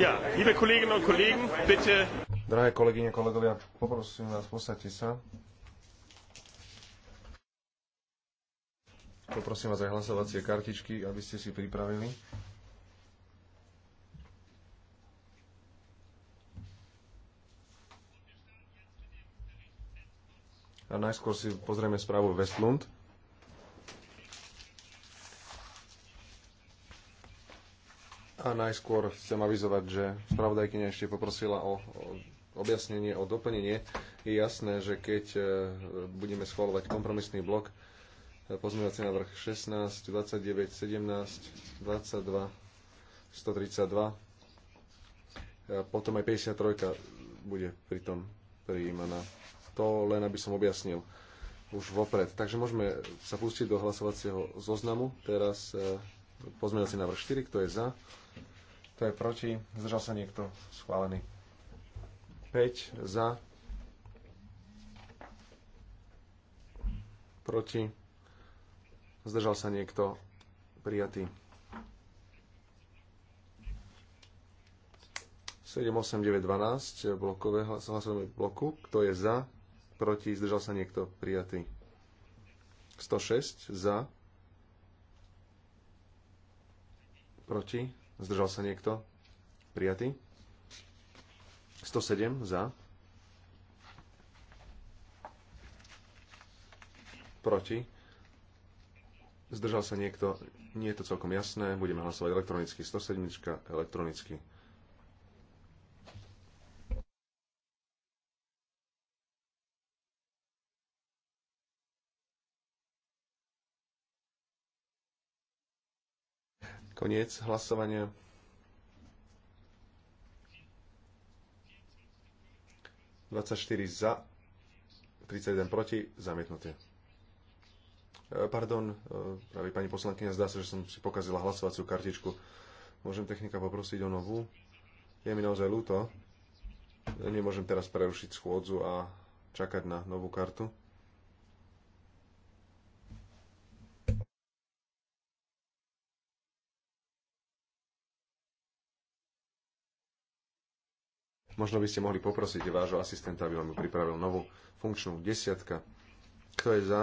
Ja, liebe Kolleginnen und Kollegen, bitte. Drahé kolegyne, kolegovia, poprosím vás, posaďte sa. Poprosím vás aj hlasovacie kartičky, aby ste si pripravili. A najskôr si pozrieme správu Westlund. A najskôr chcem avizovať, že spravodajkynia ešte poprosila o, objasnenie, o doplnenie. Je jasné, že keď e, budeme schváľovať kompromisný blok, e, pozmeňovací návrh 16, 29, 17, 22, 132, potom aj 53 bude pritom prijímaná. To len, aby som objasnil už vopred. Takže môžeme sa pustiť do hlasovacieho zoznamu. Teraz e, pozmeňovací návrh 4, kto je za? Kto je proti? Zdržal sa niekto? Schválený. 5 za. Proti. Zdržal sa niekto? Prijatý. 7, 8, 9, 12 blokové hlasovanie bloku. Kto je za? Proti? Zdržal sa niekto? Prijatý. 106 za. Proti? Zdržal sa niekto? Prijatý. 107 za. Proti. Zdržal sa niekto? Nie je to celkom jasné. Budeme hlasovať elektronicky. 107 elektronicky. Koniec hlasovania. 24 za, 31 proti, zamietnuté. E, pardon, e, práve pani poslankyňa, zdá sa, že som si pokazila hlasovaciu kartičku. Môžem technika poprosiť o novú? Je mi naozaj ľúto. Nemôžem teraz prerušiť schôdzu a čakať na novú kartu. Možno by ste mohli poprosiť vášho asistenta, aby vám pripravil novú funkčnú desiatka. Kto je za?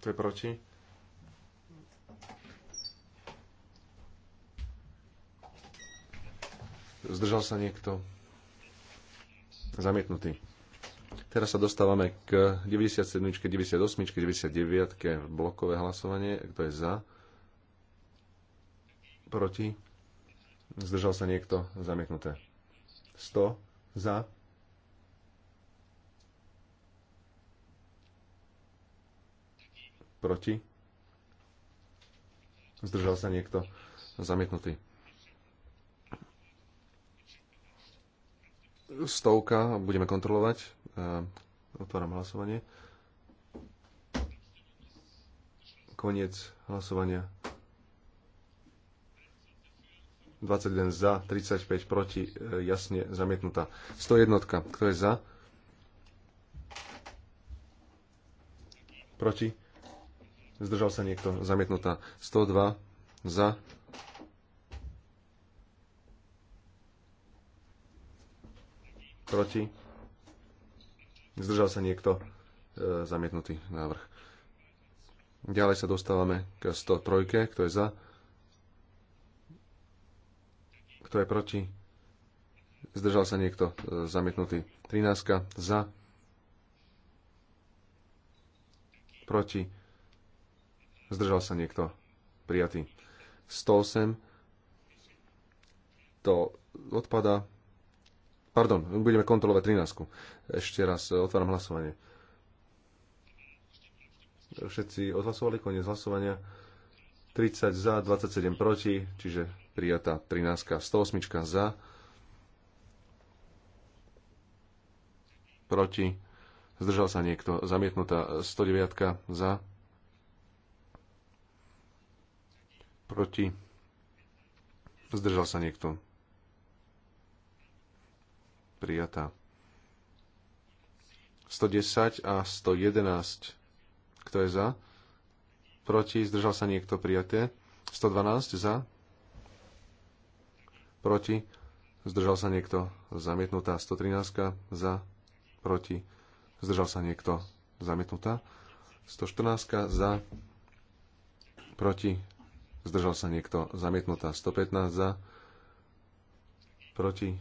Kto je proti? Zdržal sa niekto? Zamietnutý. Teraz sa dostávame k 97, 98, 99, blokové hlasovanie. Kto je za? Proti? Zdržal sa niekto? Zamietnuté. 100 za. Proti. Zdržal sa niekto? Zamietnutý. Stovka, budeme kontrolovať. E, otváram hlasovanie. Koniec hlasovania. 21 za, 35 proti, e, jasne zamietnutá. 101, kto je za? Proti? Zdržal sa niekto, zamietnutá. 102 za. Proti? Zdržal sa niekto, e, zamietnutý návrh. Ďalej sa dostávame k 103, kto je za? Kto je proti? Zdržal sa niekto? E, zamietnutý. 13. Za. Proti. Zdržal sa niekto? Prijatý. 108. To odpada. Pardon, budeme kontrolovať 13. Ešte raz e, otváram hlasovanie. Všetci odhlasovali koniec hlasovania. 30 za, 27 proti, čiže prijatá 13, 108 za, proti, zdržal sa niekto, zamietnutá 109 za, proti, zdržal sa niekto, prijatá 110 a 111, kto je za? proti, zdržal sa niekto prijaté. 112 za, proti, zdržal sa niekto zamietnutá. 113 za, proti, zdržal sa niekto zamietnutá. 114 za, proti, zdržal sa niekto zamietnutá. 115 za, proti,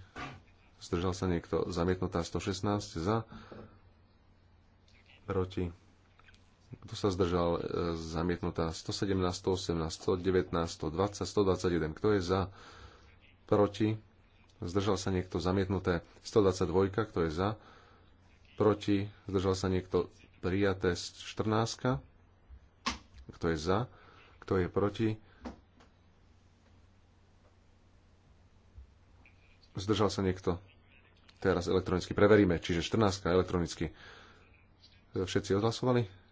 zdržal sa niekto zamietnutá. 116 za, proti, kto sa zdržal, e, zamietnutá 117, 118, 119, 120, 121, kto je za, proti, zdržal sa niekto, zamietnuté 122, kto je za, proti, zdržal sa niekto, prijaté 14, kto je za, kto je proti, zdržal sa niekto, teraz elektronicky preveríme, čiže 14 elektronicky. Všetci odhlasovali?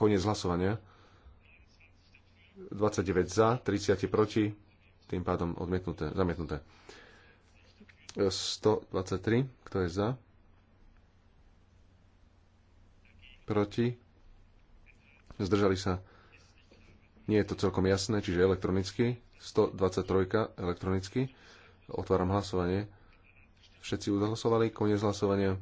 Koniec hlasovania. 29 za, 30 proti, tým pádom odmietnuté, zamietnuté. 123, kto je za? Proti? Zdržali sa? Nie je to celkom jasné, čiže elektronicky. 123 elektronicky. Otváram hlasovanie. Všetci udahlasovali, koniec hlasovania.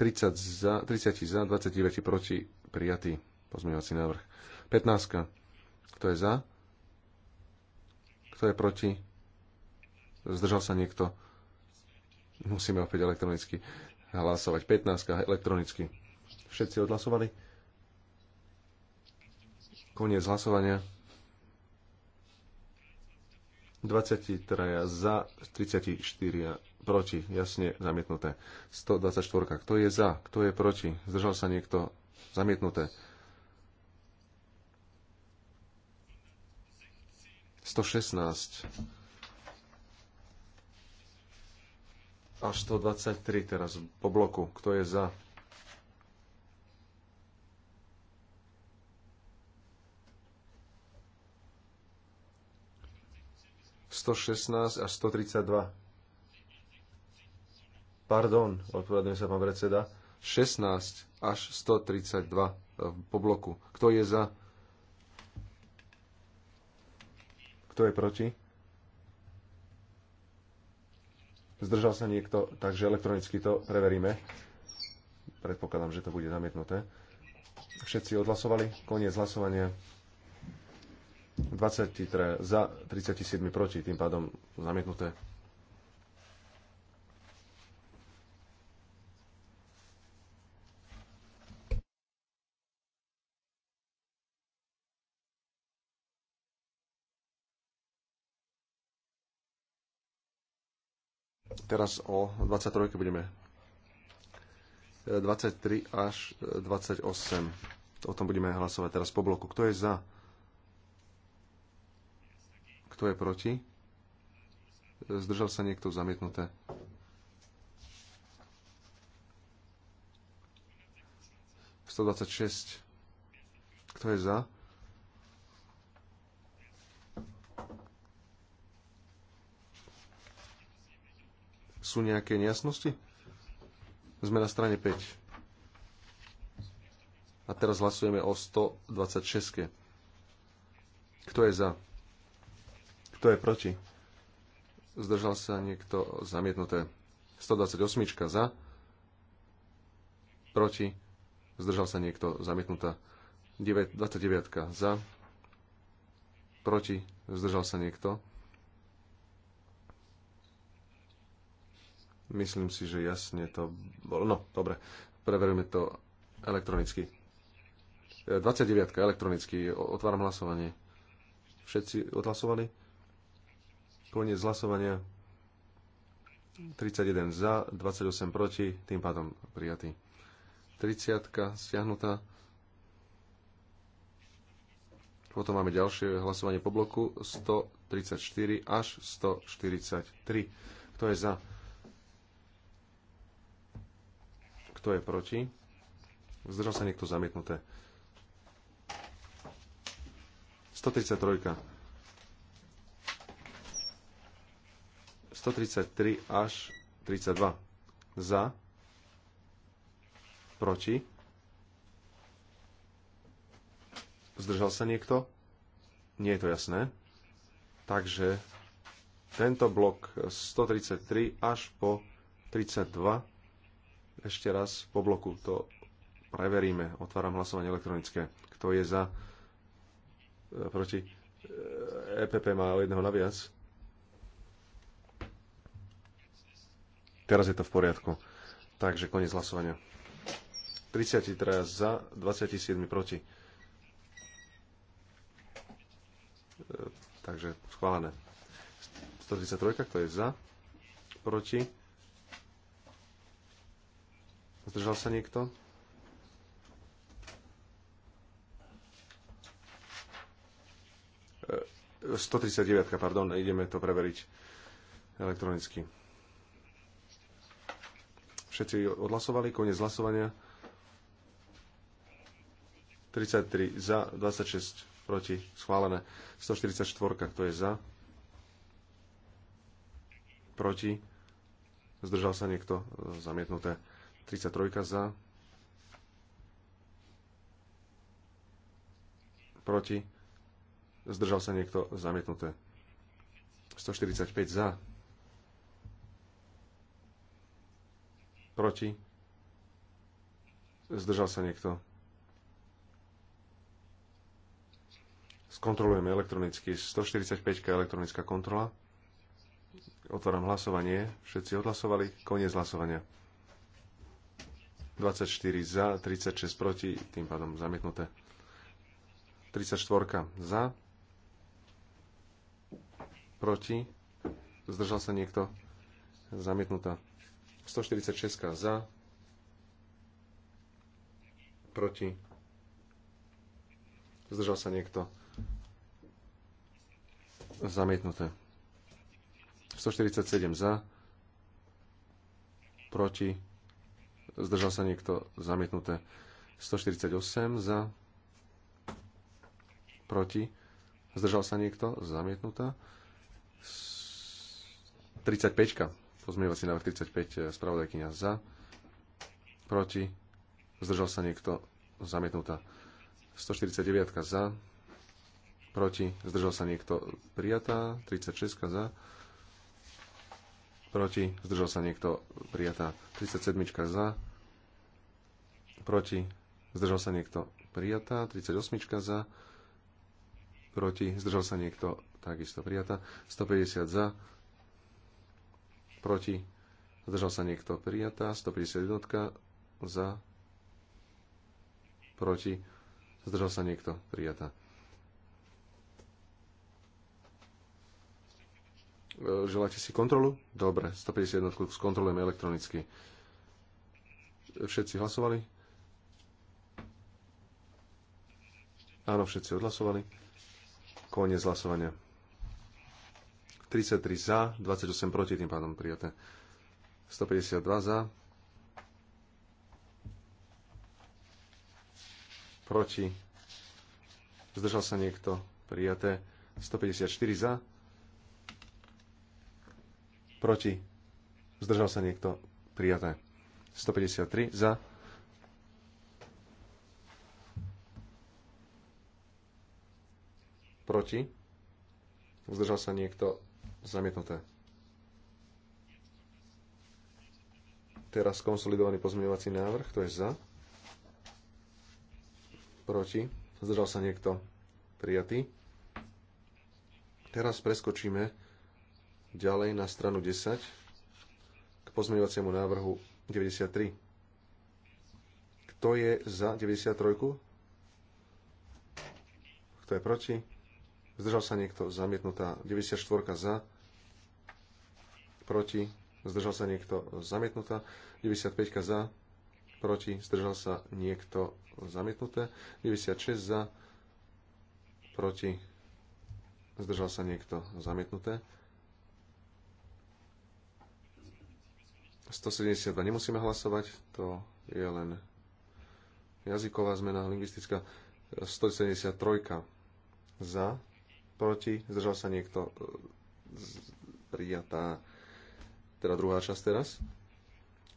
30 za, 30 za, 29 proti, prijatý pozmeňovací návrh. 15. Kto je za? Kto je proti? Zdržal sa niekto? Musíme opäť elektronicky hlasovať. 15. elektronicky. Všetci odhlasovali? Koniec hlasovania. 23 za, 34 proti, jasne zamietnuté. 124. Kto je za, kto je proti, zdržal sa niekto, zamietnuté. 116 A 123 teraz po bloku. Kto je za? ...116 až 132. Pardon, odpovedujem sa, pán predseda. 16 až 132 e, po bloku. Kto je za? Kto je proti? Zdržal sa niekto, takže elektronicky to preveríme. Predpokladám, že to bude zamietnuté. Všetci odhlasovali. Koniec hlasovania. 23 za, 37 proti, tým pádom zamietnuté. Teraz o 23 budeme. 23 e, až 28. O tom budeme hlasovať teraz po bloku. Kto je za? Kto je proti? Zdržal sa niekto zamietnuté? 126. Kto je za? sú nejaké nejasnosti? Sme na strane 5. A teraz hlasujeme o 126. Kto je za? Kto je proti? Zdržal sa niekto zamietnuté. 128 za. Proti. Zdržal sa niekto zamietnutá. 29 za. Proti. Zdržal sa niekto Myslím si, že jasne to bolo. No, dobre, preverujeme to elektronicky. 29. E, elektronicky. Otváram hlasovanie. Všetci odhlasovali? Koniec hlasovania. 31 za, 28 proti, tým pádom prijatý. 30 stiahnutá. Potom máme ďalšie hlasovanie po bloku 134 až 143. Kto je za? Kto je proti? Zdržal sa niekto zamietnuté. 133. 133 až 32. Za. Proti. Zdržal sa niekto? Nie je to jasné. Takže tento blok 133 až po 32 ešte raz po bloku to preveríme. Otváram hlasovanie elektronické. Kto je za? E, proti? EPP e má o jedného naviac. Teraz je to v poriadku. Takže koniec hlasovania. 33 za, 27 proti. E, takže schválené. 133, kto je za, proti Zdržal sa niekto? E, 139, pardon, ideme to preveriť elektronicky. Všetci odhlasovali, koniec hlasovania. 33 za, 26 proti, schválené. 144, kto je za? Proti? Zdržal sa niekto? E, zamietnuté. 33 za. Proti. Zdržal sa niekto zamietnuté. 145 za. Proti. Zdržal sa niekto. Skontrolujeme elektronicky. 145 elektronická kontrola. Otváram hlasovanie. Všetci odhlasovali. Koniec hlasovania. 24 za, 36 proti, tým pádom zamietnuté. 34 za, proti, zdržal sa niekto, zamietnutá. 146 za, proti, zdržal sa niekto, zamietnuté. 147 za, proti, zdržal sa niekto, zamietnuté 148 za, proti, zdržal sa niekto, zamietnutá 35, pozmievací návrh 35, eh, spravodajkynia za, proti, zdržal sa niekto, zamietnutá 149 za, proti, zdržal sa niekto, prijatá, 36 za, proti, zdržal sa niekto, prijatá. 37 za, proti, zdržal sa niekto, prijatá. 38 za, proti, zdržal sa niekto, takisto prijatá. 150 za, proti, zdržal sa niekto, prijatá. 151 za, proti, zdržal sa niekto, prijatá. Želáte si kontrolu? Dobre, 151 skontrolujeme elektronicky. Všetci hlasovali? Áno, všetci odhlasovali. Koniec hlasovania. 33 za, 28 proti, tým pádom prijaté. 152 za, proti, zdržal sa niekto, prijaté. 154 za, proti, zdržal sa niekto, prijaté. 153 za, proti, zdržal sa niekto, zamietnuté. Teraz konsolidovaný pozmeňovací návrh, to je za. Proti. Zdržal sa niekto. Prijatý. Teraz preskočíme Ďalej na stranu 10 k pozmeňovaciemu návrhu 93. Kto je za 93? Kto je proti? Zdržal sa niekto? Zamietnutá. 94 za. Proti. Zdržal sa niekto? Zamietnutá. 95 za. Proti. Zdržal sa niekto? Zamietnuté. 96 za. Proti. Zdržal sa niekto? Zamietnuté. 172 nemusíme hlasovať, to je len jazyková zmena, lingvistická. 173 za, proti, zdržal sa niekto e, prijatá, teda druhá časť teraz.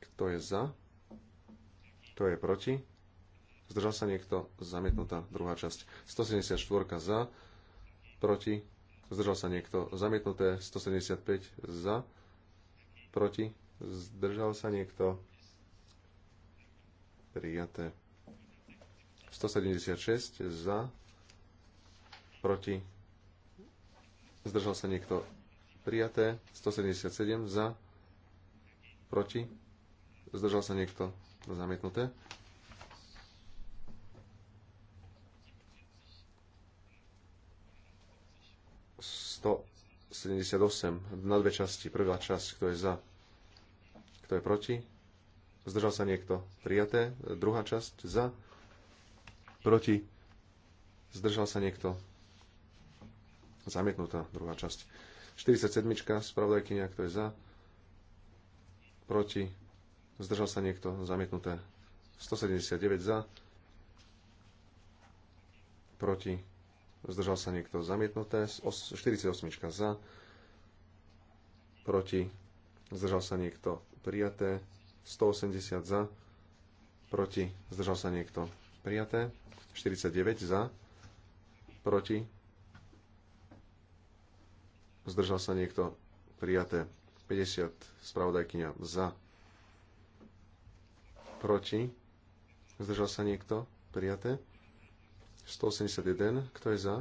Kto je za? Kto je proti? Zdržal sa niekto? Zamietnutá druhá časť. 174 za, proti, zdržal sa niekto? Zamietnuté 175 za, proti, Zdržal sa niekto? Prijaté. 176 za. Proti. Zdržal sa niekto? Prijaté. 177 za. Proti. Zdržal sa niekto? Zamietnuté. 178 na dve časti. Prvá časť, kto je za, kto je proti? Zdržal sa niekto? Prijaté. Druhá časť za. Proti. Zdržal sa niekto? Zamietnutá druhá časť. 47. Spravodajkynia, kto je za? Proti. Zdržal sa niekto? Zamietnuté. 179 za. Proti. Zdržal sa niekto? Zamietnuté. 48. za. Proti. Zdržal sa niekto? prijaté. 180 za, proti, zdržal sa niekto, prijaté. 49 za, proti, zdržal sa niekto, prijaté. 50 spravodajkynia za, proti, zdržal sa niekto, prijaté. 181, kto je za,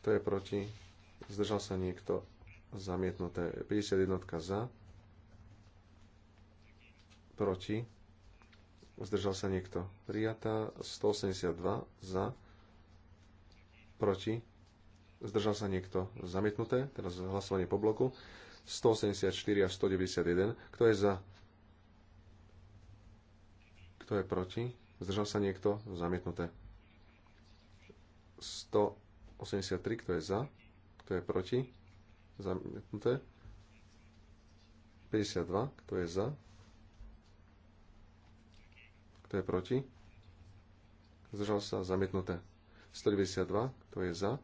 kto je proti, zdržal sa niekto, zamietnuté. 51 za, proti, zdržal sa niekto. Prijatá 182 za, proti, zdržal sa niekto. Zamietnuté, teraz hlasovanie po bloku. 184 až 191. Kto je za? Kto je proti? Zdržal sa niekto? Zamietnuté. 183, kto je za? Kto je proti? Zamietnuté. 52, kto je za? Kto je proti? Zdržal sa zamietnuté. 192. Kto je za?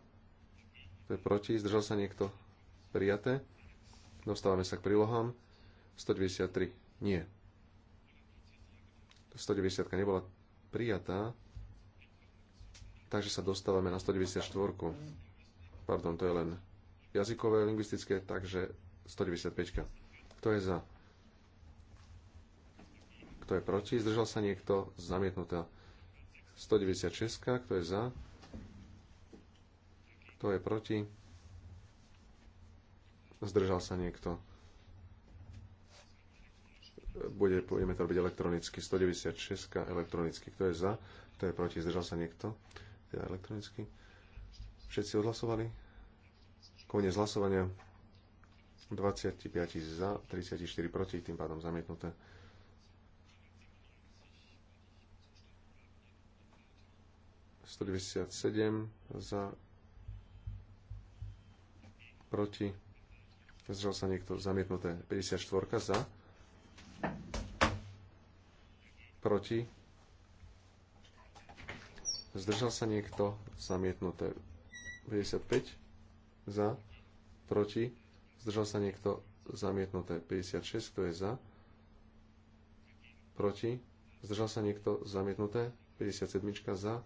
Kto je proti? Zdržal sa niekto? Prijaté. Dostávame sa k prílohám. 193. Nie. 190 nebola prijatá. Takže sa dostávame na 194. Pardon, to je len jazykové, lingvistické, takže 195. Kto je za? Kto je proti? Zdržal sa niekto? Zamietnutá. 196. Kto je za? Kto je proti? Zdržal sa niekto? Bude, budeme to robiť elektronicky. 196 elektronicky. Kto je za? Kto je proti? Zdržal sa niekto? Teda elektronicky. Všetci odhlasovali? Koniec hlasovania. 25 za, 34 proti, tým pádom zamietnuté. 197 za, proti, zdržal sa niekto, zamietnuté 54 za, proti, zdržal sa niekto, zamietnuté 55 za, proti, zdržal sa niekto, zamietnuté 56, kto je za, proti, zdržal sa niekto, zamietnuté 57 za,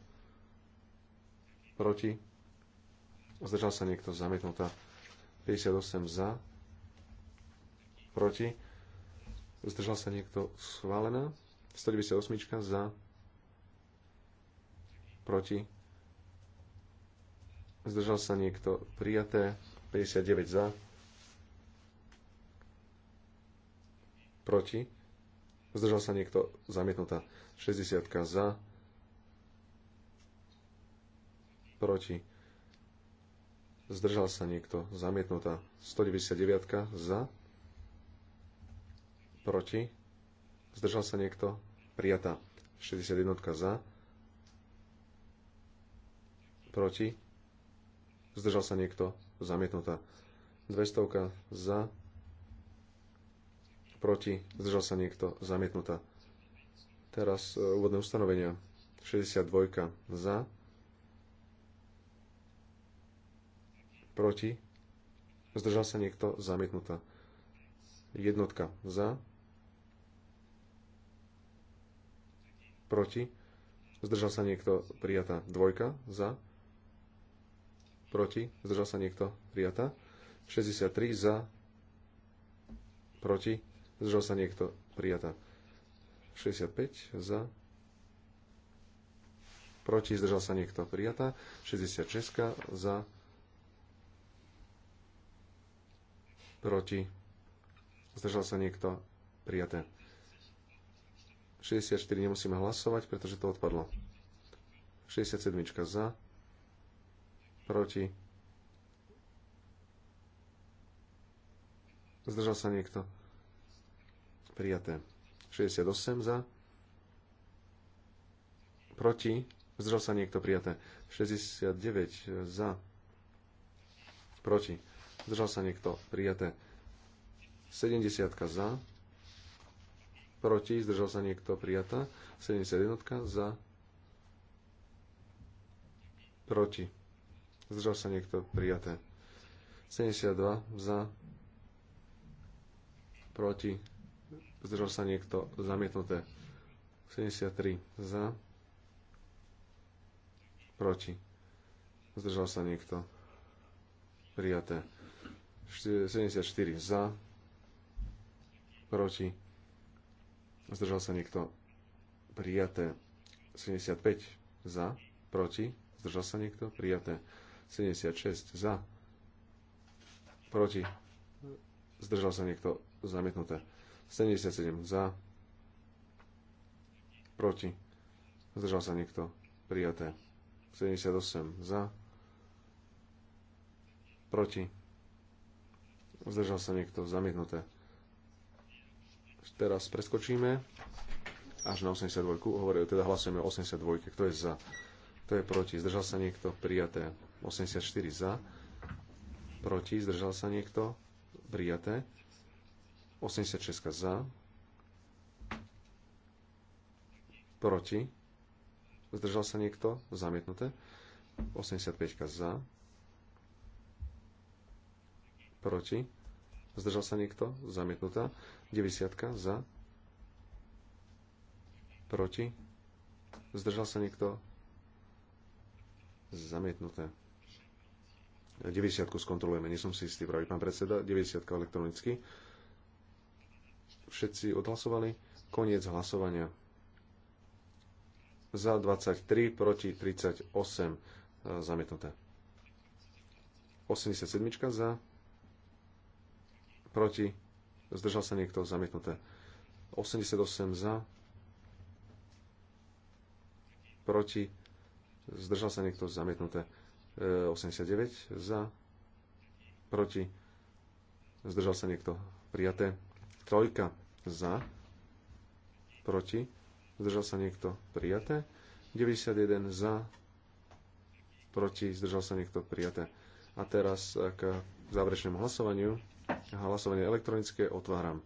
proti, zdržal sa niekto, zamietnutá. 58 za, proti, zdržal sa niekto, schválená. 198 za, proti, zdržal sa niekto, prijaté. 59 za, proti, zdržal sa niekto, zamietnutá. 60 za, proti, zdržal sa niekto, zamietnutá 199 za, proti, zdržal sa niekto, prijatá 61 za, proti, zdržal sa niekto, zamietnutá 200 za, proti, zdržal sa niekto, zamietnutá. Teraz e, úvodné ustanovenia. 62 za, proti, zdržal sa niekto, zamietnutá. Jednotka za, proti, zdržal sa niekto, prijatá. Dvojka za, proti, zdržal sa niekto, prijatá. 63 za, proti, zdržal sa niekto, prijatá. 65 za, proti, zdržal sa niekto, prijatá. 66 za, proti, zdržal sa niekto, prijaté. 64 nemusíme hlasovať, pretože to odpadlo. 67 za, proti, zdržal sa niekto, prijaté. 68 za, proti, zdržal sa niekto, prijaté. 69 za, proti Zdržal sa niekto? Prijaté. 70 za. Proti. Zdržal sa niekto? Prijatá. 71 za. Proti. Zdržal sa niekto? Prijaté. 72 za. Proti. Zdržal sa niekto? Zamietnuté. 73 za. Proti. Zdržal sa niekto. Prijaté. 74 za, proti, zdržal sa niekto, prijaté 75 za, proti, zdržal sa niekto, prijaté 76 za, proti, zdržal sa niekto, zamietnuté 77 za, proti, zdržal sa niekto, prijaté 78 za, proti, Zdržal sa niekto? Zamietnuté. Teraz preskočíme až na 82. Hovorí, teda hlasujeme o 82. Kto je za? Kto je proti? Zdržal sa niekto? Prijaté. 84 za. Proti? Zdržal sa niekto? Prijaté. 86 za. Proti? Zdržal sa niekto? Zamietnuté. 85 za. Proti? Zdržal sa niekto? Zamietnutá. 90 za. Proti. Zdržal sa niekto? Zamietnuté. 90 skontrolujeme, nie som si istý, pravý pán predseda. 90 elektronicky. Všetci odhlasovali. Koniec hlasovania. Za 23, proti 38. E, zamietnuté. 87 za proti, zdržal sa niekto, zamietnuté. 88 za, proti, zdržal sa niekto, zamietnuté. 89 e, za, proti, zdržal sa niekto, prijaté. Trojka za, proti, zdržal sa niekto, prijaté. 91 za, proti, zdržal sa niekto, prijaté. A teraz k záverečnému hlasovaniu. Hlasovanie elektronické otváram.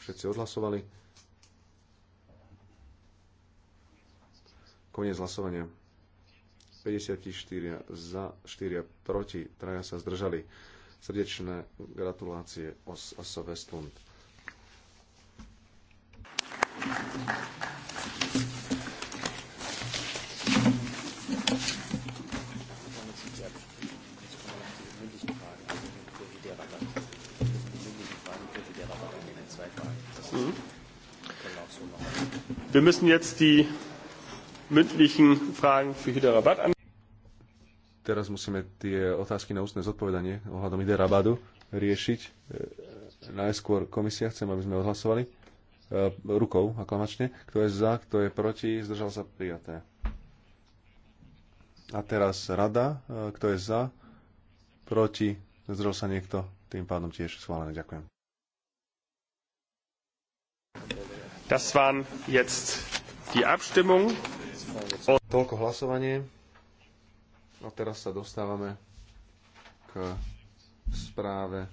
Všetci odhlasovali. Koniec hlasovania. 54 za, 4 proti, traja sa zdržali. Srdečné gratulácie Os a Westlund. Thank you. Mhm. Wir müssen jetzt die mündlichen Fragen für Hyderabad an. Teraz musíme tie otázky na ústne zodpovedanie ohľadom Hyderabadu riešiť. E, najskôr komisia, chcem, aby sme odhlasovali e, rukou aklamačne. Kto je za, kto je proti, zdržal sa prijaté. A teraz rada, e, kto je za, proti, zdržal sa niekto, tým pádom tiež schválené. Ďakujem. Das waren jetzt die Abstimmung. Toľko hlasovanie. A teraz sa dostávame k správe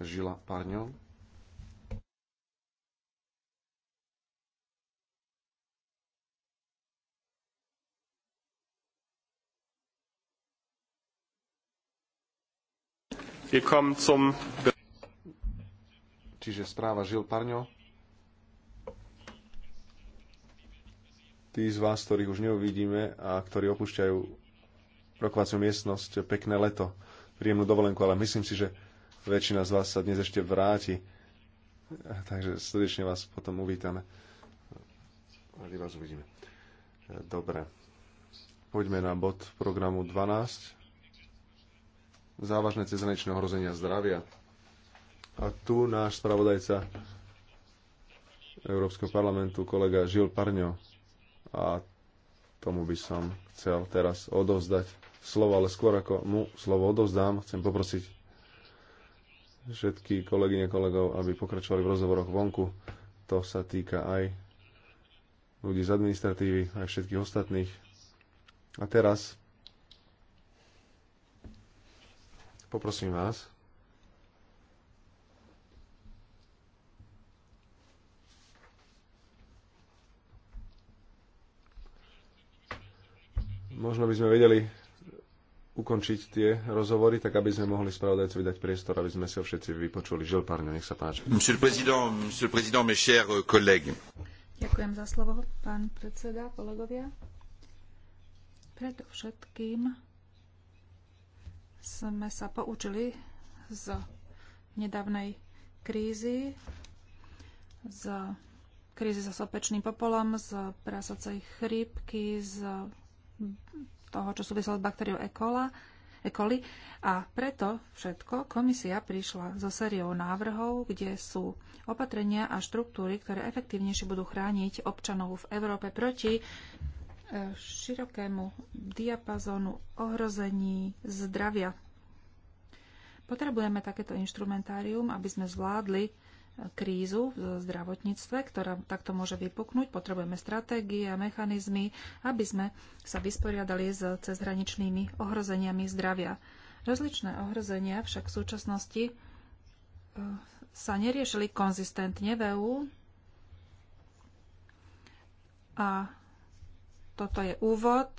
Žila Parňov. Čiže správa Žil Parňo Tí z vás, ktorých už neuvidíme a ktorí opúšťajú rokovaciu miestnosť, pekné leto, príjemnú dovolenku, ale myslím si, že väčšina z vás sa dnes ešte vráti. Takže srdečne vás potom uvítame. Radi vás uvidíme. Dobre. Poďme na bod programu 12. Závažné cezhraničné ohrozenia zdravia. A tu náš spravodajca Európskeho parlamentu, kolega Žil Parňo a tomu by som chcel teraz odovzdať slovo, ale skôr ako mu slovo odovzdám, chcem poprosiť všetky kolegyne kolegov, aby pokračovali v rozhovoroch vonku. To sa týka aj ľudí z administratívy, aj všetkých ostatných. A teraz poprosím vás, Možno by sme vedeli ukončiť tie rozhovory, tak aby sme mohli spravodajcu dať priestor, aby sme si ho všetci vypočuli. Žil Parňo, nech sa páči. Monsieur le président, monsieur le président, mes chers collègues. Ďakujem za slovo, pán predseda, kolegovia. Predovšetkým sme sa poučili z nedávnej krízy, z krízy so sopečným popolom, z prasacej chrípky, z toho, čo súvislo s baktériou e. e. coli. A preto všetko komisia prišla so sériou návrhov, kde sú opatrenia a štruktúry, ktoré efektívnejšie budú chrániť občanov v Európe proti e, širokému diapazonu, ohrození zdravia. Potrebujeme takéto inštrumentárium, aby sme zvládli krízu v zdravotníctve, ktorá takto môže vypuknúť. Potrebujeme stratégie a mechanizmy, aby sme sa vysporiadali s cezhraničnými ohrozeniami zdravia. Rozličné ohrozenia však v súčasnosti e, sa neriešili konzistentne v EU a toto je úvod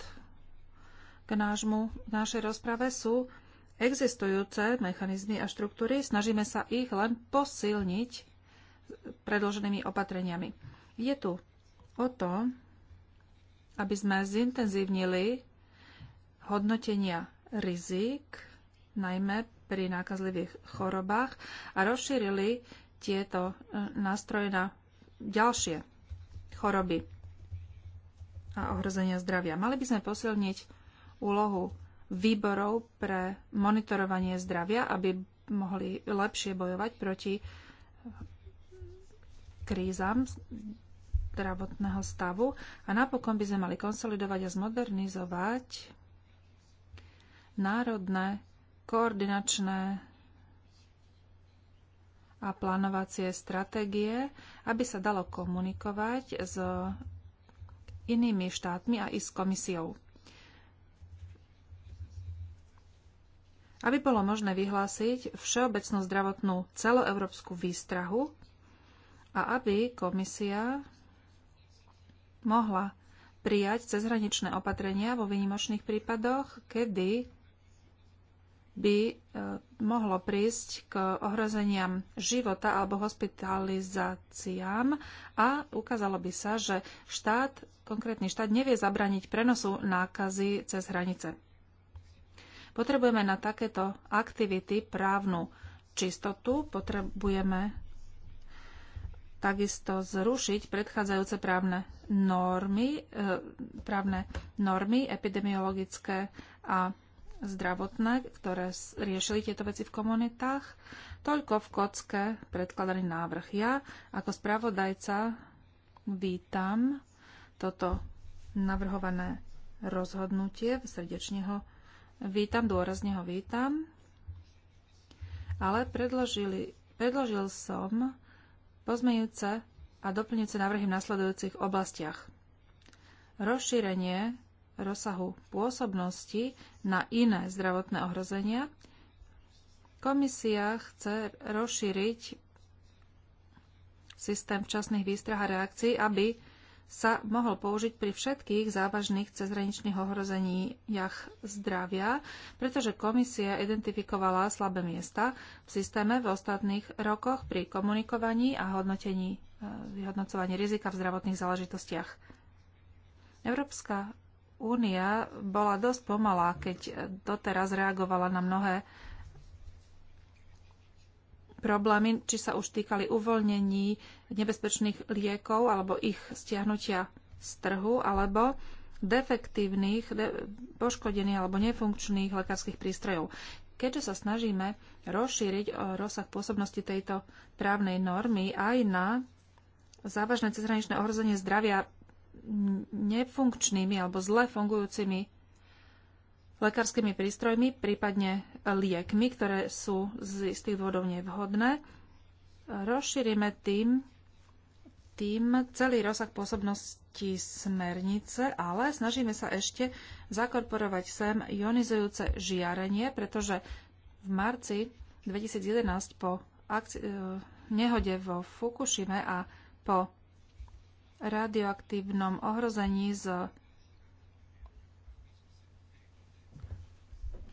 k, nášmu, našej rozprave. Sú existujúce mechanizmy a štruktúry, snažíme sa ich len posilniť predloženými opatreniami. Je tu o to, aby sme zintenzívnili hodnotenia rizik, najmä pri nákazlivých chorobách a rozšírili tieto e, nástroje na ďalšie choroby a ohrozenia zdravia. Mali by sme posilniť úlohu výborov pre monitorovanie zdravia, aby mohli lepšie bojovať proti krízam zdravotného stavu. A napokon by sme mali konsolidovať a zmodernizovať národné koordinačné a plánovacie stratégie, aby sa dalo komunikovať s inými štátmi a i s komisiou. aby bolo možné vyhlásiť všeobecnú zdravotnú celoeurópsku výstrahu a aby komisia mohla prijať cezhraničné opatrenia vo výnimočných prípadoch, kedy by e, mohlo prísť k ohrozeniam života alebo hospitalizáciám a ukázalo by sa, že štát, konkrétny štát nevie zabraniť prenosu nákazy cez hranice. Potrebujeme na takéto aktivity právnu čistotu, potrebujeme takisto zrušiť predchádzajúce právne normy, e, právne normy epidemiologické a zdravotné, ktoré riešili tieto veci v komunitách. Toľko v kocke predkladaný návrh. Ja ako spravodajca vítam toto navrhované rozhodnutie, srdečne ho Vítam, dôrazne ho vítam. Ale predložil som pozmejúce a doplňujúce návrhy v nasledujúcich oblastiach. Rozšírenie rozsahu pôsobnosti na iné zdravotné ohrozenia. Komisia chce rozšíriť systém včasných výstrah a reakcií, aby sa mohol použiť pri všetkých závažných cezhraničných ohrozeniach zdravia, pretože komisia identifikovala slabé miesta v systéme v ostatných rokoch pri komunikovaní a hodnotení, e, vyhodnocovaní rizika v zdravotných záležitostiach. Európska únia bola dosť pomalá, keď doteraz reagovala na mnohé problémy, či sa už týkali uvoľnení nebezpečných liekov alebo ich stiahnutia z trhu, alebo defektívnych, de- poškodených alebo nefunkčných lekárskych prístrojov. Keďže sa snažíme rozšíriť eh, rozsah pôsobnosti tejto právnej normy aj na závažné cezhraničné ohrozenie zdravia nefunkčnými alebo zle fungujúcimi lekárskymi prístrojmi, prípadne liekmi, ktoré sú z istých dôvodov nevhodné. Rozšírime tým, tým celý rozsah pôsobnosti smernice, ale snažíme sa ešte zakorporovať sem ionizujúce žiarenie, pretože v marci 2011 po e, nehode vo Fukushime a po radioaktívnom ohrození z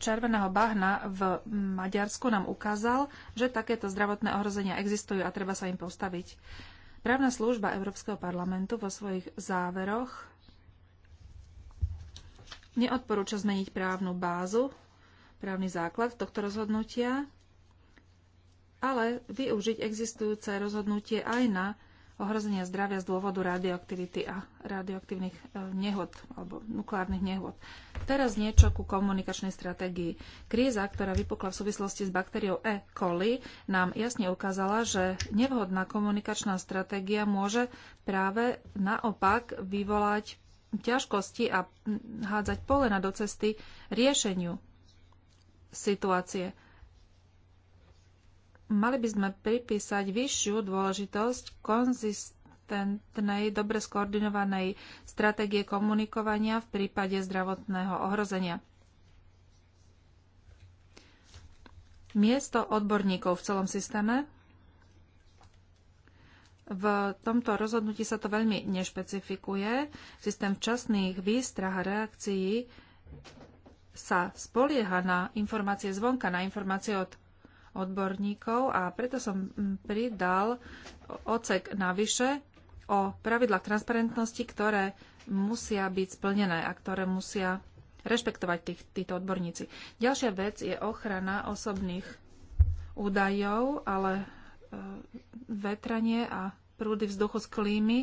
červeného bahna v Maďarsku nám ukázal, že takéto zdravotné ohrozenia existujú a treba sa im postaviť. Právna služba Európskeho parlamentu vo svojich záveroch neodporúča zmeniť právnu bázu, právny základ tohto rozhodnutia, ale využiť existujúce rozhodnutie aj na ohrozenia zdravia z dôvodu radioaktivity a radioaktívnych e, nehod alebo nukleárnych nehod. Teraz niečo ku komunikačnej stratégii. Kríza, ktorá vypukla v súvislosti s baktériou E. coli, nám jasne ukázala, že nevhodná komunikačná stratégia môže práve naopak vyvolať ťažkosti a hádzať polena do cesty riešeniu situácie mali by sme pripísať vyššiu dôležitosť konzistentnej, dobre skoordinovanej stratégie komunikovania v prípade zdravotného ohrozenia. Miesto odborníkov v celom systéme. V tomto rozhodnutí sa to veľmi nešpecifikuje. Systém včasných výstrah a reakcií sa spolieha na informácie zvonka, na informácie od odborníkov a preto som mm, pridal ocek navyše o pravidlách transparentnosti, ktoré musia byť splnené a ktoré musia rešpektovať tých, títo odborníci. Ďalšia vec je ochrana osobných údajov, ale e, vetranie a prúdy vzduchu z klímy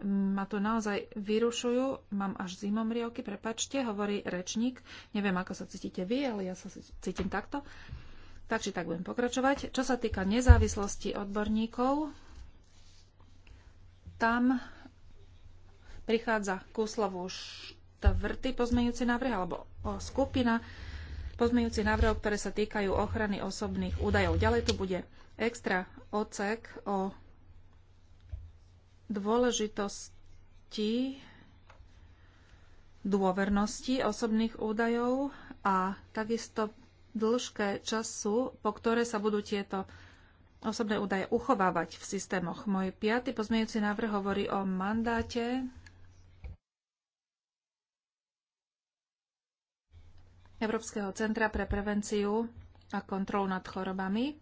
mm, ma tu naozaj vyrušujú. Mám až rievky, prepačte, hovorí rečník. Neviem, ako sa cítite vy, ale ja sa cítim takto. Uh, tak či tak budem pokračovať. Čo sa týka nezávislosti odborníkov, tam prichádza ku slovu štvrtý pozmeňujúci návrh alebo skupina pozmeňujúcich návrhov, ktoré sa týkajú ochrany osobných údajov. Ďalej tu bude extra ocek o dôležitosti dôvernosti osobných údajov a takisto dĺžke času, po ktoré sa budú tieto osobné údaje uchovávať v systémoch. Môj piaty pozmeňujúci návrh hovorí o mandáte Európskeho centra pre prevenciu a kontrolu nad chorobami.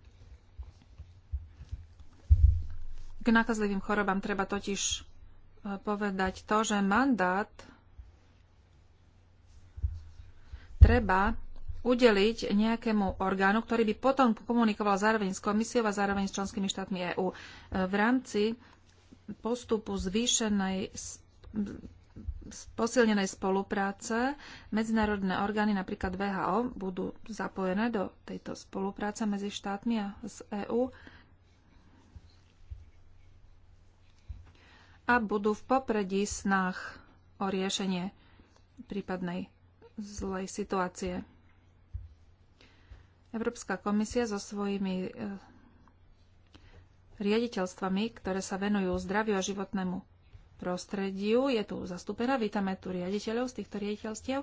K nákazlivým chorobám treba totiž e, povedať to, že mandát treba udeliť nejakému orgánu, ktorý by potom komunikoval zároveň s komisiou a zároveň s členskými štátmi EÚ. V rámci postupu zvýšenej posilnenej spolupráce medzinárodné orgány, napríklad VHO, budú zapojené do tejto spolupráce medzi štátmi a z EÚ a budú v popredí snách o riešenie prípadnej zlej situácie. Európska komisia so svojimi eh, riaditeľstvami, ktoré sa venujú zdraviu a životnému prostrediu, je tu zastúpená. Vítame tu riaditeľov z týchto riaditeľstiev.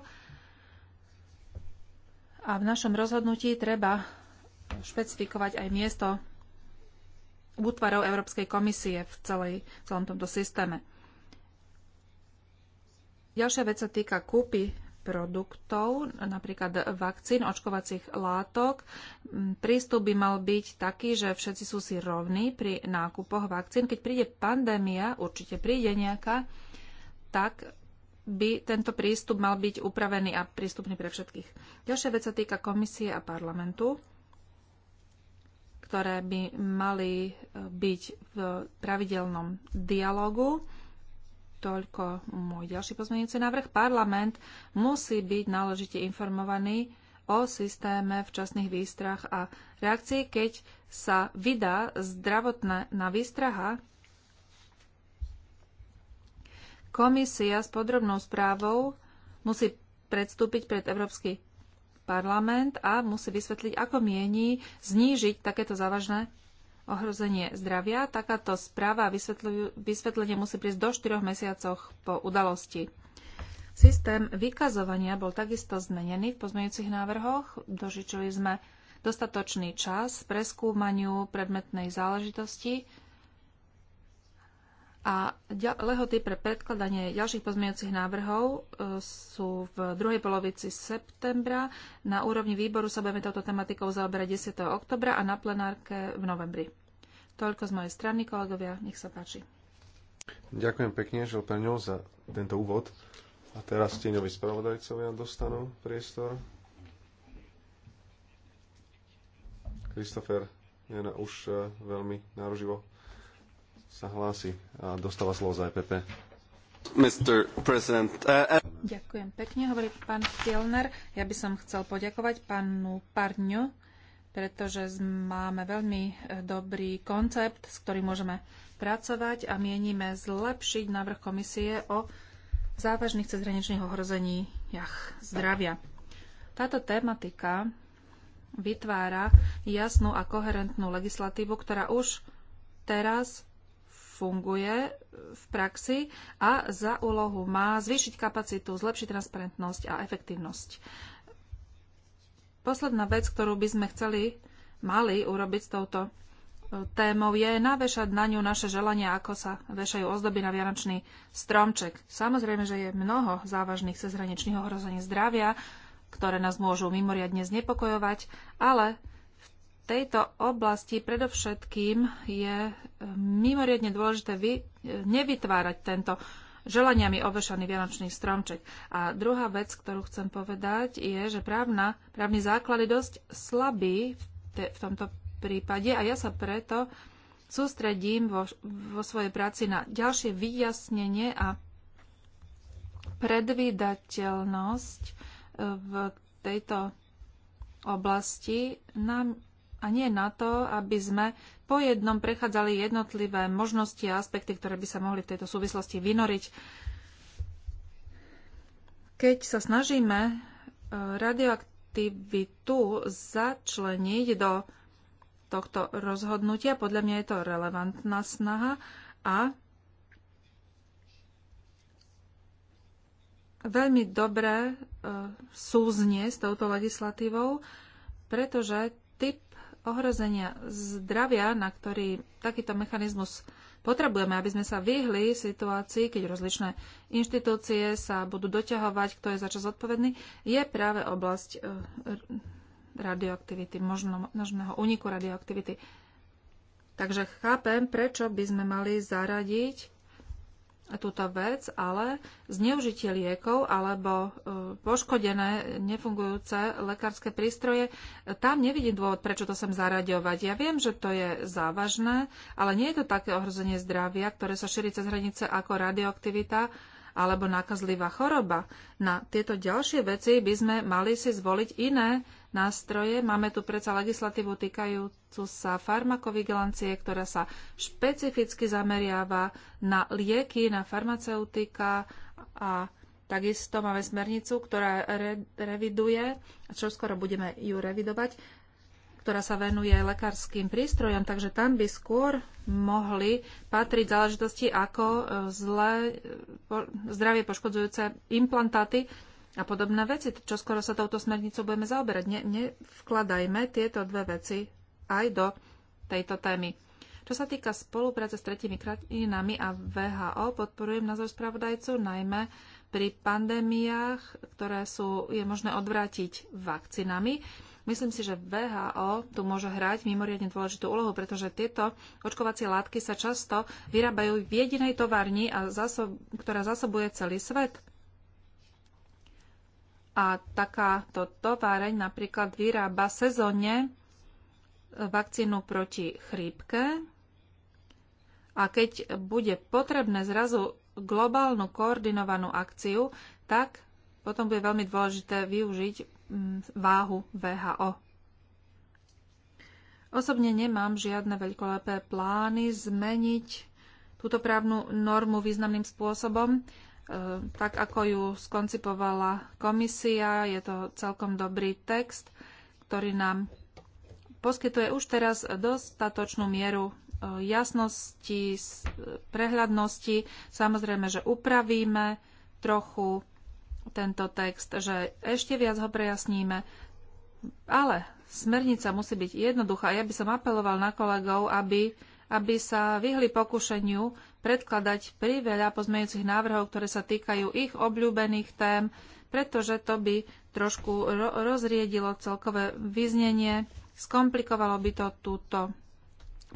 A v našom rozhodnutí treba špecifikovať aj miesto útvarov Európskej komisie v celej, celom tomto systéme. Ďalšia vec sa týka kúpy produktov, napríklad vakcín, očkovacích látok. Mm, prístup by mal byť taký, že všetci sú si rovní pri nákupoch vakcín. Keď príde pandémia, určite príde nejaká, tak by tento prístup mal byť upravený a prístupný pre všetkých. Ďalšia vec sa týka komisie a parlamentu, ktoré by mali e, byť v pravidelnom dialogu Toľko môj ďalší pozmeňujúci návrh. Parlament musí byť náležite informovaný o systéme včasných výstrach a reakcií, keď sa vydá zdravotné na výstraha. Komisia s podrobnou správou musí predstúpiť pred Európsky parlament a musí vysvetliť, ako mieni znížiť takéto závažné ohrozenie zdravia. Takáto správa a vysvetlenie musí prísť do 4 mesiacoch po udalosti. Systém vykazovania bol takisto zmenený v pozmeňujúcich návrhoch. Dožičili sme dostatočný čas preskúmaniu predmetnej záležitosti a lehoty pre predkladanie ďalších pozmeňujúcich návrhov e, sú v druhej polovici septembra. Na úrovni výboru sa budeme touto tematikou zaoberať 10. oktobra a na plenárke v novembri. Toľko z mojej strany, kolegovia. Nech sa páči. Ďakujem pekne, Žilpeňov, za tento úvod. A teraz tieňoví spravodajcovia dostanú priestor. Kristofer Jana už e, veľmi nároživo sa hlási a dostáva slovo za EPP. Eh, eh. Ďakujem pekne, hovorí pán Fielner. Ja by som chcel poďakovať pánu Parňu, pretože máme veľmi eh, dobrý koncept, s ktorým môžeme pracovať a mienime zlepšiť návrh komisie o závažných cezhraničných ohrozeniach zdravia. Táto tematika vytvára jasnú a koherentnú legislatívu, ktorá už teraz funguje e, v praxi a za úlohu má zvýšiť kapacitu, zlepšiť transparentnosť a efektívnosť. Posledná vec, ktorú by sme chceli, mali urobiť s touto e, témou je navešať na ňu naše želania, ako sa vešajú ozdoby na vianočný stromček. Samozrejme, že je mnoho závažných cezhraničných ohrození zdravia, ktoré nás môžu mimoriadne znepokojovať, ale tejto oblasti predovšetkým je eh, mimoriadne dôležité vy, eh, nevytvárať tento želaniami ovešaný vianočný stromček. A druhá vec, ktorú chcem povedať, je, že právna, právny základ je dosť slabý v, te, v tomto prípade a ja sa preto sústredím vo, vo svojej práci na ďalšie vyjasnenie a predvídateľnosť eh, v tejto oblasti nám a nie na to, aby sme po jednom prechádzali jednotlivé možnosti a aspekty, ktoré by sa mohli v tejto súvislosti vynoriť. Keď sa snažíme e, radioaktivitu začleniť do tohto rozhodnutia, podľa mňa je to relevantná snaha a veľmi dobré e, súznie s touto legislatívou, pretože typ ohrozenia zdravia, na ktorý takýto mechanizmus potrebujeme, aby sme sa vyhli situácii, keď rozličné inštitúcie sa budú doťahovať, kto je za čo zodpovedný, je práve oblasť eh, radioaktivity, možno, možného úniku radioaktivity. Takže chápem, prečo by sme mali zaradiť túto vec, ale zneužitie liekov alebo e, poškodené nefungujúce lekárske prístroje, tam nevidím dôvod, prečo to sem zaraďovať. Ja viem, že to je závažné, ale nie je to také ohrozenie zdravia, ktoré sa šíri cez hranice ako radioaktivita alebo nakazlivá choroba. Na tieto ďalšie veci by sme mali si zvoliť iné nástroje. Máme tu predsa legislatívu týkajúcu sa farmakovigilancie, ktorá sa špecificky zameriava na lieky, na farmaceutika a takisto máme smernicu, ktorá re- reviduje, a čo skoro budeme ju revidovať, ktorá sa venuje lekárským prístrojom, takže tam by skôr mohli patriť záležitosti ako e, zle, po, zdravie poškodzujúce implantáty a podobné veci. Čo skoro sa touto smernicou budeme zaoberať. Ne, nevkladajme tieto dve veci aj do tejto témy. Čo sa týka spolupráce s tretimi krajinami a VHO, podporujem názor spravodajcu, najmä pri pandémiách, ktoré sú, je možné odvrátiť vakcinami Myslím si, že VHO tu môže hrať mimoriadne dôležitú úlohu, pretože tieto očkovacie látky sa často vyrábajú v jedinej továrni, a zásob, ktorá zásobuje celý svet. A takáto továreň napríklad vyrába sezónne vakcínu proti chrípke. A keď bude potrebné zrazu globálnu koordinovanú akciu, tak potom bude veľmi dôležité využiť váhu VHO. Osobne nemám žiadne veľkolepé plány zmeniť túto právnu normu významným spôsobom. E, tak ako ju skoncipovala komisia, je to celkom dobrý text, ktorý nám poskytuje už teraz dostatočnú mieru e, jasnosti, e, prehľadnosti. Samozrejme, že upravíme trochu tento text, že ešte viac ho prejasníme, ale smernica musí byť jednoduchá. Ja by som apeloval na kolegov, aby, aby sa vyhli pokušeniu predkladať priveľa pozmeňujúcich návrhov, ktoré sa týkajú ich obľúbených tém, pretože to by trošku ro- rozriedilo celkové vyznenie, skomplikovalo by to túto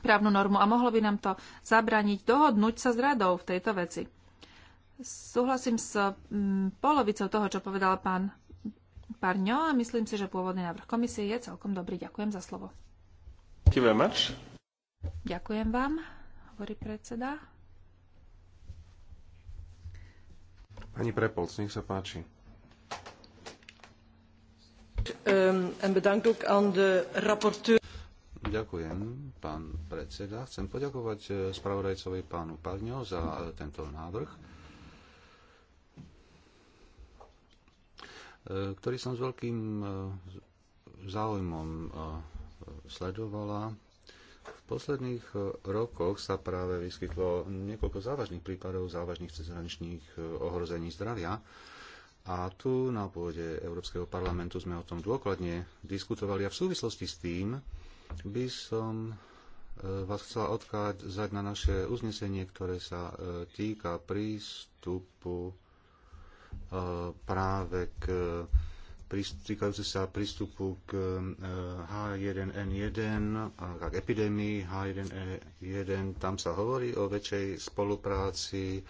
právnu normu a mohlo by nám to zabrániť dohodnúť sa s radou v tejto veci. Súhlasím s mm, polovicou toho, čo povedal pán Parňo a myslím si, že pôvodný návrh komisie je celkom dobrý. Ďakujem za slovo. Ďakujem vám, hovorí predseda. Pani Prepolc, nech sa páči. Ehm, Ďakujem, pán predseda. Chcem poďakovať eh, spravodajcovi pánu Parňo za eh, tento návrh E, ktorý som s veľkým e, záujmom e, sledovala. V posledných rokoch sa práve vyskytlo niekoľko závažných prípadov závažných cezhraničných ohrození zdravia. A tu na pôde Európskeho parlamentu sme o tom dôkladne diskutovali a v súvislosti s tým by som vás chcela odkázať na naše uznesenie, ktoré sa týka prístupu E, práve k e, týkajúce sa prístupu k e, H1N1, k epidémii H1N1. Tam sa hovorí o väčšej spolupráci,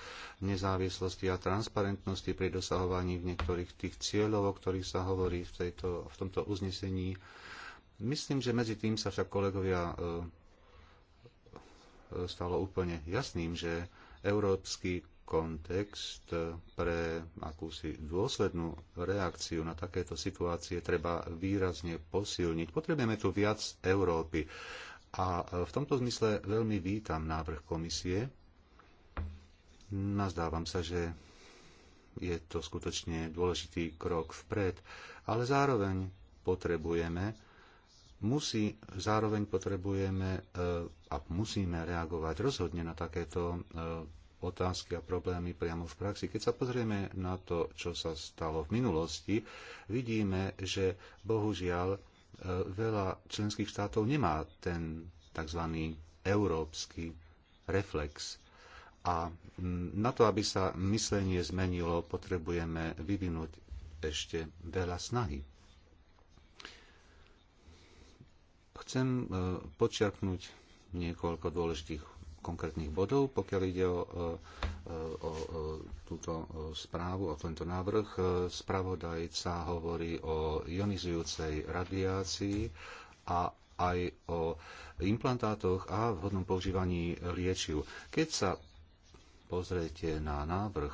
nezávislosti a transparentnosti pri dosahovaní niektorých tých cieľov, o ktorých sa hovorí v, tejto, v tomto uznesení. Myslím, že medzi tým sa však kolegovia stalo úplne jasným, že Európsky kontext pre akúsi dôslednú reakciu na takéto situácie treba výrazne posilniť. Potrebujeme tu viac Európy. A v tomto zmysle veľmi vítam návrh komisie. Nazdávam sa, že je to skutočne dôležitý krok vpred, ale zároveň potrebujeme, musí, zároveň potrebujeme e, a musíme reagovať rozhodne na takéto e, otázky a problémy priamo v praxi. Keď sa pozrieme na to, čo sa stalo v minulosti, vidíme, že bohužiaľ e, veľa členských štátov nemá ten tzv. európsky reflex. A na to, aby sa myslenie zmenilo, potrebujeme vyvinúť ešte veľa snahy. Chcem e, počiarknúť niekoľko dôležitých konkrétnych bodov, pokiaľ ide o, e, e, o, o e, túto správu, o tento návrh. Spravodajca hovorí o ionizujúcej radiácii a aj o implantátoch a vhodnom používaní liečiv. Keď sa pozriete na návrh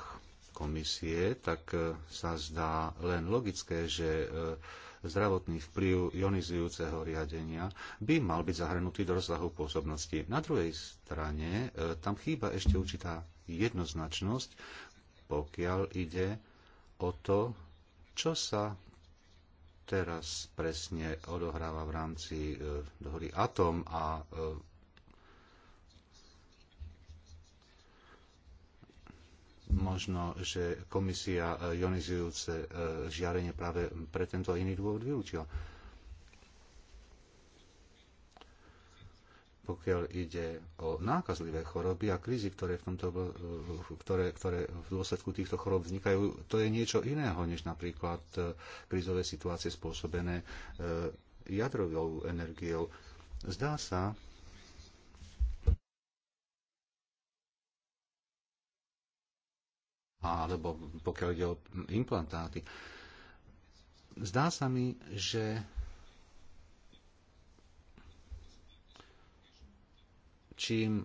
komisie, tak sa zdá len logické, že zdravotný vplyv ionizujúceho riadenia by mal byť zahrnutý do rozsahu pôsobnosti. Na druhej strane e, tam chýba ešte určitá jednoznačnosť, pokiaľ ide o to, čo sa teraz presne odohráva v rámci e, dohody Atom a e, možno, že komisia e, ionizujúce e, žiarenie práve pre tento iný dôvod vylúčila. pokiaľ ide o nákazlivé choroby a krízy, ktoré v, tomto, e, ktoré, ktoré v dôsledku týchto chorób vznikajú, to je niečo iného než napríklad krízové situácie spôsobené jadrovou energiou. Zdá sa, alebo pokiaľ ide o implantáty. Zdá sa mi, že čím e,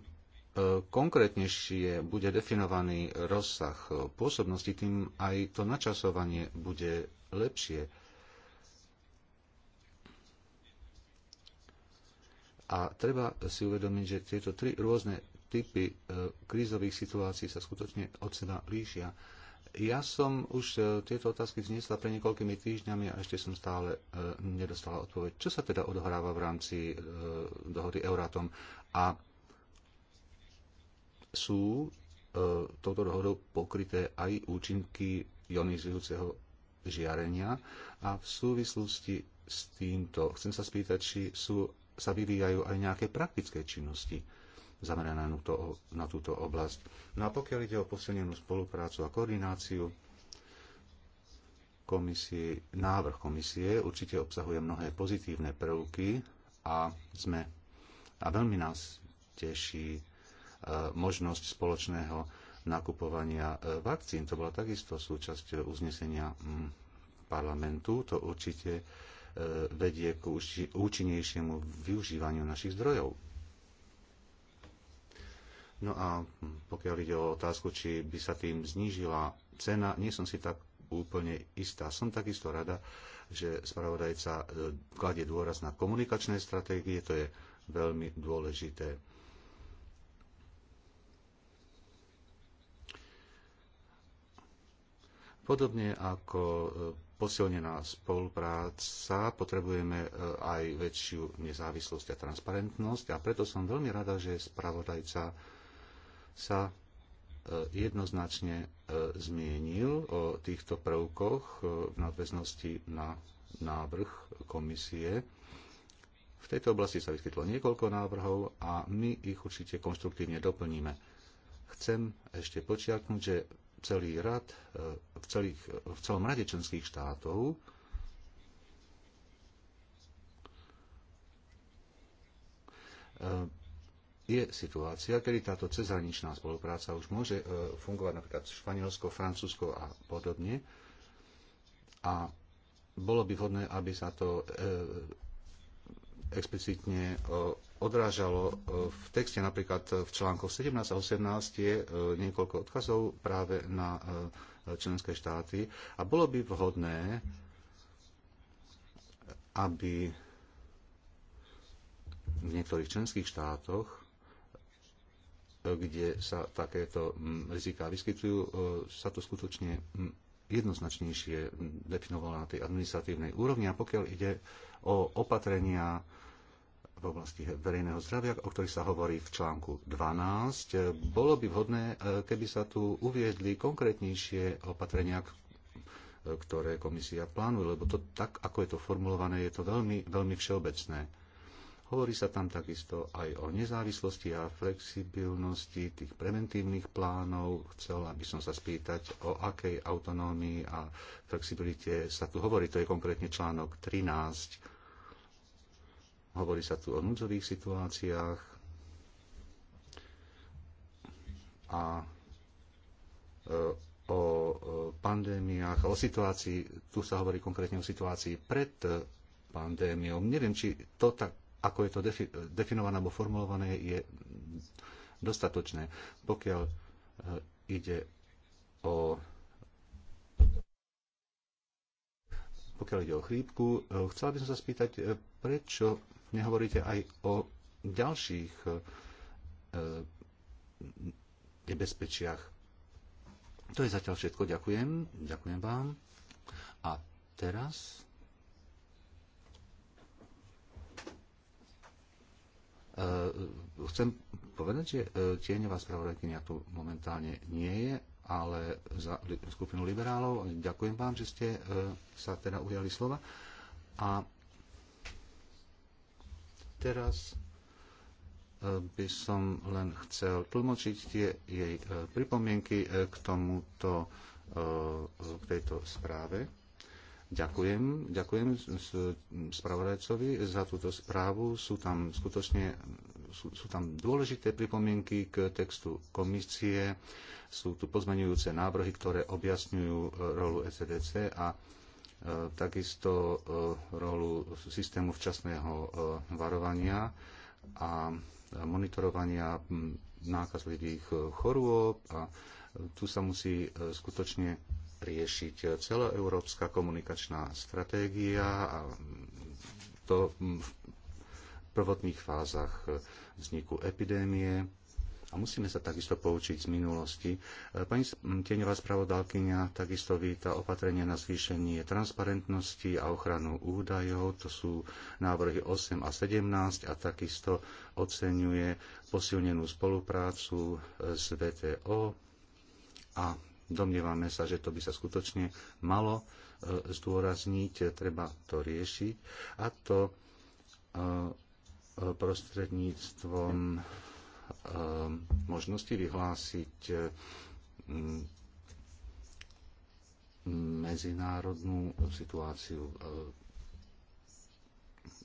konkrétnejšie bude definovaný rozsah e, pôsobnosti, tým aj to načasovanie bude lepšie. A treba si uvedomiť, že tieto tri rôzne typy e, krízových situácií sa skutočne od seba líšia. Ja som už e, tieto otázky vznesla pre niekoľkými týždňami a ešte som stále e, nedostala odpoveď. Čo sa teda odohráva v rámci dohody Euratom? A sú touto dohodou pokryté aj účinky ionizujúceho žiarenia a v súvislosti s týmto chcem sa spýtať, či sú, sa vyvíjajú aj nejaké praktické činnosti zameraná na, to, na túto oblasť. No a pokiaľ ide o posilnenú spoluprácu a koordináciu, komisie, návrh komisie určite obsahuje mnohé pozitívne prvky a sme a veľmi nás teší e, možnosť spoločného nakupovania e, vakcín. To bola takisto súčasť uznesenia mm, parlamentu. To určite e, vedie k účinnejšiemu využívaniu našich zdrojov. No a pokiaľ ide o otázku, či by sa tým znížila cena, nie som si tak úplne istá. Som takisto rada, že spravodajca e, kladie dôraz na komunikačné stratégie, to je veľmi dôležité. Podobne ako e, posilnená spolupráca, potrebujeme e, aj väčšiu nezávislosť a transparentnosť a preto som veľmi rada, že spravodajca sa e, jednoznačne e, zmienil o týchto prvkoch e, v nadväznosti na návrh komisie. V tejto oblasti sa vyskytlo niekoľko návrhov a my ich určite konštruktívne doplníme. Chcem ešte počiaknúť, že celý rad, v, celých, v celom rade členských štátov e, je situácia, kedy táto cezhraničná spolupráca už môže e, fungovať napríklad Španielsko, Francúzsko a podobne. A bolo by vhodné, aby sa to e, explicitne e, odrážalo v texte napríklad v článkoch 17 a 18 je niekoľko odkazov práve na členské štáty a bolo by vhodné, aby v niektorých členských štátoch kde sa takéto mm, riziká vyskytujú, e, sa to skutočne mm, jednoznačnejšie mm, definovalo na tej administratívnej úrovni. A pokiaľ ide o opatrenia v oblasti verejného zdravia, o ktorých sa hovorí v článku 12, e, bolo by vhodné, e, keby sa tu uviedli konkrétnejšie opatrenia, ktoré komisia plánuje, lebo to tak, ako je to formulované, je to veľmi, veľmi všeobecné. Hovorí sa tam takisto aj o nezávislosti a flexibilnosti tých preventívnych plánov. Chcela aby som sa spýtať, o akej autonómii a flexibilite sa tu hovorí. To je konkrétne článok 13. Hovorí sa tu o núdzových situáciách a e, o e, pandémiách, o situácii, tu sa hovorí konkrétne o situácii pred pandémiou. Neviem, či to tak ako je to defi- definované alebo formulované, je dostatočné. Pokiaľ e, ide o pokiaľ ide o chrípku, e, chcela by som sa spýtať, e, prečo nehovoríte aj o ďalších nebezpečiach. To je zatiaľ všetko. Ďakujem. Ďakujem vám. A teraz Eh, chcem povedať, že eh, tieňová spravodajkynia tu momentálne nie je, ale za skupinu liberálov ďakujem vám, že ste eh, sa teda ujali slova. A teraz by som len chcel tlmočiť tie jej pripomienky k tomuto, k tejto správe. Ďakujem, ďakujem spravodajcovi za túto správu. Sú tam skutočne sú, sú tam dôležité pripomienky k textu komisie, sú tu pozmenujúce návrhy, ktoré objasňujú e, rolu ECDC a e, takisto e, rolu systému včasného e, varovania a monitorovania nákazlivých e, chorôb a tu sa musí e, skutočne riešiť celoeurópska komunikačná stratégia a to v prvotných fázach vzniku epidémie. A musíme sa takisto poučiť z minulosti. Pani Tieňová spravodálkyňa takisto víta opatrenia na zvýšenie transparentnosti a ochranu údajov. To sú návrhy 8 a 17 a takisto oceňuje posilnenú spoluprácu s VTO a Domnievame sa, že to by sa skutočne malo e, zdôrazniť, e, treba to riešiť a to e, prostredníctvom možnosti vyhlásiť medzinárodnú situáciu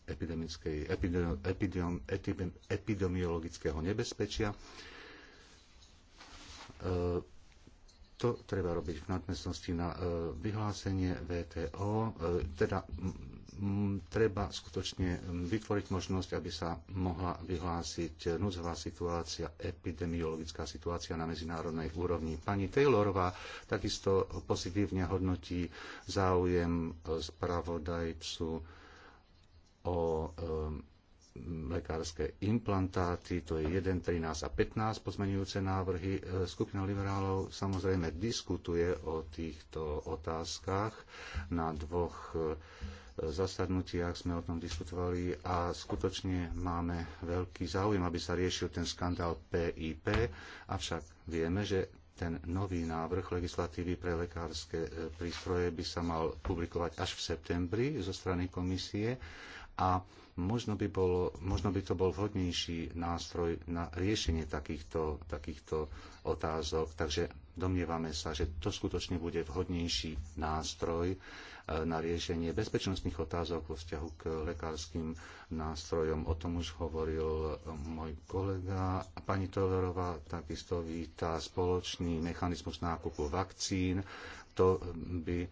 epidemickej, epidem, epidem, epidemiologického nebezpečia to treba robiť v nadmestnosti na e, vyhlásenie VTO, e, teda treba skutočne vytvoriť možnosť, aby sa mohla vyhlásiť núdzová situácia, epidemiologická situácia na medzinárodnej úrovni. Pani Taylorová takisto pozitívne hodnotí záujem spravodajcu o e, lekárske implantáty, to je 1, 13 a 15 pozmenujúce návrhy. E, skupina liberálov samozrejme diskutuje o týchto otázkach. Na dvoch e, zasadnutiach sme o tom diskutovali a skutočne máme veľký záujem, aby sa riešil ten skandál PIP, avšak vieme, že ten nový návrh legislatívy pre lekárske e, prístroje by sa mal publikovať až v septembri zo strany komisie a Možno by, bolo, možno by to bol vhodnejší nástroj na riešenie takýchto, takýchto otázok. Takže domnievame sa, že to skutočne bude vhodnejší nástroj e, na riešenie bezpečnostných otázok vo vzťahu k lekárskym nástrojom. O tom už hovoril e, môj kolega. Pani Tolerová takisto víta spoločný mechanizmus nákupu vakcín. To by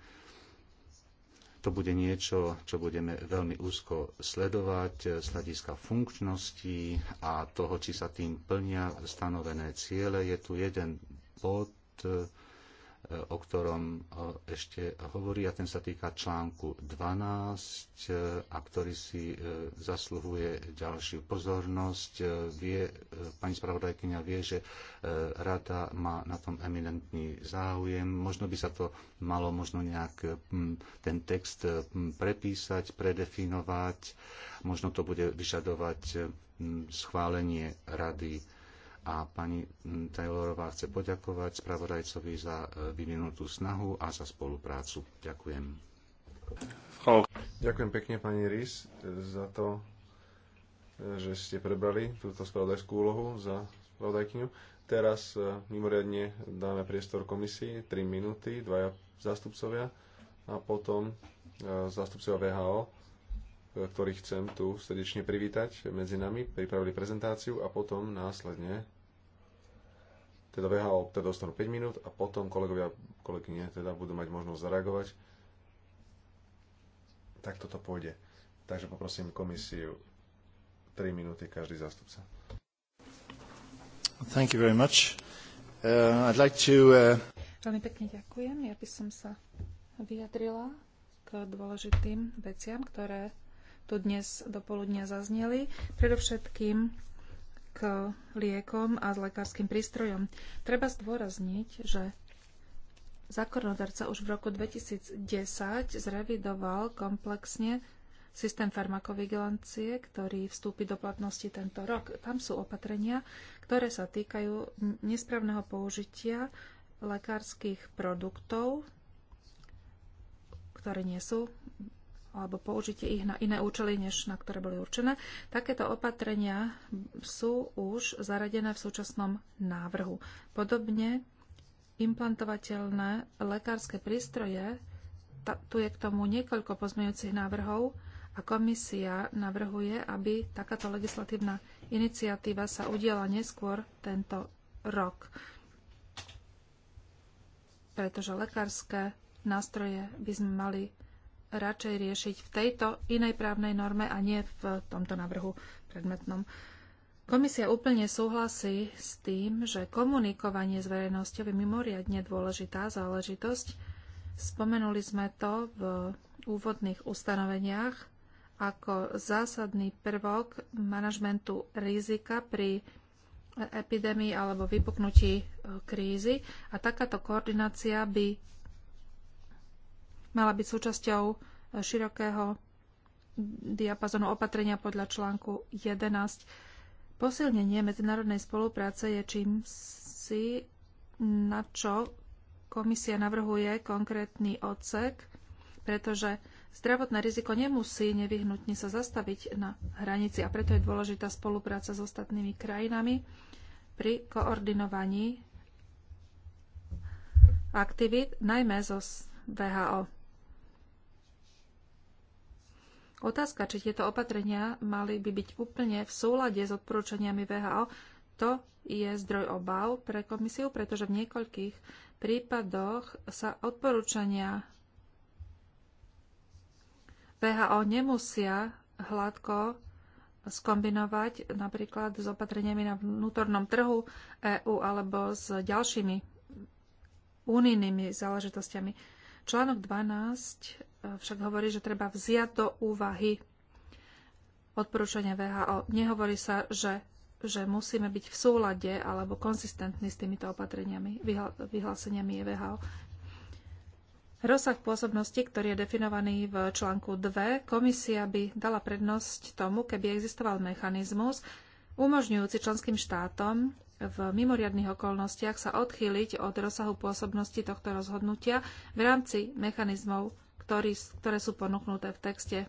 to bude niečo, čo budeme veľmi úzko sledovať z hľadiska funkčnosti a toho, či sa tým plnia stanovené ciele. Je tu jeden bod, o ktorom ešte hovorí a ten sa týka článku 12 e, a ktorý si e, zasluhuje ďalšiu pozornosť. E, vie, pani spravodajkynia vie, že rada má na tom eminentný záujem. Možno by sa to malo možno nejak ten text prepísať, predefinovať. Možno to bude vyžadovať schválenie rady a pani Taylorová chce poďakovať spravodajcovi za e, vyvinutú snahu a za spoluprácu. Ďakujem. Ďakujem pekne, pani Rís, za to, e, že ste prebrali túto spravodajskú úlohu za spravodajkyňu. Teraz e, mimoriadne dáme priestor komisii, 3 minúty, dvaja zástupcovia a potom zástupcovia VHO ktorých chcem tu srdečne privítať medzi nami, pripravili prezentáciu a potom následne teda VHO teda dostanú 5 minút a potom kolegovia, kolegyne teda budú mať možnosť zareagovať. Tak toto pôjde. Takže poprosím komisiu 3 minúty každý zástupca. Thank you very much. Uh, I'd like to, uh... Veľmi pekne ďakujem. Ja by som sa vyjadrila k dôležitým veciam, ktoré tu dnes do poludnia zazneli, predovšetkým k liekom a s lekárskym prístrojom. Treba zdôrazniť, že zákonodarca už v roku 2010 zrevidoval komplexne systém farmakovigilancie, ktorý vstúpi do platnosti tento rok. Tam sú opatrenia, ktoré sa týkajú nesprávneho použitia lekárskych produktov, ktoré nie sú alebo použitie ich na iné účely, než na ktoré boli určené. Takéto opatrenia sú už zaradené v súčasnom návrhu. Podobne implantovateľné lekárske prístroje, ta, tu je k tomu niekoľko pozmeňujúcich návrhov a komisia navrhuje, aby takáto legislatívna iniciatíva sa udiela neskôr tento rok, pretože lekárske nástroje by sme mali radšej riešiť v tejto inej právnej norme a nie v tomto návrhu predmetnom. Komisia úplne súhlasí s tým, že komunikovanie s verejnosťou je mimoriadne dôležitá záležitosť. Spomenuli sme to v úvodných ustanoveniach ako zásadný prvok manažmentu rizika pri epidémii alebo vypuknutí krízy a takáto koordinácia by mala byť súčasťou e, širokého diapazonu opatrenia podľa článku 11. Posilnenie medzinárodnej spolupráce je čím si, na čo komisia navrhuje konkrétny odsek, pretože zdravotné riziko nemusí nevyhnutne sa zastaviť na hranici a preto je dôležitá spolupráca s ostatnými krajinami pri koordinovaní aktivít, najmä zo VHO. Otázka, či tieto opatrenia mali by byť úplne v súlade s odporúčaniami VHO, to je zdroj obav pre komisiu, pretože v niekoľkých prípadoch sa odporúčania VHO nemusia hladko skombinovať napríklad s opatreniami na vnútornom trhu EÚ alebo s ďalšími unijnými záležitostiami. Článok 12 však hovorí, že treba vziať do úvahy odporúčania VHO. Nehovorí sa, že, že musíme byť v súlade alebo konzistentní s týmito opatreniami, vyhláseniami VHO. Rozsah pôsobnosti, ktorý je definovaný v článku 2, komisia by dala prednosť tomu, keby existoval mechanizmus, umožňujúci členským štátom v mimoriadnych okolnostiach sa odchýliť od rozsahu pôsobnosti tohto rozhodnutia v rámci mechanizmov ktorý, ktoré sú ponúknuté v texte.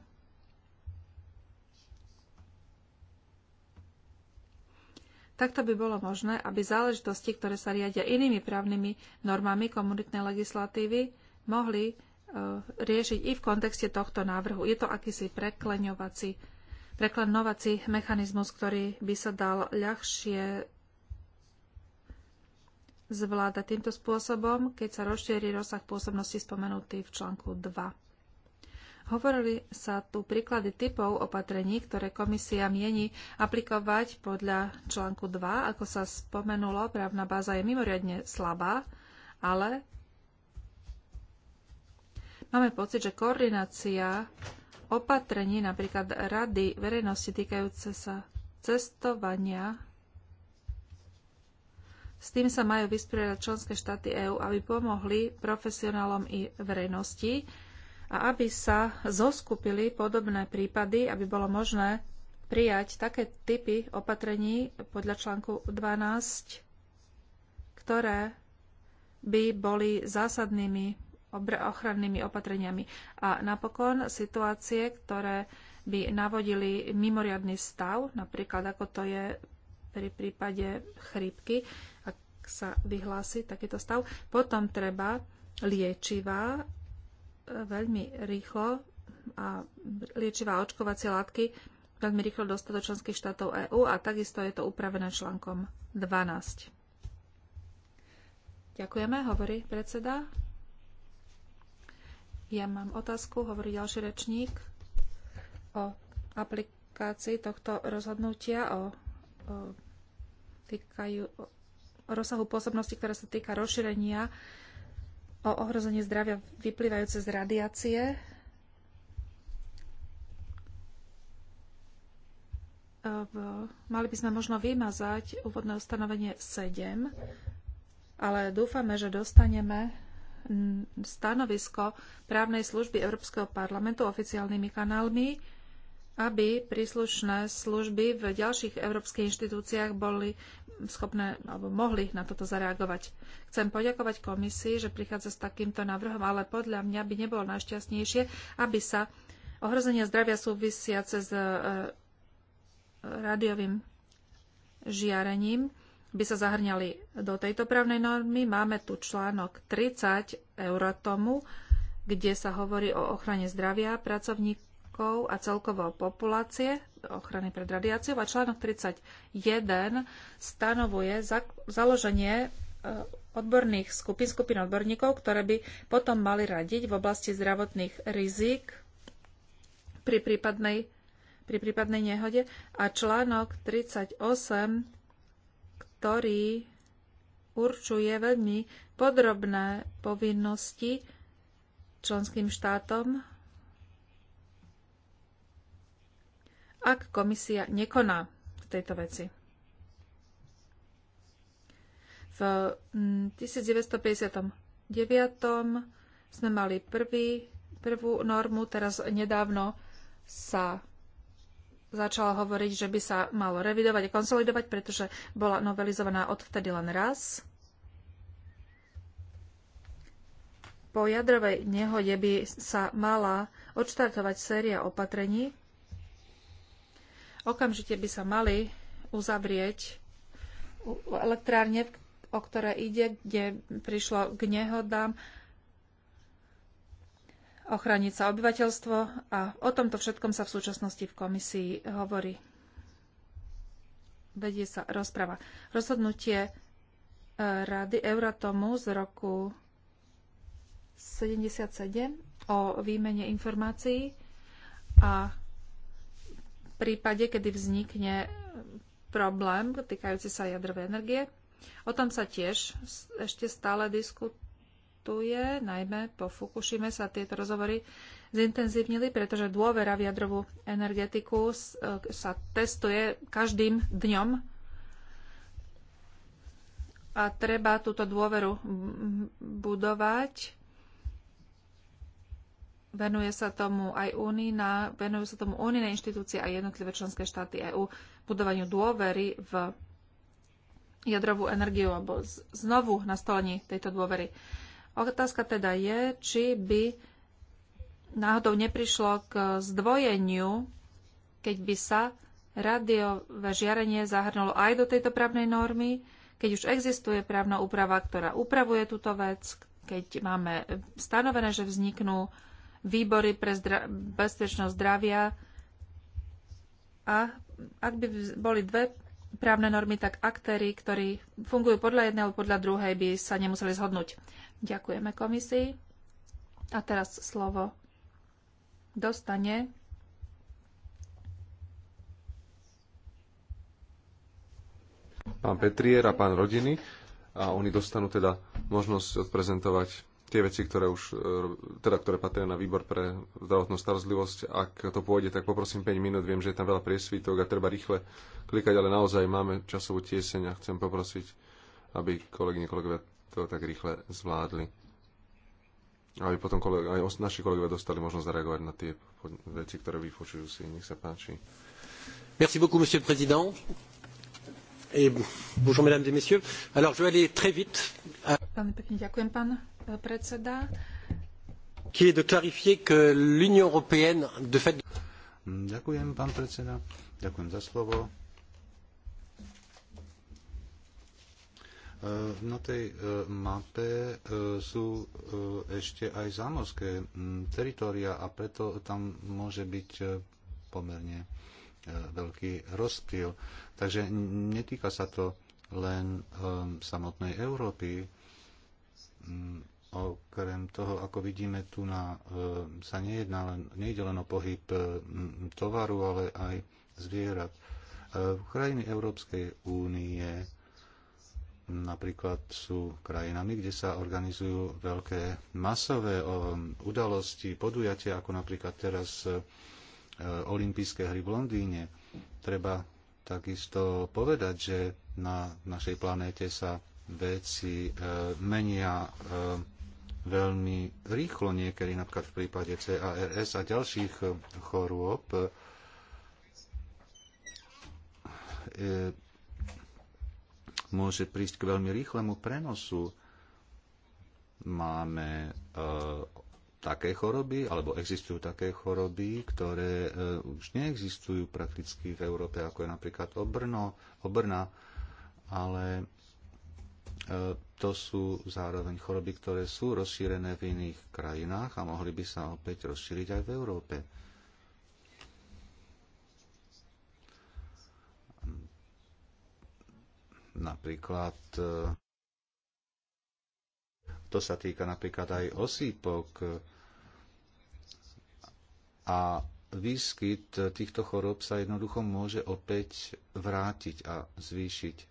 Takto by bolo možné, aby záležitosti, ktoré sa riadia inými právnymi normami komunitnej legislatívy, mohli e, riešiť i v kontexte tohto návrhu. Je to akýsi prekleňovací, preklenovací mechanizmus, ktorý by sa dal ľahšie zvláda týmto spôsobom, keď sa rozšíri rozsah pôsobnosti spomenutý v článku 2. Hovorili sa tu príklady typov opatrení, ktoré komisia mieni aplikovať podľa článku 2. Ako sa spomenulo, právna báza je mimoriadne slabá, ale máme pocit, že koordinácia opatrení, napríklad rady verejnosti týkajúce sa cestovania s tým sa majú vysporiadať členské štáty EÚ, aby pomohli profesionálom i verejnosti a aby sa zoskupili podobné prípady, aby bolo možné prijať také typy opatrení podľa článku 12, ktoré by boli zásadnými ochrannými opatreniami. A napokon situácie, ktoré by navodili mimoriadný stav, napríklad ako to je pri prípade chrípky, sa vyhlási takýto stav. Potom treba liečivá e, veľmi rýchlo a liečivá očkovacie látky veľmi rýchlo dostať do členských štátov EÚ a takisto je to upravené článkom 12. Ďakujeme, hovorí predseda. Ja mám otázku, hovorí ďalší rečník o aplikácii tohto rozhodnutia o, o, týkajú, rozsahu pôsobnosti, ktorá sa týka rozšírenia o ohrozenie zdravia vyplývajúce z radiácie. Mali by sme možno vymazať úvodné ustanovenie 7, ale dúfame, že dostaneme stanovisko právnej služby Európskeho parlamentu oficiálnymi kanálmi, aby príslušné služby v ďalších európskych inštitúciách boli schopné alebo mohli na toto zareagovať. Chcem poďakovať komisii, že prichádza s takýmto návrhom, ale podľa mňa by nebolo najšťastnejšie, aby sa ohrozenia zdravia súvisiace s e, rádiovým žiarením by sa zahrňali do tejto právnej normy. Máme tu článok 30 eurotomu, kde sa hovorí o ochrane zdravia pracovník prvkov a celkovo populácie ochrany pred radiáciou a článok 31 stanovuje za, založenie e, odborných skupín, skupín odborníkov, ktoré by potom mali radiť v oblasti zdravotných rizik pri prípadnej, pri prípadnej nehode a článok 38, ktorý určuje veľmi podrobné povinnosti členským štátom ak komisia nekoná v tejto veci. V 1959 mm, sme mali prvý, prvú normu, teraz nedávno sa začala hovoriť, že by sa malo revidovať a konsolidovať, pretože bola novelizovaná odvtedy len raz. Po jadrovej nehode by sa mala odštartovať séria opatrení, Okamžite by sa mali uzavrieť elektrárne, o ktoré ide, kde prišlo k nehodám, ochraniť sa obyvateľstvo a o tomto všetkom sa v súčasnosti v komisii hovorí. Vedie sa rozpráva. Rozhodnutie e, Rady Euratomu z roku 77 o výmene informácií a prípade, kedy vznikne problém týkajúci sa jadrovej energie. O tom sa tiež ešte stále diskutuje, najmä po Fukushime sa tieto rozhovory zintenzívnili, pretože dôvera v jadrovú energetiku e, sa testuje každým dňom a treba túto dôveru budovať Venuje sa tomu aj Únina, venujú sa tomu Únine inštitúcie a jednotlivé členské štáty EÚ budovaniu dôvery v jadrovú energiu alebo znovu nastolení tejto dôvery. Otázka teda je, či by náhodou neprišlo k zdvojeniu, keď by sa radiové žiarenie zahrnulo aj do tejto právnej normy, keď už existuje právna úprava, ktorá upravuje túto vec, keď máme stanovené, že vzniknú výbory pre zdra- bezpečnosť zdravia. A ak by boli dve právne normy, tak aktéry, ktorí fungujú podľa jednej alebo podľa druhej, by sa nemuseli zhodnúť. Ďakujeme komisii. A teraz slovo dostane pán Petrier a pán Rodiny a oni dostanú teda možnosť odprezentovať tie veci, ktoré už, e, teda ktoré patria na výbor pre zdravotnú starostlivosť. Ak to pôjde, tak poprosím 5 minút. Viem, že je tam veľa priesvítok a treba rýchle klikať, ale naozaj máme časovú tieseň a chcem poprosiť, aby kolegyne, kolegovia to tak rýchle zvládli. Aby potom kolega, aj naši kolegovia dostali možnosť zareagovať na tie veci, ktoré vypočujú si. Nech sa páči. Merci beaucoup, monsieur le président. Et bonjour, mesdames et messieurs. Alors, je vais aller très vite. À... Veľmi pekne ďakujem, pán predseda. Ďakujem, pán predseda. Ďakujem za slovo. E, na tej e, mape e, sú ešte aj zámorské teritoria a preto tam môže byť pomerne veľký rozptyl. Takže netýka sa to len samotnej Európy. Okrem toho, ako vidíme, tu na, e, sa nejedná len, nejde len o pohyb e, tovaru, ale aj zvierat. V e, krajiny Európskej únie napríklad sú krajinami, kde sa organizujú veľké masové udalosti, podujatia, ako napríklad teraz olympijské hry v Londýne. Treba takisto povedať, že na našej planéte sa veci menia veľmi rýchlo niekedy, napríklad v prípade CARS a ďalších e, chorôb. E, e, môže prísť k veľmi rýchlemu prenosu. Máme také choroby, alebo existujú také choroby, ktoré e, už neexistujú prakticky v Európe, ako je napríklad obrno, obrna, ale E, to sú zároveň choroby, ktoré sú rozšírené v iných krajinách a mohli by sa opäť rozšíriť aj v Európe. Napríklad e, to sa týka napríklad aj osýpok a výskyt týchto chorób sa jednoducho môže opäť vrátiť a zvýšiť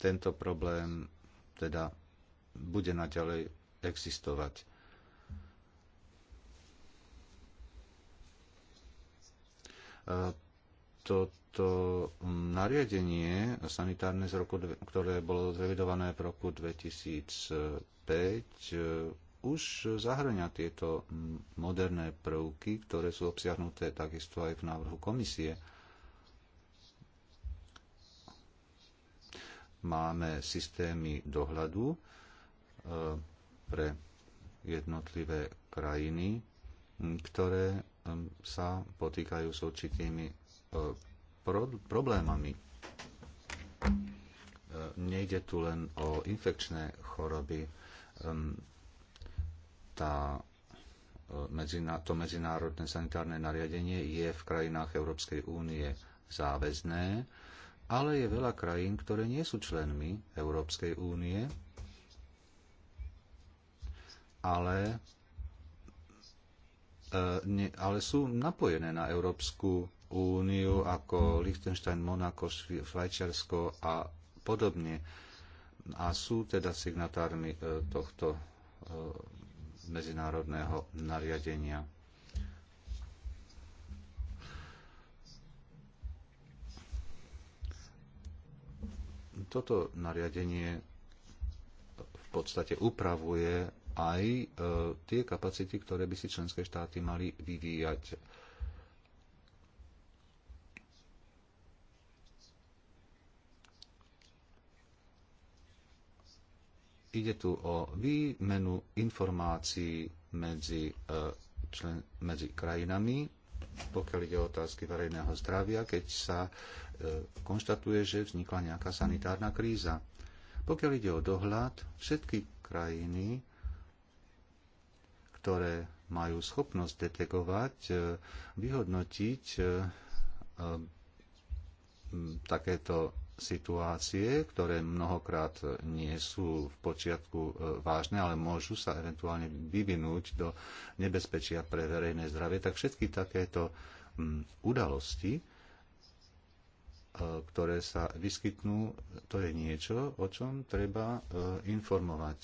tento problém teda bude naďalej existovať. Toto nariadenie sanitárne, z roku, ktoré bolo zrevidované v roku 2005, e, už zahrňa tieto moderné prvky, ktoré sú obsiahnuté takisto aj v návrhu komisie. máme systémy dohľadu e, pre jednotlivé krajiny, ktoré sa potýkajú s určitými e, problémami. E, nejde tu len o infekčné choroby. Tá to medzinárodné sanitárne nariadenie je v krajinách Európskej únie záväzné ale je veľa krajín, ktoré nie sú členmi Európskej únie, ale, e, ale sú napojené na Európsku úniu ako Liechtenstein, Monako, Švajčiarsko a podobne a sú teda signatármi e, tohto e, medzinárodného nariadenia. toto nariadenie v podstate upravuje aj e, tie kapacity, ktoré by si členské štáty mali vyvíjať. Ide tu o výmenu informácií medzi, e, člen, medzi krajinami pokiaľ ide o otázky verejného zdravia, keď sa e, konštatuje, že vznikla nejaká sanitárna kríza. Pokiaľ ide o dohľad, všetky krajiny, ktoré majú schopnosť detegovať, e, vyhodnotiť e, takéto situácie, ktoré mnohokrát nie sú v počiatku e, vážne, ale môžu sa eventuálne vyvinúť do nebezpečia pre verejné zdravie, tak všetky takéto mm, udalosti, e, ktoré sa vyskytnú, to je niečo, o čom treba e, informovať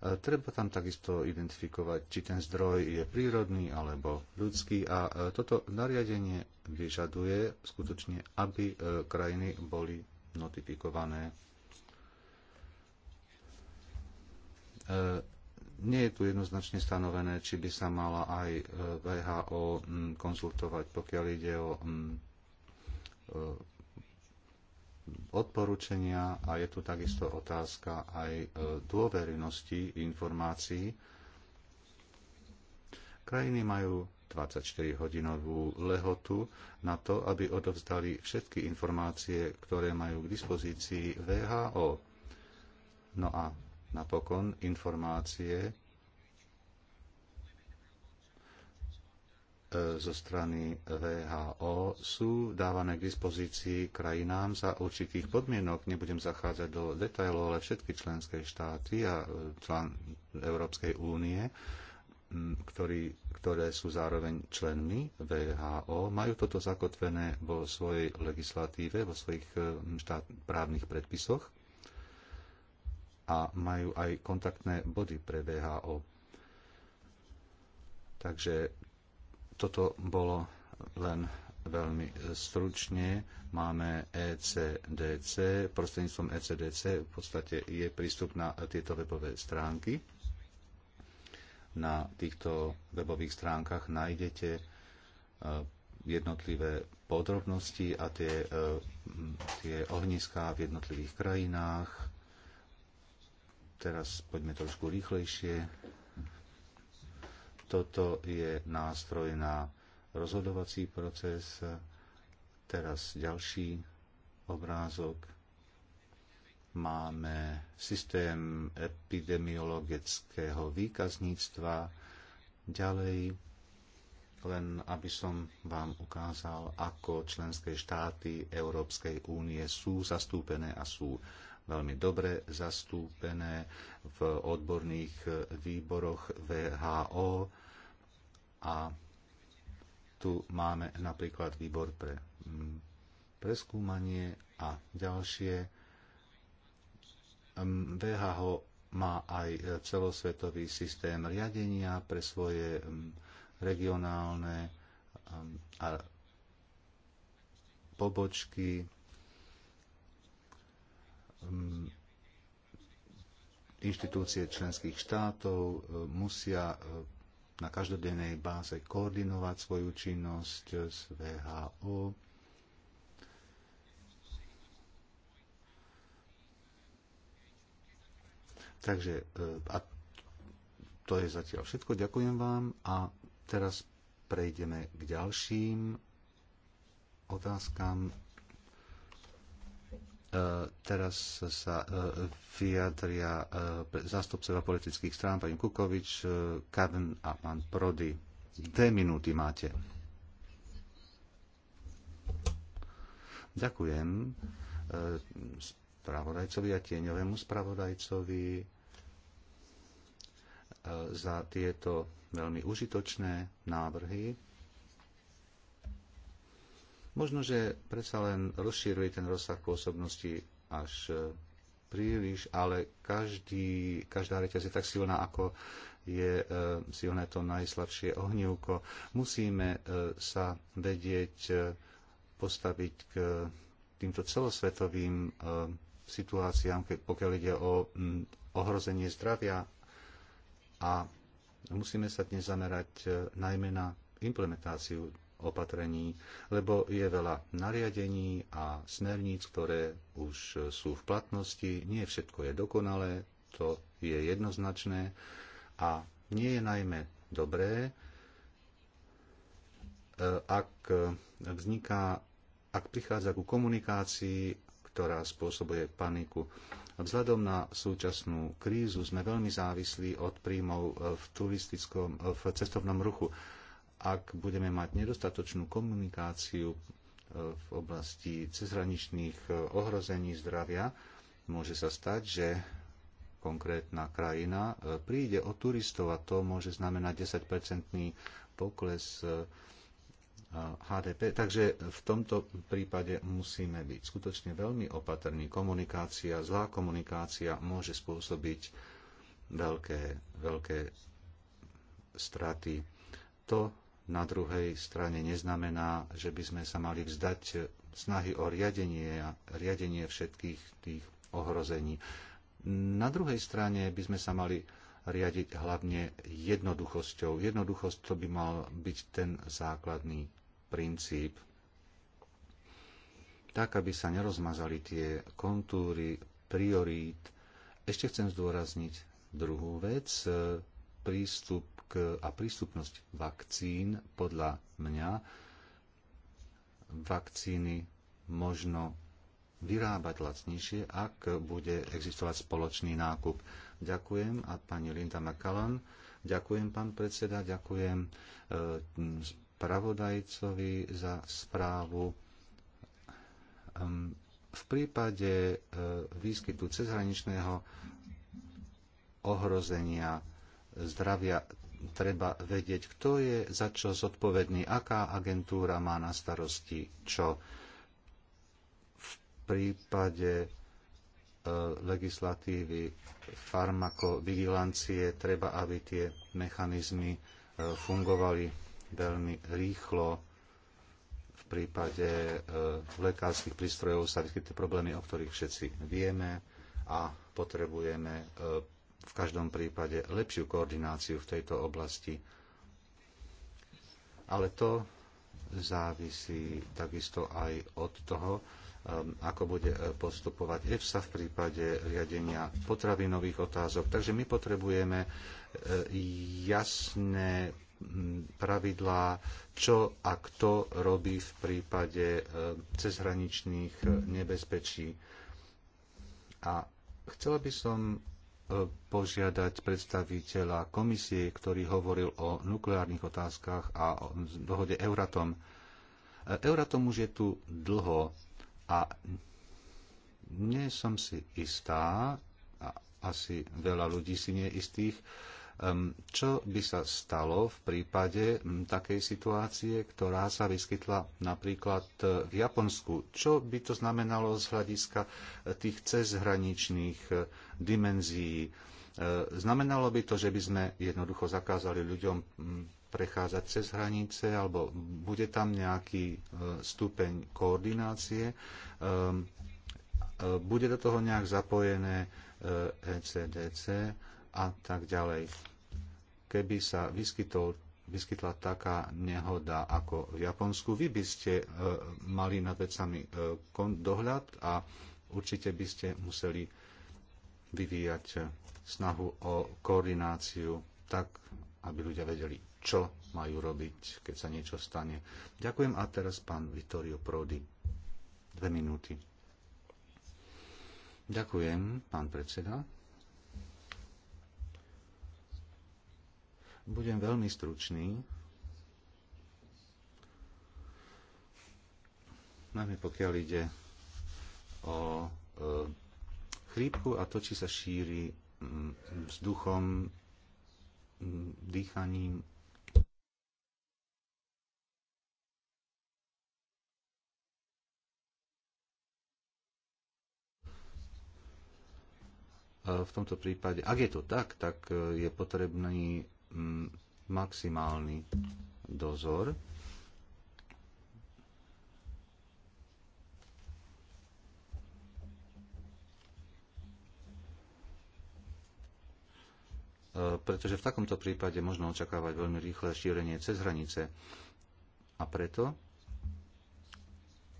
Treba tam takisto identifikovať, či ten zdroj je prírodný alebo ľudský a e, toto nariadenie vyžaduje skutočne, aby e, krajiny boli notifikované. E, nie je tu jednoznačne stanovené, či by sa mala aj VHO konzultovať, pokiaľ ide o odporúčania a je tu takisto otázka aj e, dôverenosti informácií. Krajiny majú 24-hodinovú lehotu na to, aby odovzdali všetky informácie, ktoré majú k dispozícii VHO. No a napokon informácie zo strany VHO sú dávané k dispozícii krajinám za určitých podmienok. Nebudem zachádzať do detajlov, ale všetky členské štáty a e, člen Európskej únie, ktorý, ktoré sú zároveň členmi VHO, majú toto zakotvené vo svojej legislatíve, vo svojich e, štát, právnych predpisoch a majú aj kontaktné body pre VHO. Takže toto bolo len veľmi stručne. Máme ECDC, prostredníctvom ECDC v podstate je prístup na tieto webové stránky. Na týchto webových stránkach nájdete e, jednotlivé podrobnosti a tie, e, tie ohniská v jednotlivých krajinách. Teraz poďme trošku rýchlejšie. Toto je nástroj na rozhodovací proces. Teraz ďalší obrázok máme systém epidemiologického výkazníctva. Ďalej, len aby som vám ukázal, ako členské štáty Európskej únie sú zastúpené a sú veľmi dobre zastúpené v odborných výboroch VHO a tu máme napríklad výbor pre mm, preskúmanie a ďalšie. Mm, VHO má aj celosvetový systém riadenia pre svoje mm, regionálne a pobočky Mm, inštitúcie členských štátov e, musia e, na každodennej báze koordinovať svoju činnosť s VHO. Takže e, a to je zatiaľ všetko. Ďakujem vám a teraz prejdeme k ďalším otázkam E, teraz sa e, vyjadria e, zástupcovia politických strán, pani Kukovič, Kaven a pán Prody. Dve minúty máte. Ďakujem spravodajcovi a tieňovému spravodajcovi za tieto veľmi užitočné návrhy Možno, že predsa len rozšírili ten rozsah pôsobnosti až e, príliš, ale každý, každá reťaz je tak silná, ako je e, silné to najslabšie ohnívko. Musíme e, sa vedieť e, postaviť k týmto celosvetovým e, situáciám, pokiaľ ide o m, ohrozenie zdravia a musíme sa dnes zamerať e, najmä na implementáciu opatrení, lebo je veľa nariadení a smerníc, ktoré už sú v platnosti. Nie všetko je dokonalé, to je jednoznačné a nie je najmä dobré, e, ak vzniká, ak prichádza ku komunikácii, ktorá spôsobuje paniku. Vzhľadom na súčasnú krízu sme veľmi závislí od príjmov v turistickom, v cestovnom ruchu ak budeme mať nedostatočnú komunikáciu e, v oblasti cezhraničných e, ohrození zdravia, môže sa stať, že konkrétna krajina e, príde o turistov a to môže znamenať 10-percentný pokles HDP. Takže v tomto prípade musíme byť skutočne veľmi opatrní. Komunikácia, zlá komunikácia môže spôsobiť veľké, veľké straty. To na druhej strane neznamená, že by sme sa mali vzdať snahy o riadenie a riadenie všetkých tých ohrození. Na druhej strane by sme sa mali riadiť hlavne jednoduchosťou. Jednoduchosť to by mal byť ten základný princíp, tak aby sa nerozmazali tie kontúry priorít. Ešte chcem zdôrazniť druhú vec, prístup a prístupnosť vakcín podľa mňa vakcíny možno vyrábať lacnejšie, ak bude existovať spoločný nákup. Ďakujem a pani Linda McCallan. Ďakujem, pán predseda, ďakujem eh, spravodajcovi za správu. Ehm, v prípade eh, výskytu cezhraničného ohrozenia zdravia treba vedieť, kto je za čo zodpovedný, aká agentúra má na starosti čo. V prípade e, legislatívy farmakovigilancie treba, aby tie mechanizmy e, fungovali veľmi rýchlo. V prípade e, lekárskych prístrojov sa vyskytujú problémy, o ktorých všetci vieme a potrebujeme v každom prípade lepšiu koordináciu v tejto oblasti. Ale to závisí takisto aj od toho, um, ako bude postupovať EFSA v prípade riadenia potravinových otázok. Takže my potrebujeme e, jasné pravidlá, čo a kto robí v prípade e, cezhraničných nebezpečí. A chcela by som požiadať predstaviteľa komisie, ktorý hovoril o nukleárnych otázkach a o dohode Euratom. Euratom už je tu dlho a nie som si istá, a asi veľa ľudí si nie istých, čo by sa stalo v prípade takej situácie, ktorá sa vyskytla napríklad e, v Japonsku? Čo by to znamenalo z hľadiska e, tých cezhraničných e, dimenzií? Znamenalo by to, že by sme jednoducho zakázali ľuďom prechádzať cez hranice, alebo bude tam nejaký stupeň koordinácie? Bude do toho nejak zapojené ECDC a tak ďalej? keby sa vyskytol, vyskytla taká nehoda ako v Japonsku, vy by ste e, mali nad vecami e, dohľad a určite by ste museli vyvíjať snahu o koordináciu tak, aby ľudia vedeli, čo majú robiť, keď sa niečo stane. Ďakujem a teraz pán Vittorio Prodi. Dve minúty. Ďakujem, pán predseda. Budem veľmi stručný. Najmä pokiaľ ide o e, chrípku a to, či sa šíri m, mm, vzduchom, m, mm, dýchaním. E, v tomto prípade, ak je to tak, tak e, je potrebný maximálny dozor. E, pretože v takomto prípade možno očakávať veľmi rýchle šírenie cez hranice. A preto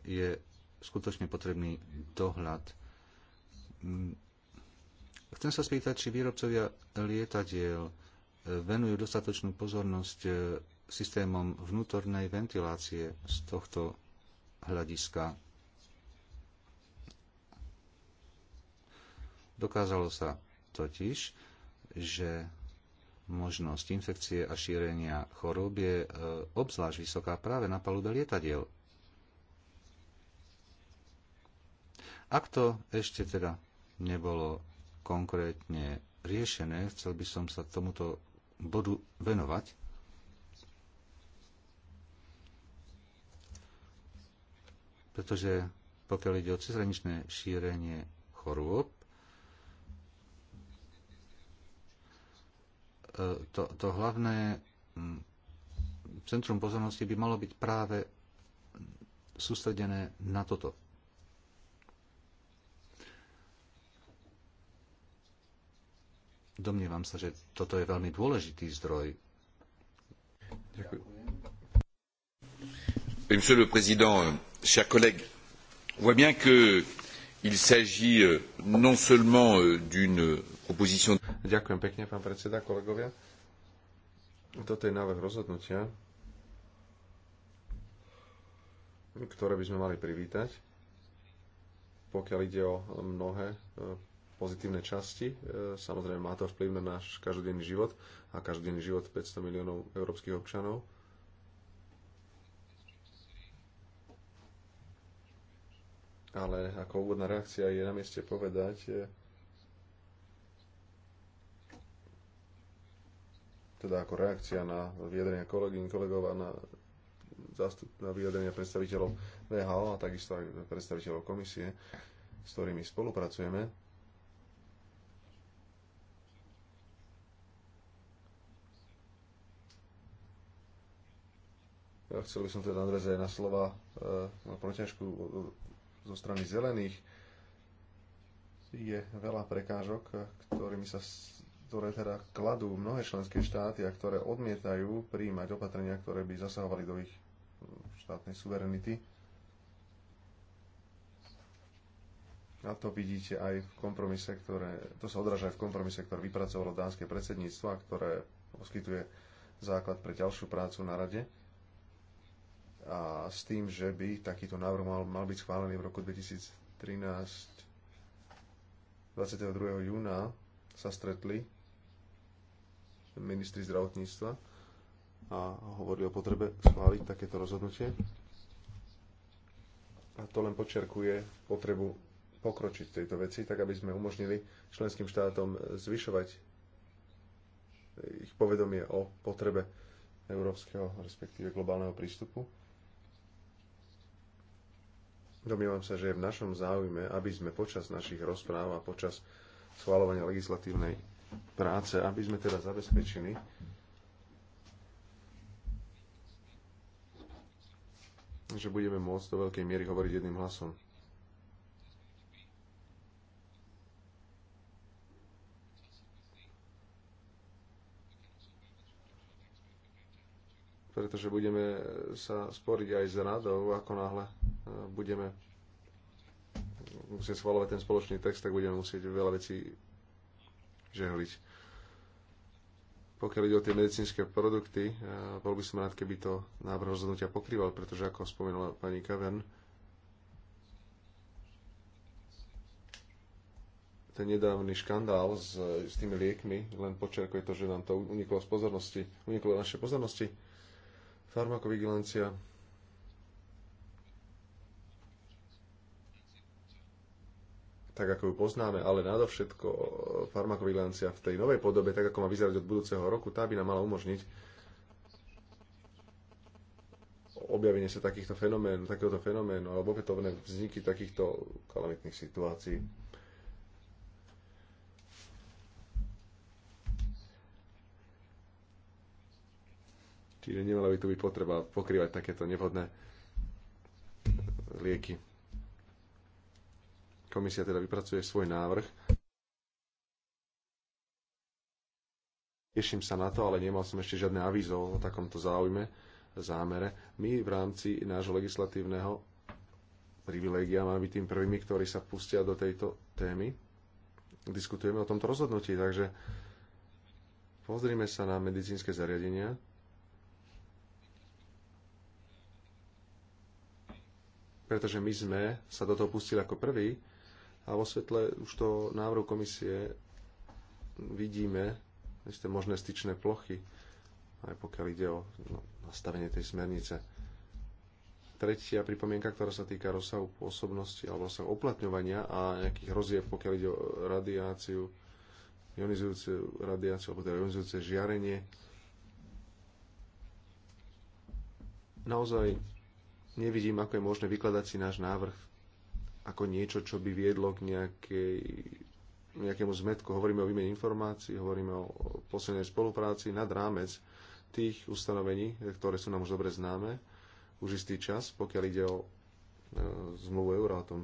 je skutočne potrebný dohľad. Chcem sa spýtať, či výrobcovia lietadiel venujú dostatočnú pozornosť e, systémom vnútornej ventilácie z tohto hľadiska. Dokázalo sa totiž, že možnosť infekcie a šírenia chorób je e, obzvlášť vysoká práve na palube lietadiel. Ak to ešte teda nebolo konkrétne riešené, chcel by som sa tomuto bodu venovať. Pretože pokiaľ ide o cezhraničné šírenie chorôb, e, to, to hlavné centrum pozornosti by malo byť práve sústredené na toto. Domnievam sa, že toto je veľmi dôležitý zdroj. Ďakujem. Monsieur le Président, chers collègues, on voit bien s'agit euh, non seulement euh, d'une proposition. Ďakujem pekne, pán predseda, kolegovia. Toto je návrh rozhodnutia, ktoré by sme mali privítať, pokiaľ ide o mnohé pozitívne časti. E, samozrejme má to vplyv na náš každodenný život a každodenný život 500 miliónov európskych občanov. Ale ako úvodná reakcia je na mieste povedať, e, teda ako reakcia na vyjadrenia kolegyň, kolegov a na, zastup, na vyjadrenia predstaviteľov VHO a takisto aj predstaviteľov komisie, s ktorými spolupracujeme. Chcel by som teda nadviazať na slova e, na protiažku e, zo strany zelených. Je veľa prekážok, e, ktorými sa ktoré teda kladú mnohé členské štáty a ktoré odmietajú príjmať opatrenia, ktoré by zasahovali do ich mm, štátnej suverenity. A to vidíte aj v kompromise, ktoré, to sa odráža aj v kompromise, ktoré vypracovalo dánske predsedníctvo a ktoré poskytuje základ pre ďalšiu prácu na rade a s tým, že by takýto návrh mal, mal byť schválený v roku 2013 22. júna sa stretli ministri zdravotníctva a hovorili o potrebe schváliť takéto rozhodnutie. A to len počerkuje potrebu pokročiť v tejto veci, tak aby sme umožnili členským štátom zvyšovať ich povedomie o potrebe európskeho, respektíve globálneho prístupu. Domnievam sa, že je v našom záujme, aby sme počas našich rozpráv a počas schváľovania legislatívnej práce, aby sme teda zabezpečili, že budeme môcť do veľkej miery hovoriť jedným hlasom. pretože budeme sa sporiť aj s radou, ako náhle e, budeme musieť schvalovať ten spoločný text, tak budeme musieť veľa vecí žehliť. Pokiaľ ide o tie medicínske produkty, e, bol by som rád, keby to návrh rozhodnutia pokrýval, pretože ako spomenula pani Kaven, ten nedávny škandál s, s tými liekmi len počerkuje to, že nám to uniklo z pozornosti, uniklo našej pozornosti farmakovigilancia, tak ako ju poznáme, ale nadovšetko eh, farmakovigilancia v tej novej podobe, tak ako má vyzerať od budúceho roku, tá by nám mala umožniť objavenie sa takýchto fenoménov, takéhoto fenoménu alebo opätovné vzniky takýchto kalamitných situácií. Čiže nemala by tu byť potreba pokrývať takéto nevhodné lieky. Komisia teda vypracuje svoj návrh. Teším sa na to, ale nemal som ešte žiadne avízo o takomto záujme, zámere. My v rámci nášho legislatívneho privilégia máme byť tým prvými, ktorí sa pustia do tejto témy. Diskutujeme o tomto rozhodnutí, takže pozrime sa na medicínske zariadenia, pretože my sme sa do toho pustili ako prví a vo svetle už to návrhu komisie vidíme isté možné styčné plochy, aj pokiaľ ide o no, nastavenie tej smernice. Tretia pripomienka, ktorá sa týka rozsahu pôsobnosti alebo rozsahu uplatňovania a nejakých roziev, pokiaľ ide o radiáciu, ionizujúce radiáciu alebo teda ionizujúce žiarenie. Naozaj nevidím, ako je možné vykladať si náš návrh ako niečo, čo by viedlo k nejakej, nejakému zmetku. Hovoríme o výmene informácií, hovoríme o poslednej spolupráci nad rámec tých ustanovení, ktoré sú nám už dobre známe, už istý čas, pokiaľ ide o e, zmluvu Eurátom.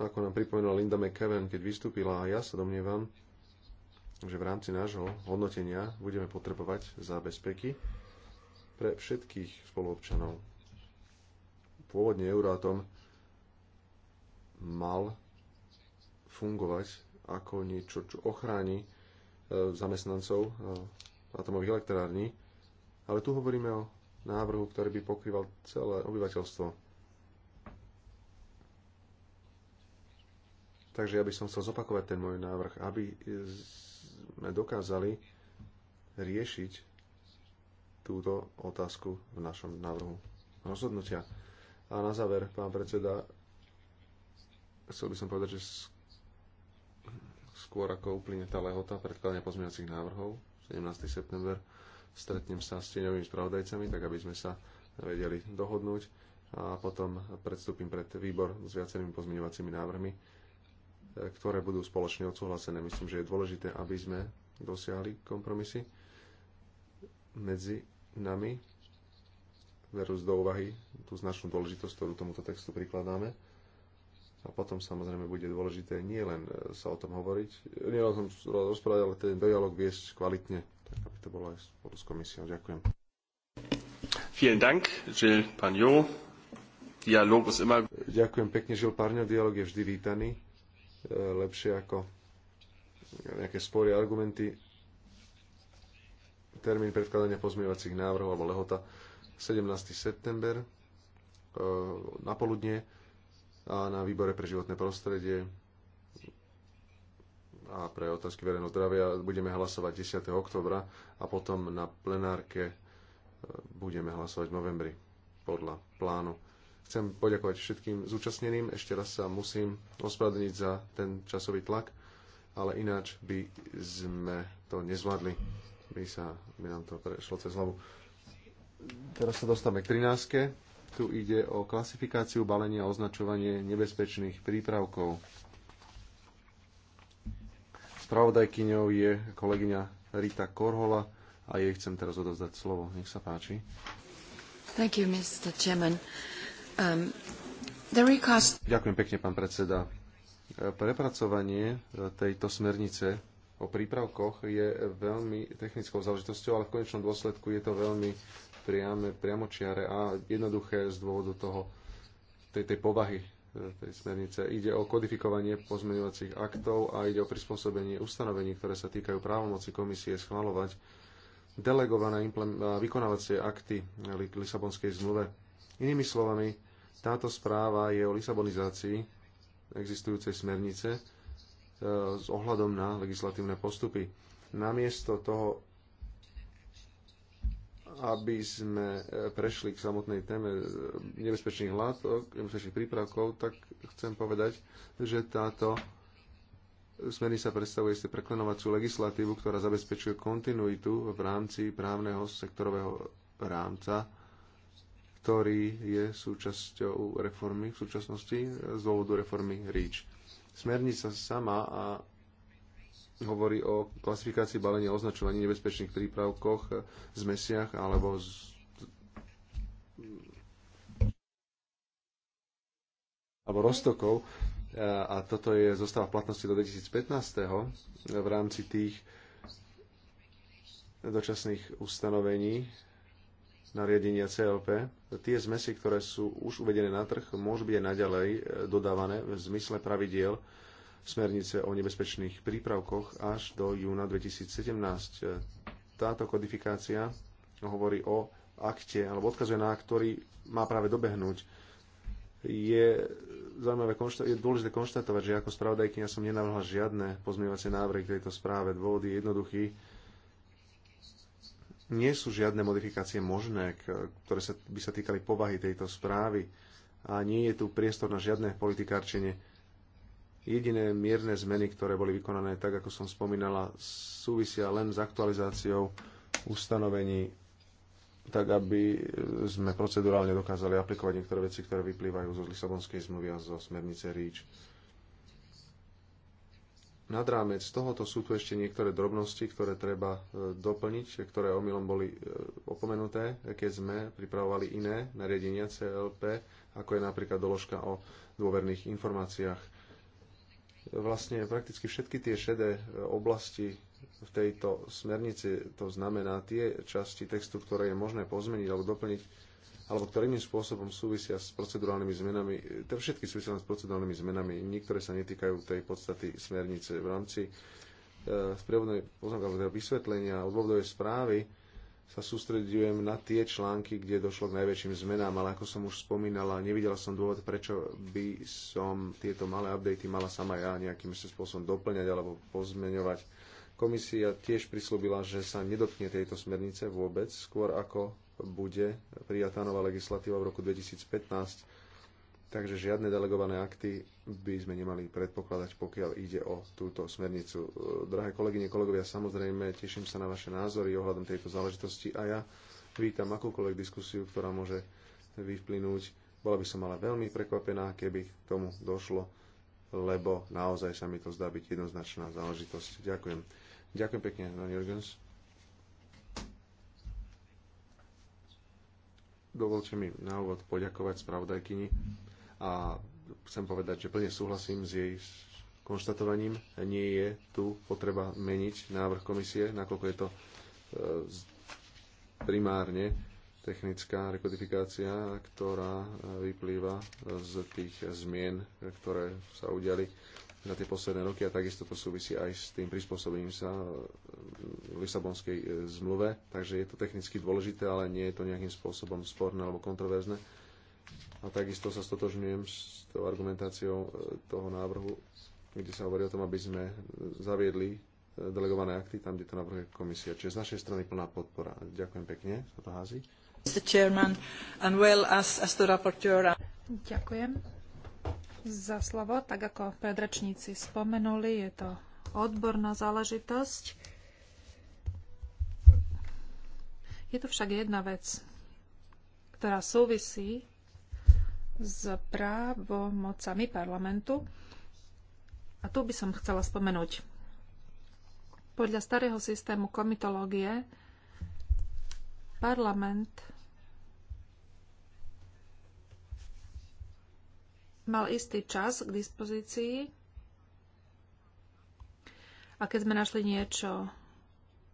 Ako nám pripomenula Linda McKeven, keď vystúpila, a ja sa domnievam, že v rámci nášho hodnotenia budeme potrebovať zábezpeky pre všetkých spoluobčanov. Pôvodne Euratom mal fungovať ako niečo, čo ochráni e, zamestnancov e, atomových elektrární, ale tu hovoríme o návrhu, ktorý by pokrýval celé obyvateľstvo. Takže ja by som chcel zopakovať ten môj návrh, aby dokázali riešiť túto otázku v našom návrhu rozhodnutia. A na záver, pán predseda, chcel by som povedať, že skôr ako uplyne tá lehota predkladania pozmeňovacích návrhov, 17. september, stretnem sa s tieňovými spravodajcami, tak aby sme sa vedeli dohodnúť a potom predstúpim pred výbor s viacerými pozmeňovacími návrhmi E, ktoré budú spoločne odsúhlasené. Myslím, že je dôležité, aby sme dosiahli kompromisy medzi nami, verúc do úvahy tú značnú dôležitosť, ktorú tomuto textu prikladáme. A potom samozrejme bude dôležité nie len e, sa o tom hovoriť, nie len o tom rozprávať, ale ten dialog viesť kvalitne, tak aby to bolo aj spolu s komisiou. Ďakujem. Vielen Dank, Gilles Dialog ist immer... Ďakujem pekne, Gilles Parňo. Dialog je vždy vítaný E, lepšie ako nejaké spory, argumenty. Termín predkladania pozmievacích návrhov alebo lehota 17. september e, na poludne a na výbore pre životné prostredie a pre otázky verejného zdravia budeme hlasovať 10. oktobra a potom na plenárke e, budeme hlasovať v novembri podľa plánu. Chcem poďakovať všetkým zúčastneným. Ešte raz sa musím ospravedlniť za ten časový tlak, ale ináč by sme to nezvládli. By, sa, by nám to prešlo cez hlavu. Teraz sa dostávame k 13. Tu ide o klasifikáciu balenia a označovanie nebezpečných prípravkov. Spravodajkyňou je kolegyňa Rita Korhola a jej chcem teraz odovzdať slovo. Nech sa páči. Thank you, Mr. Chairman. Um, Ďakujem pekne, pán predseda. Prepracovanie e, tejto smernice o prípravkoch je veľmi technickou záležitosťou, ale v konečnom dôsledku je to veľmi priame, priamočiare a jednoduché z dôvodu toho, tej, tej povahy e, tej smernice. Ide o kodifikovanie pozmeňovacích aktov a ide o prispôsobenie ustanovení, ktoré sa týkajú právomoci komisie schvalovať delegované vykonávacie akty Lisabonskej zmluve. Inými slovami, táto správa je o lisabonizácii existujúcej smernice e, s ohľadom na legislatívne postupy. Namiesto toho, aby sme e, prešli k samotnej téme e, nebezpečných látok, nebezpečných prípravkov, tak chcem povedať, že táto smernica predstavuje ste preklenovacú legislatívu, ktorá zabezpečuje kontinuitu v rámci právneho sektorového rámca ktorý je súčasťou reformy v súčasnosti z dôvodu reformy REACH. Smernica sama a hovorí o klasifikácii balenia označovaní nebezpečných prípravkoch, zmesiach alebo z... alebo roztokov a toto je zostáva v platnosti do 2015. v rámci tých dočasných ustanovení nariadenia CLP, tie zmesi, ktoré sú už uvedené na trh, môžu byť aj naďalej e, dodávané v zmysle pravidiel smernice o nebezpečných prípravkoch až do júna 2017. E, Táto kodifikácia hovorí o akte, alebo odkazuje na ktorý má práve dobehnúť. Je, zaujímavé, je dôležité konštatovať, že ako spravodajkynia som nenavrhla žiadne pozmievacie návrhy k tejto správe. Dôvod je jednoduchý nie sú žiadne modifikácie možné, ktoré sa, by sa týkali povahy tejto správy a nie je tu priestor na žiadne politikárčenie. Jediné mierne zmeny, ktoré boli vykonané, tak ako som spomínala, súvisia len s aktualizáciou ustanovení, tak aby e, sme procedurálne dokázali aplikovať niektoré veci, ktoré vyplývajú zo Lisabonskej zmluvy a zo smernice REACH nad rámec tohoto sú tu ešte niektoré drobnosti, ktoré treba e, doplniť, ktoré omylom boli e, opomenuté, keď sme pripravovali iné nariadenia CLP, ako je napríklad doložka o dôverných informáciách. Vlastne prakticky všetky tie šedé e, oblasti v tejto smernici, to znamená tie časti textu, ktoré je možné pozmeniť alebo doplniť, alebo ktoré iným spôsobom súvisia s procedurálnymi zmenami. to všetky súvisia s procedurálnymi zmenami, niektoré sa netýkajú tej podstaty smernice v rámci e, sprievodnej poznámky alebo teda vysvetlenia odvodovej správy sa sústredujem na tie články, kde došlo k najväčším zmenám, ale ako som už spomínala, nevidela som dôvod, prečo by som tieto malé updaty mala sama ja nejakým spôsobom doplňať alebo pozmeňovať. Komisia tiež prislúbila, že sa nedotkne tejto smernice vôbec, skôr ako bude prijatá nová legislatíva v roku 2015, takže žiadne delegované akty by sme nemali predpokladať, pokiaľ ide o túto smernicu. Drahé kolegyne, kolegovia, samozrejme, teším sa na vaše názory ohľadom tejto záležitosti a ja vítam akúkoľvek diskusiu, ktorá môže vyplynúť. Bola by som ale veľmi prekvapená, keby k tomu došlo, lebo naozaj sa mi to zdá byť jednoznačná záležitosť. Ďakujem. Ďakujem pekne, Jan Jurgens. Dovolte mi na úvod poďakovať spravodajkyni a chcem povedať, že plne súhlasím s jej konštatovaním. Nie je tu potreba meniť návrh komisie, nakoľko je to e, primárne technická rekodifikácia, ktorá e, vyplýva e, z tých zmien, ktoré sa udiali za tie posledné roky a takisto to súvisí aj s tým prispôsobením sa v e, Lisabonskej e, zmluve, takže je to technicky dôležité, ale nie je to nejakým spôsobom sporné alebo kontroverzne. A takisto sa stotožňujem s tou argumentáciou e, toho návrhu, kde sa hovorí o tom, aby sme zaviedli delegované akty tam, kde to navrhuje komisia. Čiže z našej strany plná podpora. Ďakujem pekne za to házi. Ďakujem za slovo. Tak ako predrečníci spomenuli, je to odborná záležitosť. Je tu však jedna vec, ktorá súvisí s právomocami parlamentu. A tu by som chcela spomenúť. Podľa starého systému komitológie parlament mal istý čas k dispozícii a keď sme našli niečo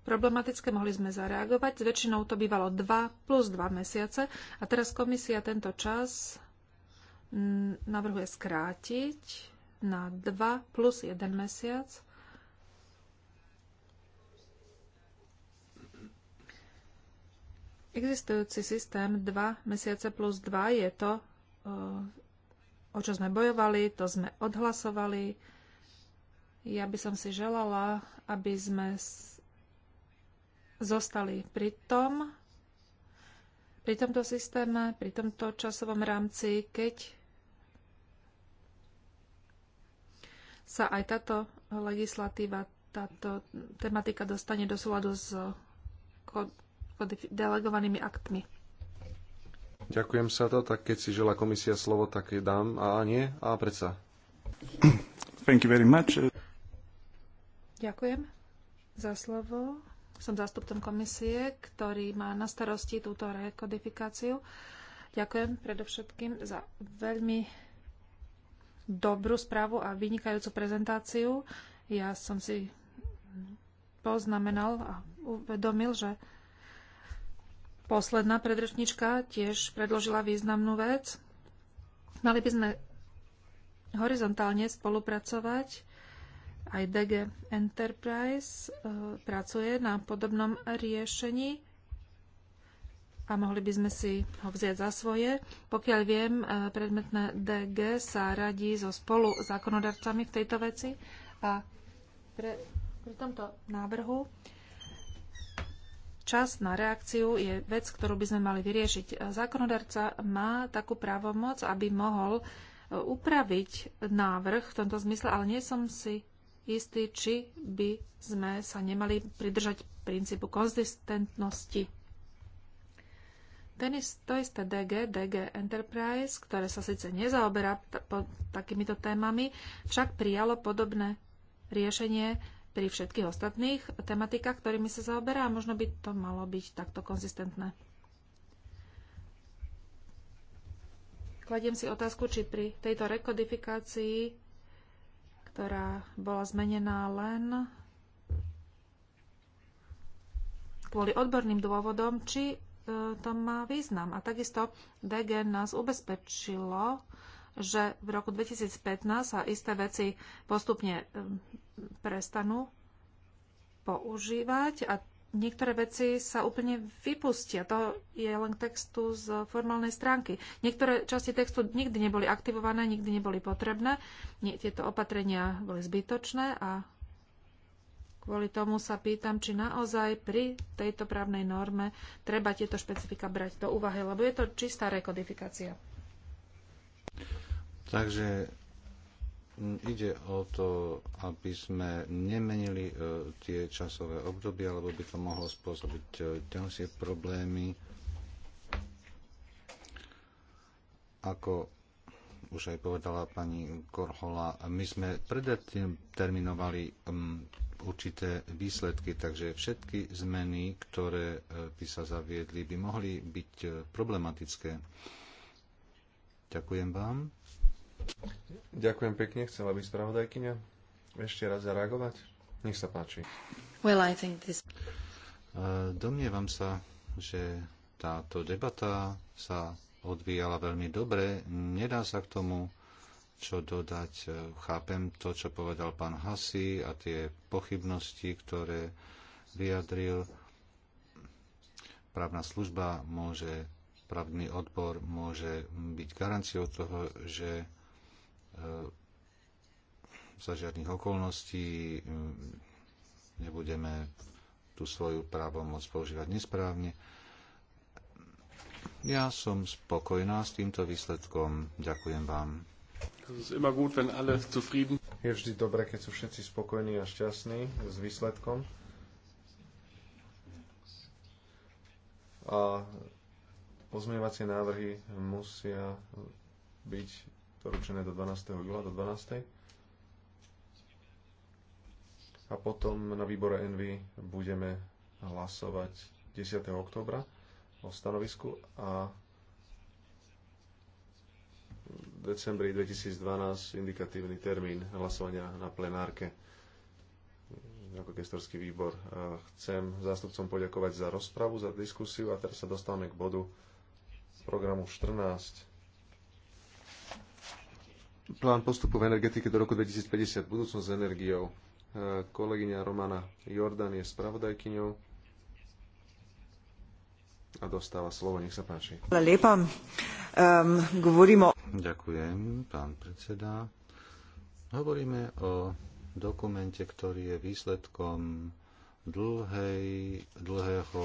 problematické, mohli sme zareagovať. S väčšinou to bývalo 2 plus 2 mesiace a teraz komisia tento čas mm, navrhuje skrátiť na 2 plus 1 mesiac. Existujúci systém 2 mesiace plus 2 je to e, o čo sme bojovali, to sme odhlasovali. Ja by som si želala, aby sme zostali pri tom, pri tomto systéme, pri tomto časovom rámci, keď sa aj táto legislatíva, táto tematika dostane do súladu s delegovanými aktmi. Ďakujem sa to, tak keď si žela komisia slovo, tak je dám. A nie? A predsa. Thank you very much. Ďakujem za slovo. Som zástupcom komisie, ktorý má na starosti túto rekodifikáciu. Ďakujem predovšetkým za veľmi dobrú správu a vynikajúcu prezentáciu. Ja som si poznamenal a uvedomil, že Posledná predrečnička tiež predložila významnú vec. Mali by sme horizontálne spolupracovať. Aj DG Enterprise e, pracuje na podobnom riešení a mohli by sme si ho vziať za svoje. Pokiaľ viem, e, predmetné DG sa radí so spolu zákonodarcami v tejto veci a pre, pri tomto návrhu Čas na reakciu je vec, ktorú by sme mali vyriešiť. Zákonodarca má takú právomoc, aby mohol e, upraviť návrh v tomto zmysle, ale nie som si istý, či by sme sa nemali pridržať princípu konzistentnosti. Ten ist, to isté DG, DG Enterprise, ktoré sa síce nezaoberá takýmito témami, však prijalo podobné riešenie pri všetkých ostatných tematikách, ktorými sa zaoberá a možno by to malo byť takto konzistentné. Kladiem si otázku, či pri tejto rekodifikácii, ktorá bola zmenená len kvôli odborným dôvodom, či e, to má význam. A takisto DG nás ubezpečilo, že v roku 2015 sa isté veci postupne e, prestanú používať a niektoré veci sa úplne vypustia. To je len textu z formálnej stránky. Niektoré časti textu nikdy neboli aktivované, nikdy neboli potrebné. Nie, tieto opatrenia boli zbytočné a kvôli tomu sa pýtam, či naozaj pri tejto právnej norme treba tieto špecifika brať do úvahy, lebo je to čistá rekodifikácia. Takže ide o to, aby sme nemenili e, tie časové obdobia, lebo by to mohlo spôsobiť e, ďalšie problémy, ako už aj povedala pani Korhola, my sme predeterminovali určité výsledky, takže všetky zmeny, ktoré e, by sa zaviedli, by mohli byť problematické. Ďakujem vám. Ďakujem pekne. Chcela by spravodajkyňa ešte raz zareagovať? Nech sa páči. Well, I think this... Domnievam sa, že táto debata sa odvíjala veľmi dobre. Nedá sa k tomu čo dodať. Chápem to, čo povedal pán Hasi a tie pochybnosti, ktoré vyjadril. Právna služba môže, právny odbor môže byť garanciou toho, že E, za žiadnych okolností mm, nebudeme tú svoju právomoc používať nesprávne. Ja som spokojná s týmto výsledkom. Ďakujem vám. Je vždy dobré, keď sú všetci spokojní a šťastní s výsledkom. A pozmievacie návrhy musia byť doručené do 12. júla, do 12. A potom na výbore Envy budeme hlasovať 10. oktobra o stanovisku a v decembri 2012 indikatívny termín hlasovania na plenárke ako gestorský výbor. Eh, chcem zástupcom poďakovať za rozpravu, za diskusiu a teraz sa dostávame k bodu programu 14 plán postupu v energetike do roku 2050, budúcnosť s energiou. E, kolegyňa Romana Jordan je spravodajkyňou a dostáva slovo. Nech sa páči. Ehm, Ďakujem, pán predseda. Hovoríme o dokumente, ktorý je výsledkom dlhej, dlhého,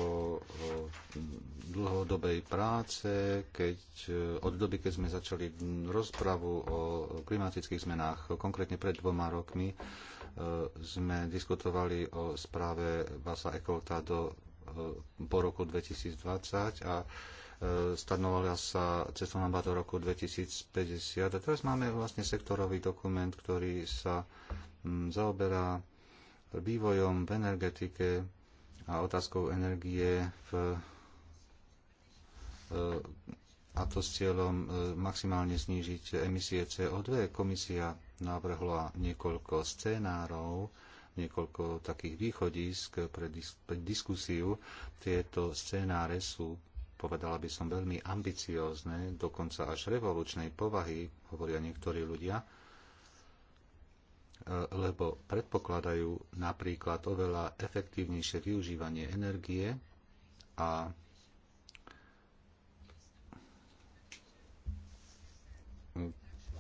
dlhodobej práce, keď od doby, keď sme začali rozpravu o klimatických zmenách, konkrétne pred dvoma rokmi, e, sme diskutovali o správe Basa Ekolta do e, po roku 2020 a e, stanovala sa cestovná do roku 2050. A teraz máme vlastne sektorový dokument, ktorý sa zaoberá vývojom v energetike a otázkou energie v, e, a to s cieľom e, maximálne znížiť emisie CO2. Komisia navrhla niekoľko scenárov, niekoľko takých východisk pre, dis- pre diskusiu. Tieto scenáre sú, povedala by som, veľmi ambiciózne, dokonca až revolučnej povahy, hovoria niektorí ľudia lebo predpokladajú napríklad oveľa efektívnejšie využívanie energie a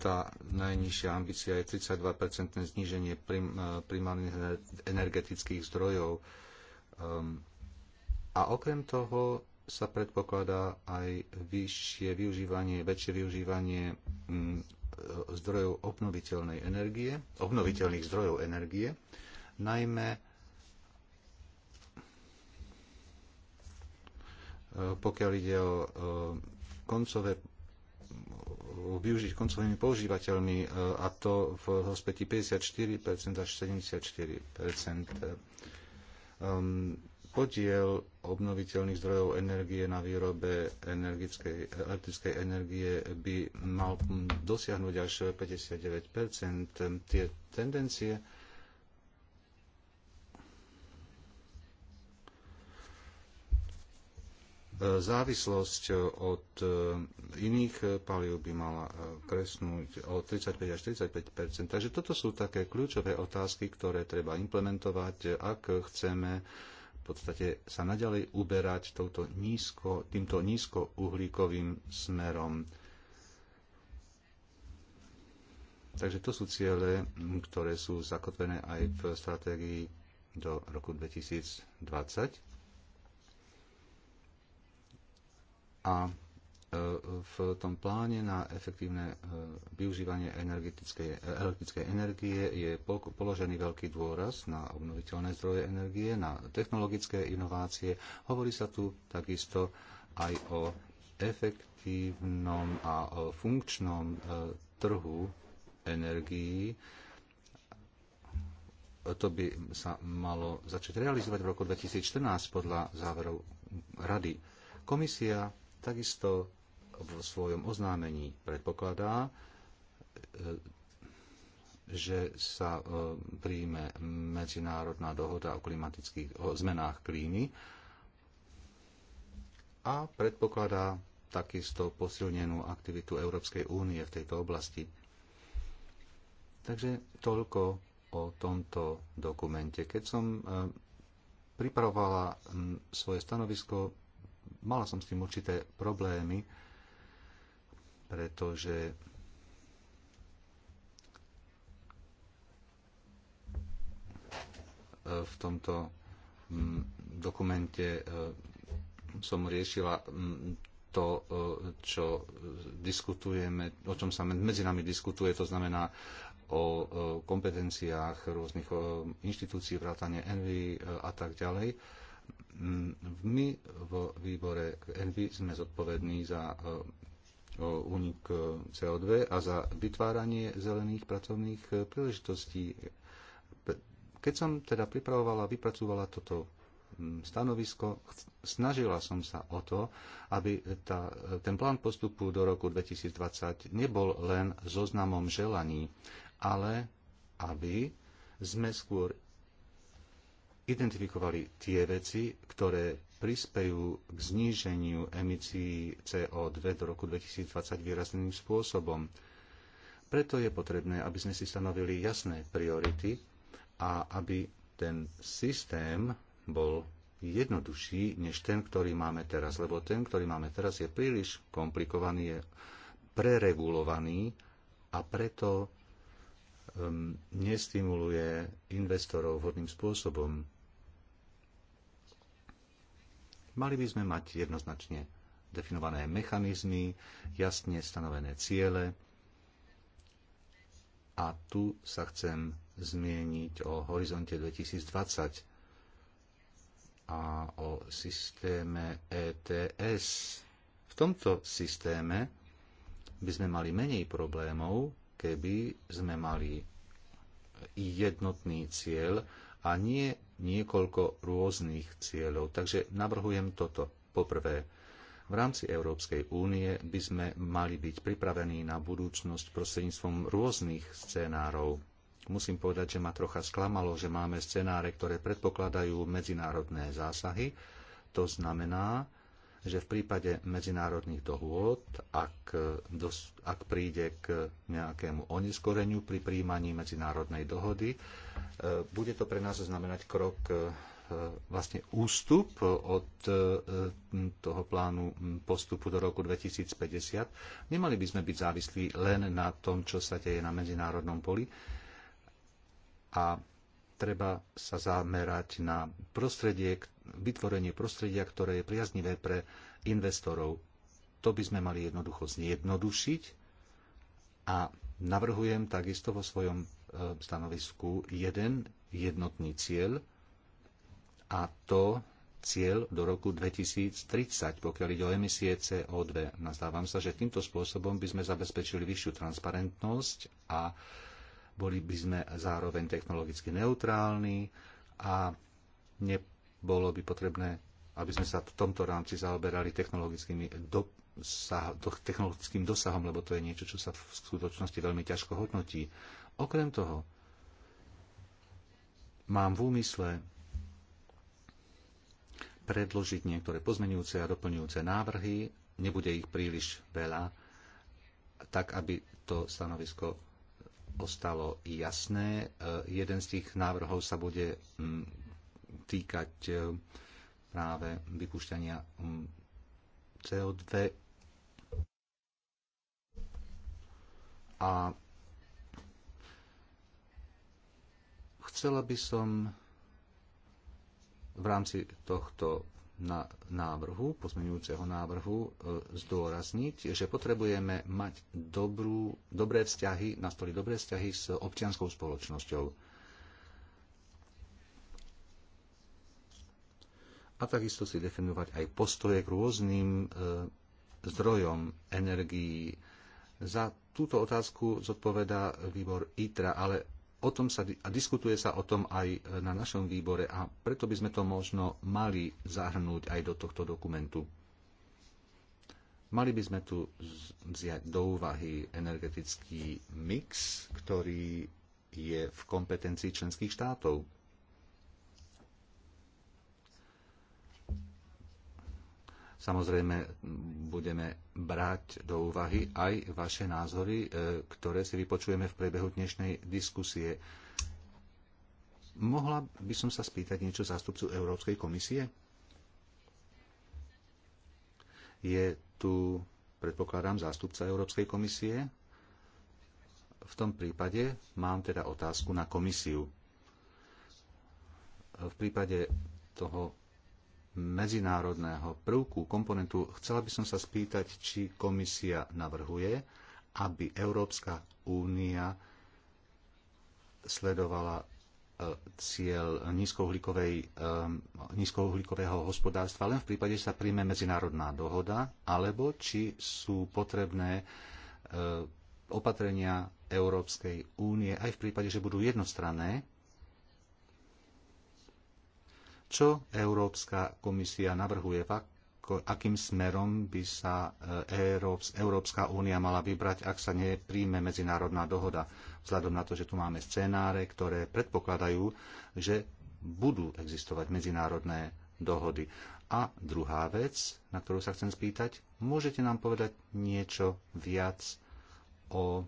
tá najnižšia ambícia je 32-percentné zníženie prim, e, primárnych energetických zdrojov. Ehm, a okrem toho sa predpokladá aj vyššie využívanie, väčšie využívanie mm, zdrojov obnoviteľnej energie, obnoviteľných zdrojov energie, najmä e, pokiaľ ide o e, koncové využiť koncovými používateľmi e, a to v hospeti 54% až 74% podiel obnoviteľných zdrojov energie na výrobe elektrickej energie by mal dosiahnuť až 59 Tie tendencie závislosť od iných palív by mala kresnúť o 35 až 35 Takže toto sú také kľúčové otázky, ktoré treba implementovať, ak chceme podstate sa naďalej uberať touto nízko, týmto nízkouhlíkovým smerom. Takže to sú ciele, ktoré sú zakotvené aj v stratégii do roku 2020. A v tom pláne na efektívne e, využívanie e, elektrickej energie je položený veľký dôraz na obnoviteľné zdroje energie, na technologické inovácie. Hovorí sa tu takisto aj o efektívnom a e, funkčnom trhu energií. To by sa malo začať realizovať v roku 2014 podľa záverov Rady. Komisia takisto vo svojom oznámení predpokladá, e, že sa e, príjme medzinárodná dohoda o klimatických o zmenách klímy a predpokladá takisto posilnenú aktivitu Európskej únie v tejto oblasti. Takže toľko o tomto dokumente. Keď som e, pripravovala svoje stanovisko, mala som s tým určité problémy, pretože v tomto mm, dokumente e, som riešila mm, to, e, čo diskutujeme, o čom sa medzi nami diskutuje, to znamená o e, kompetenciách rôznych inštitúcií, vrátane Envy a tak ďalej. Mm, my vo výbore Envy sme zodpovední za o únik e, CO2 a za vytváranie zelených pracovných e, príležitostí. Keď som teda pripravovala, vypracovala toto mm, stanovisko, snažila som sa o to, aby tá, e, ten plán postupu do roku 2020 nebol len zoznamom želaní, ale aby sme skôr identifikovali tie veci, ktoré prispejú k zníženiu emisí CO2 do roku 2020 výrazným spôsobom. Preto je potrebné, aby sme si stanovili jasné priority a aby ten systém bol jednoduchší než ten, ktorý máme teraz. Lebo ten, ktorý máme teraz, je príliš komplikovaný, je preregulovaný a preto um, nestimuluje investorov vhodným spôsobom. Mali by sme mať jednoznačne definované mechanizmy, jasne stanovené ciele. A tu sa chcem zmieniť o horizonte 2020 a o systéme ETS. V tomto systéme by sme mali menej problémov, keby sme mali jednotný cieľ a nie niekoľko rôznych cieľov. Takže navrhujem toto. Poprvé, v rámci Európskej únie by sme mali byť pripravení na budúcnosť prostredníctvom rôznych scenárov. Musím povedať, že ma trocha sklamalo, že máme scenáre, ktoré predpokladajú medzinárodné zásahy. To znamená, že v prípade medzinárodných dohôd, ak, dos, ak príde k nejakému oneskoreniu pri príjmaní medzinárodnej dohody, E, bude to pre nás znamenať krok e, vlastne ústup od e, toho plánu postupu do roku 2050. Nemali by sme byť závislí len na tom, čo sa deje na medzinárodnom poli a treba sa zamerať na prostredie, vytvorenie prostredia, ktoré je priaznivé pre investorov. To by sme mali jednoducho zjednodušiť a navrhujem takisto vo svojom E, stanovisku jeden jednotný cieľ a to cieľ do roku 2030, pokiaľ ide o emisie CO2. Nazdávam sa, že týmto spôsobom by sme zabezpečili vyššiu transparentnosť a boli by sme zároveň technologicky neutrálni a nebolo by potrebné, aby sme sa v tomto rámci zaoberali technologickými dosah, technologickým dosahom, lebo to je niečo, čo sa v skutočnosti veľmi ťažko hodnotí. Okrem toho, mám v úmysle predložiť niektoré pozmenujúce a doplňujúce návrhy. Nebude ich príliš veľa, tak aby to stanovisko ostalo jasné. E, jeden z tých návrhov sa bude mm, týkať e, práve vypúšťania mm, CO2 a Chcela by som v rámci tohto na návrhu, pozmeňujúceho návrhu, e, zdôrazniť, že potrebujeme mať dobrú, dobré vzťahy, nastoliť dobré vzťahy s občianskou spoločnosťou. A takisto si definovať aj postoje k rôznym e, zdrojom energií. Za túto otázku zodpovedá výbor ITRA, ale o tom sa, a diskutuje sa o tom aj e, na našom výbore a preto by sme to možno mali zahrnúť aj do tohto dokumentu. Mali by sme tu vziať do úvahy energetický mix, ktorý je v kompetencii členských štátov. Samozrejme, budeme brať do úvahy aj vaše názory, e, ktoré si vypočujeme v priebehu dnešnej diskusie. Mohla by som sa spýtať niečo zástupcu Európskej komisie? Je tu, predpokladám, zástupca Európskej komisie? V tom prípade mám teda otázku na komisiu. V prípade toho medzinárodného prvku, komponentu, chcela by som sa spýtať, či komisia navrhuje, aby Európska únia sledovala e, cieľ e, nízkouhlíkového hospodárstva len v prípade, že sa príjme medzinárodná dohoda, alebo či sú potrebné e, opatrenia Európskej únie aj v prípade, že budú jednostranné čo Európska komisia navrhuje, akým smerom by sa e, Európska únia mala vybrať, ak sa nepríjme medzinárodná dohoda, vzhľadom na to, že tu máme scenáre, ktoré predpokladajú, že budú existovať medzinárodné dohody. A druhá vec, na ktorú sa chcem spýtať, môžete nám povedať niečo viac o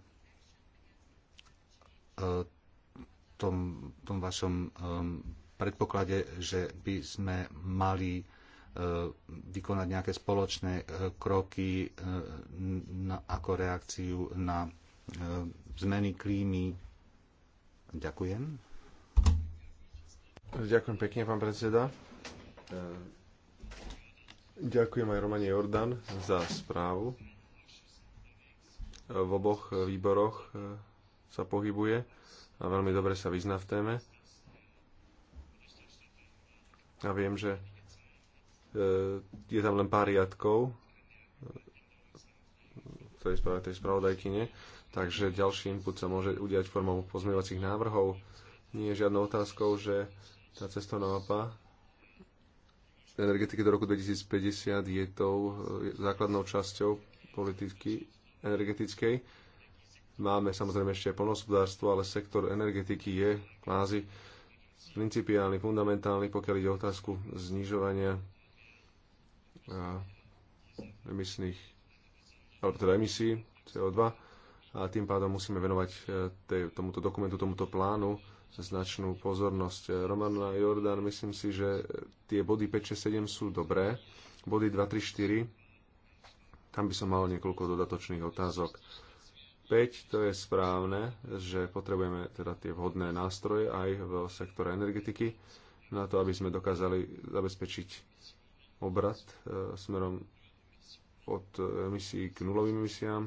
e, tom, tom vašom e, predpoklade, že by sme mali e, vykonať nejaké spoločné e, kroky e, ako reakciu na zmeny klímy. Ďakujem. Ďakujem pekne, pán predseda. Ďakujem aj Romane Jordan za správu. V oboch výboroch sa pohybuje a veľmi dobre sa vyzná v téme. Ja viem, že e, je tam len pár riadkov e, tej, tej spravodajkyne, takže ďalší input sa môže udiať formou pozmievacích návrhov. Nie je žiadnou otázkou, že tá cestovná mapa energetiky do roku 2050 je tou e, základnou časťou politiky energetickej. Máme samozrejme ešte aj plnohospodárstvo, ale sektor energetiky je kvázi principiálny, fundamentálny, pokiaľ ide o otázku znižovania emisných, alebo teda emisí CO2 a tým pádom musíme venovať e, tej, tomuto dokumentu, tomuto plánu značnú pozornosť. Roman a Jordan, myslím si, že tie body 5, 6, 7 sú dobré. Body 2, 3, 4, tam by som mal niekoľko dodatočných otázok 5, to je správne, že potrebujeme teda tie vhodné nástroje aj v sektore energetiky na to, aby sme dokázali zabezpečiť obrat e, smerom od emisí k nulovým emisiám.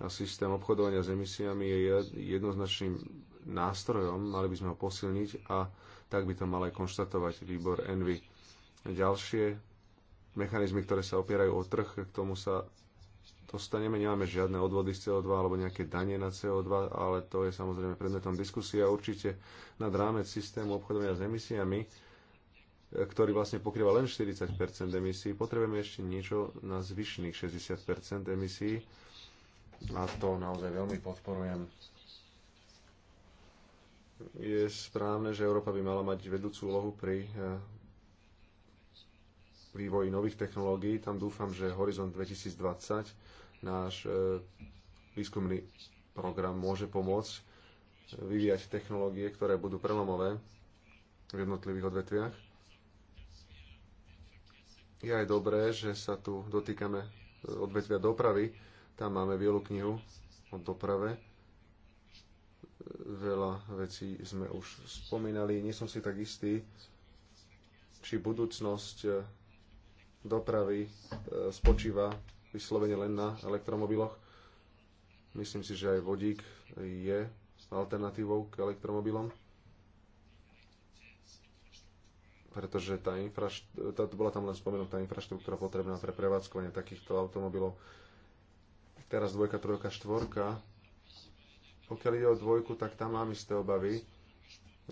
A systém obchodovania s emisiami je jednoznačným nástrojom, mali by sme ho posilniť a tak by to mal aj konštatovať výbor Envy. Ďalšie mechanizmy, ktoré sa opierajú o trh, k tomu sa dostaneme. Nemáme žiadne odvody z CO2 alebo nejaké danie na CO2, ale to je samozrejme predmetom diskusie a určite nad rámec systému obchodovania s emisiami, e, ktorý vlastne pokrýva len 40 emisí, potrebujeme ešte niečo na zvyšných 60 emisí a to naozaj veľmi podporujem. Je správne, že Európa by mala mať vedúcu úlohu pri e, vývoji nových technológií. Tam dúfam, že Horizont 2020 náš e, výskumný program môže pomôcť vyvíjať technológie, ktoré budú prelomové v jednotlivých odvetviach. Je aj dobré, že sa tu dotýkame e, odvetvia dopravy. Tam máme bielu knihu o doprave. E, veľa vecí sme už spomínali. Nie som si tak istý, či budúcnosť dopravy spočíva vyslovene len na elektromobiloch. Myslím si, že aj vodík je alternatívou k elektromobilom, pretože tá infrašt- tá, bola tam len spomenutá infraštruktúra potrebná pre prevádzkovanie takýchto automobilov. Teraz dvojka, trojka, štvorka. Pokiaľ ide o dvojku, tak tam mám isté obavy.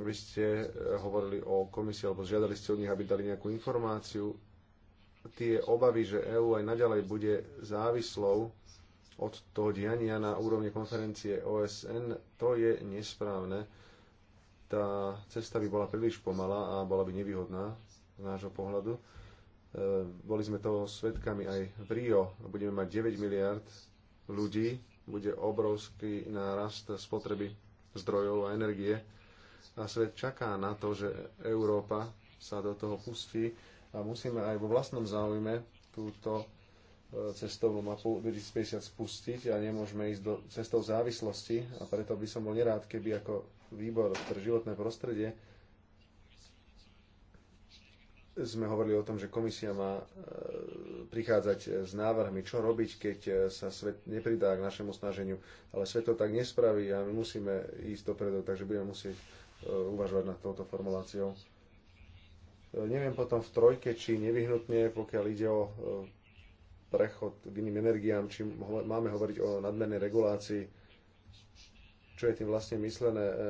Vy ste eh, hovorili o komisii, alebo žiadali ste od nich, aby dali nejakú informáciu tie obavy, že EÚ aj naďalej bude závislou od toho diania na úrovni konferencie OSN, to je nesprávne. Tá cesta by bola príliš pomalá a bola by nevýhodná z nášho pohľadu. E, boli sme toho svetkami aj v Rio. Budeme mať 9 miliard ľudí, bude obrovský nárast spotreby zdrojov a energie a svet čaká na to, že Európa sa do toho pustí a musíme aj vo vlastnom záujme túto e, cestovnú mapu 2050 spustiť a nemôžeme ísť do cestov závislosti a preto by som bol nerád, keby ako výbor pre životné prostredie sme hovorili o tom, že komisia má e, prichádzať s návrhmi, čo robiť, keď e, sa svet nepridá k našemu snaženiu. Ale svet to tak nespraví a my musíme ísť dopredu, takže budeme musieť uvažovať nad touto formuláciou. E, neviem potom v trojke, či nevyhnutne, pokiaľ ide o e, prechod k iným energiám, či máme hovoriť o nadmernej regulácii, čo je tým vlastne myslené. E,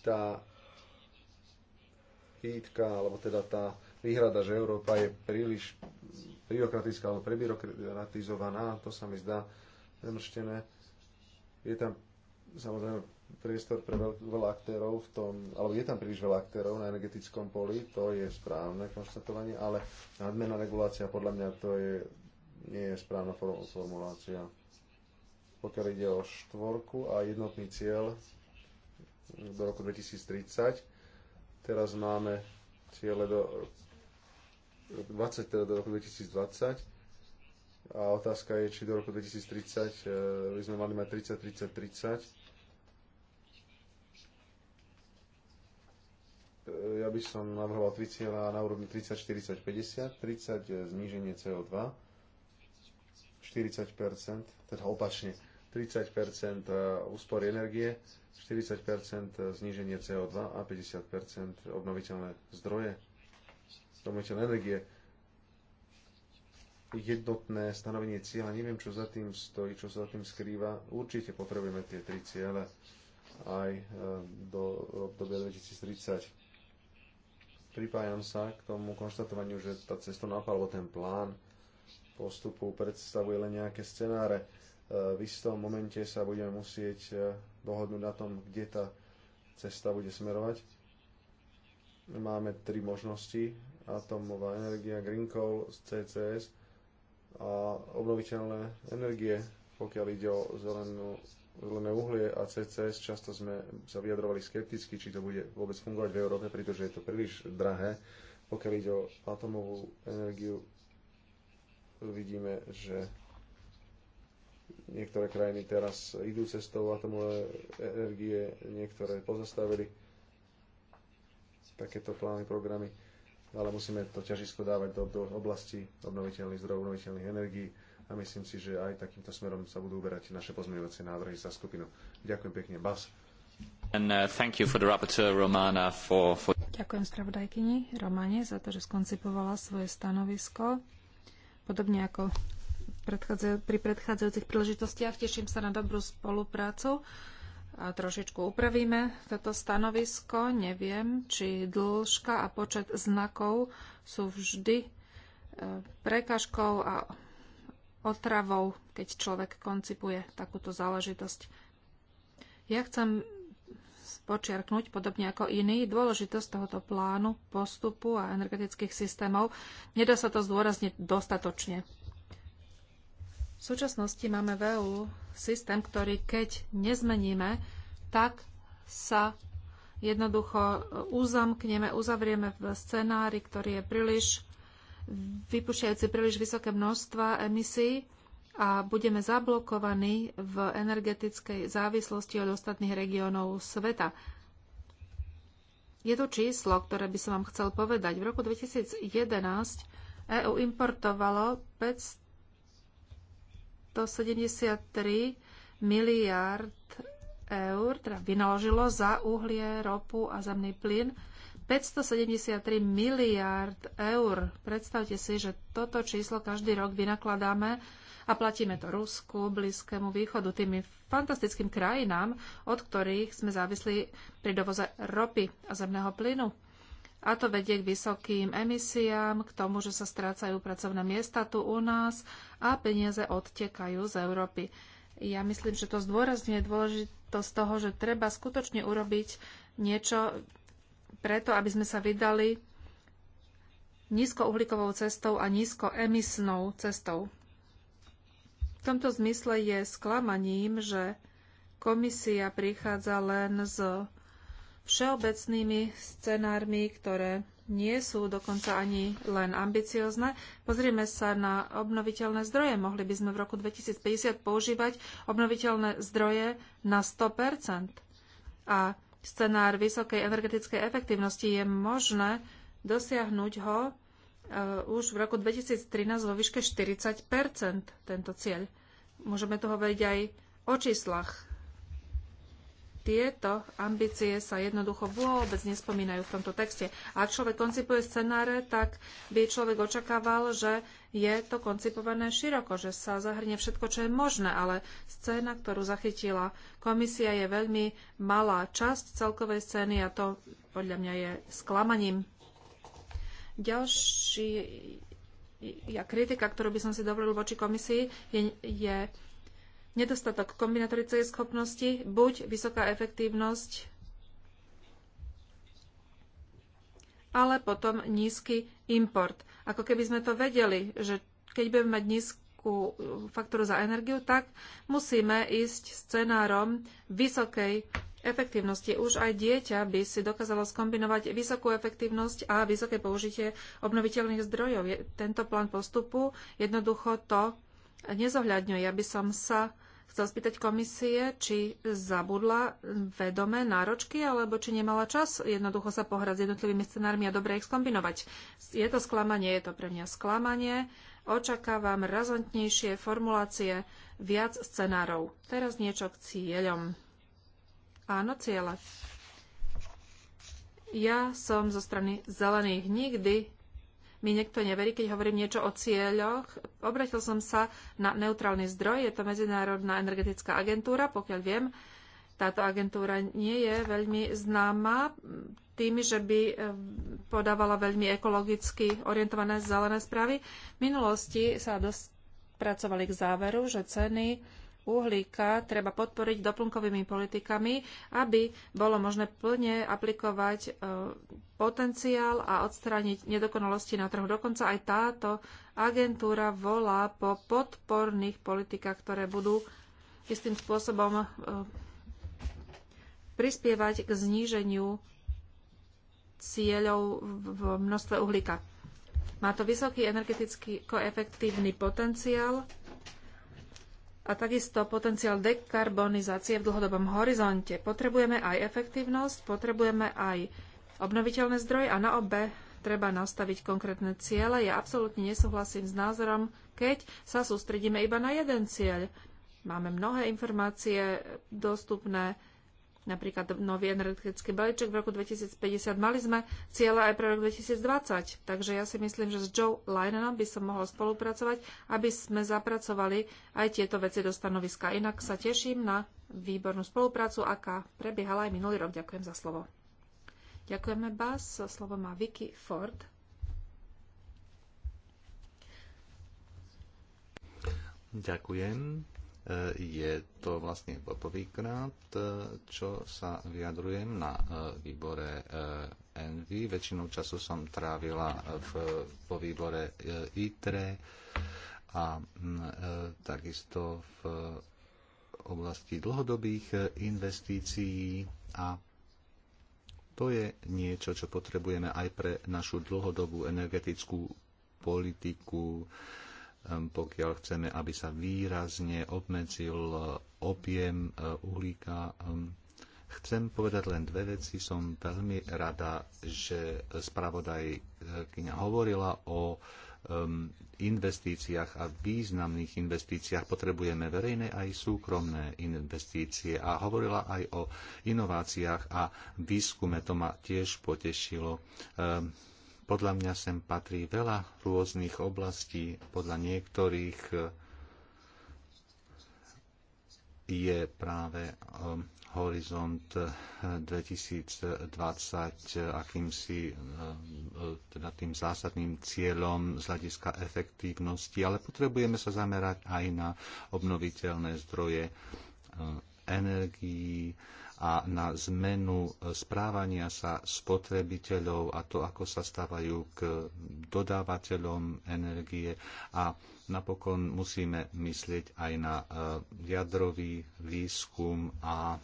tá výtka, alebo teda tá výhrada, že Európa je príliš byrokratická alebo prebyrokratizovaná, to sa mi zdá zemrštené. Je tam samozrejme priestor pre veľa aktérov v tom, alebo je tam príliš veľa aktérov na energetickom poli, to je správne konštatovanie, ale nadmerná regulácia podľa mňa to je, nie je správna formulácia. Pokiaľ ide o štvorku a jednotný cieľ do roku 2030, teraz máme cieľe do 20, teda do roku 2020, a otázka je, či do roku 2030 e, by sme mali mať 30, 30, 30 ja by som navrhoval 3 cieľa na úrovni 30, 40, 50, 30 zníženie CO2, 40%, teda opačne, 30% e, úspory energie, 40% e, zníženie CO2 a 50% obnoviteľné zdroje, obnoviteľné energie. Jednotné stanovenie cieľa, neviem, čo za tým stojí, čo sa za tým skrýva. Určite potrebujeme tie tri ciele aj e, do obdobia 2030 pripájam sa k tomu konštatovaniu, že tá cesta mapa alebo ten plán postupu predstavuje len nejaké scenáre. E, v istom momente sa budeme musieť e, dohodnúť na tom, kde tá cesta bude smerovať. Máme tri možnosti. Atomová energia, Green Coal, CCS a obnoviteľné energie, pokiaľ ide o zelenú zelené uhlie a CCS, často sme sa vyjadrovali skepticky, či to bude vôbec fungovať v Európe, pretože je to príliš drahé. Pokiaľ ide o atomovú energiu, vidíme, že niektoré krajiny teraz idú cestou atomové energie, niektoré pozastavili takéto plány, programy, ale musíme to ťažisko dávať do, do oblasti obnoviteľných zdrojov, obnoviteľných energií a myslím si, že aj takýmto smerom sa budú uberať naše pozmeňovacie návrhy za skupinu. Ďakujem pekne, Bas. And, uh, for, for... Ďakujem spravodajkyni Romane za to, že skoncipovala svoje stanovisko. Podobne ako pri predchádzajúcich príležitostiach teším sa na dobrú spoluprácu. A trošičku upravíme toto stanovisko. Neviem, či dĺžka a počet znakov sú vždy eh, prekažkou a otravou, keď človek koncipuje takúto záležitosť. Ja chcem počiarknúť, podobne ako iný, dôležitosť tohoto plánu, postupu a energetických systémov. Nedá sa to zdôrazniť dostatočne. V súčasnosti máme v EU systém, ktorý keď nezmeníme, tak sa jednoducho uzamkneme, uzavrieme v scenári, ktorý je príliš vypušťajúci príliš vysoké množstva emisí a budeme zablokovaní v energetickej závislosti od ostatných regiónov sveta. Je to číslo, ktoré by som vám chcel povedať. V roku 2011 EU importovalo 573 miliard eur, teda vynaložilo za uhlie, ropu a zemný plyn 573 miliárd eur. Predstavte si, že toto číslo každý rok vynakladáme a platíme to Rusku, Blízkému východu, tými fantastickým krajinám, od ktorých sme závisli pri dovoze ropy a zemného plynu. A to vedie k vysokým emisiám, k tomu, že sa strácajú pracovné miesta tu u nás a peniaze odtekajú z Európy. Ja myslím, že to zdôrazňuje dôležitosť toho, že treba skutočne urobiť niečo preto, aby sme sa vydali nízkouhlíkovou cestou a nízkoemisnou cestou. V tomto zmysle je sklamaním, že komisia prichádza len s všeobecnými scenármi, ktoré nie sú dokonca ani len ambiciozne. Pozrieme sa na obnoviteľné zdroje. Mohli by sme v roku 2050 používať obnoviteľné zdroje na 100 a scenár vysokej energetickej efektívnosti, je možné dosiahnuť ho e, už v roku 2013 vo výške 40 tento cieľ. Môžeme to hovoriť aj o číslach. Tieto ambície sa jednoducho vôbec nespomínajú v tomto texte. A ak človek koncipuje scenáre, tak by človek očakával, že je to koncipované široko, že sa zahrnie všetko, čo je možné, ale scéna, ktorú zachytila komisia, je veľmi malá časť celkovej scény a to podľa mňa je sklamaním. Ďalší ja, kritika, ktorú by som si dovolil voči komisii, je, je nedostatok kombinatorickej schopnosti, buď vysoká efektívnosť ale potom nízky import. Ako keby sme to vedeli, že keď budeme mať nízku faktoru za energiu, tak musíme ísť scenárom vysokej efektívnosti. Už aj dieťa by si dokázalo skombinovať vysokú efektívnosť a vysoké použitie obnoviteľných zdrojov. Tento plán postupu jednoducho to nezohľadňuje. Ja by som sa chcel spýtať komisie, či zabudla vedomé náročky, alebo či nemala čas jednoducho sa pohrať s jednotlivými scenármi a dobre ich skombinovať. Je to sklamanie, je to pre mňa sklamanie. Očakávam razantnejšie formulácie, viac scenárov. Teraz niečo k cieľom. Áno, ciele. Ja som zo strany zelených nikdy mi niekto neverí, keď hovorím niečo o cieľoch. Obratil som sa na neutrálny zdroj, je to Medzinárodná energetická agentúra, pokiaľ viem. Táto agentúra nie je veľmi známa tým, že by eh, podávala veľmi ekologicky orientované zelené správy. V minulosti sa dospracovali k záveru, že ceny uhlíka treba podporiť doplnkovými politikami, aby bolo možné plne aplikovať e, potenciál a odstrániť nedokonalosti na trhu. Dokonca aj táto agentúra volá po podporných politikách, ktoré budú istým spôsobom e, prispievať k zníženiu cieľov v množstve uhlíka. Má to vysoký energetický koefektívny potenciál a takisto potenciál dekarbonizácie v dlhodobom horizonte. Potrebujeme aj efektívnosť, potrebujeme aj obnoviteľné zdroje a na obe treba nastaviť konkrétne ciele. Ja absolútne nesúhlasím s názorom, keď sa sústredíme iba na jeden cieľ. Máme mnohé informácie dostupné, napríklad nový energetický balíček v roku 2050. Mali sme cieľa aj pre rok 2020, takže ja si myslím, že s Joe Linenom by som mohol spolupracovať, aby sme zapracovali aj tieto veci do stanoviska. Inak sa teším na výbornú spoluprácu, aká prebiehala aj minulý rok. Ďakujem za slovo. Ďakujeme, Bas. Slovo má Vicky Ford. Ďakujem je to vlastne poprvýkrát, čo sa vyjadrujem na e, výbore Envy. Väčšinou času som trávila e, v, výbore ITRE e a takisto v oblasti dlhodobých investícií a to je niečo, čo potrebujeme aj pre našu dlhodobú energetickú politiku pokiaľ chceme, aby sa výrazne obmedzil eh, objem eh, uhlíka. Chcem povedať len dve veci. Som veľmi rada, že spravodaj hovorila o investíciách a významných investíciách potrebujeme verejné aj súkromné investície a hovorila aj o inováciách a výskume. To ma tiež potešilo. Podľa mňa sem patrí veľa rôznych oblastí. Podľa niektorých eh, je práve eh, horizont 2020 eh, akýmsi teda tým zásadným cieľom z hľadiska efektívnosti, ale potrebujeme sa zamerať aj na obnoviteľné zdroje energií, a na zmenu správania sa spotrebiteľov a to, ako sa stávajú k dodávateľom energie a napokon musíme myslieť aj na e, jadrový výskum a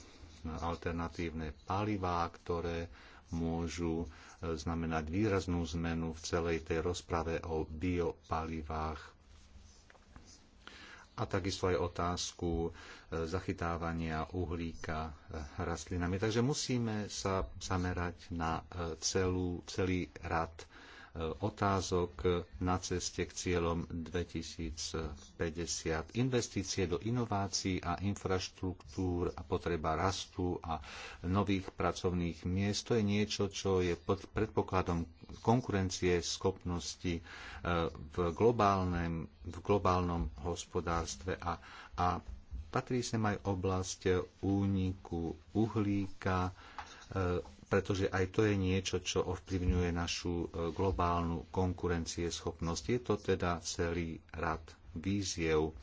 alternatívne palivá, ktoré môžu e, znamenať výraznú zmenu v celej tej rozprave o biopalivách a takisto aj otázku e, zachytávania uhlíka e, rastlinami. Takže musíme sa zamerať na e, celú, celý rad otázok na ceste k cieľom 2050. Investície do inovácií a infraštruktúr a potreba rastu a nových pracovných miest, to je niečo, čo je pod predpokladom konkurencie schopnosti e, v, globálnem, v globálnom hospodárstve a, a patrí sem aj oblasť úniku uhlíka, e, pretože aj to je niečo, čo ovplyvňuje našu e, globálnu konkurencieschopnosť. Je to teda celý rad víziev.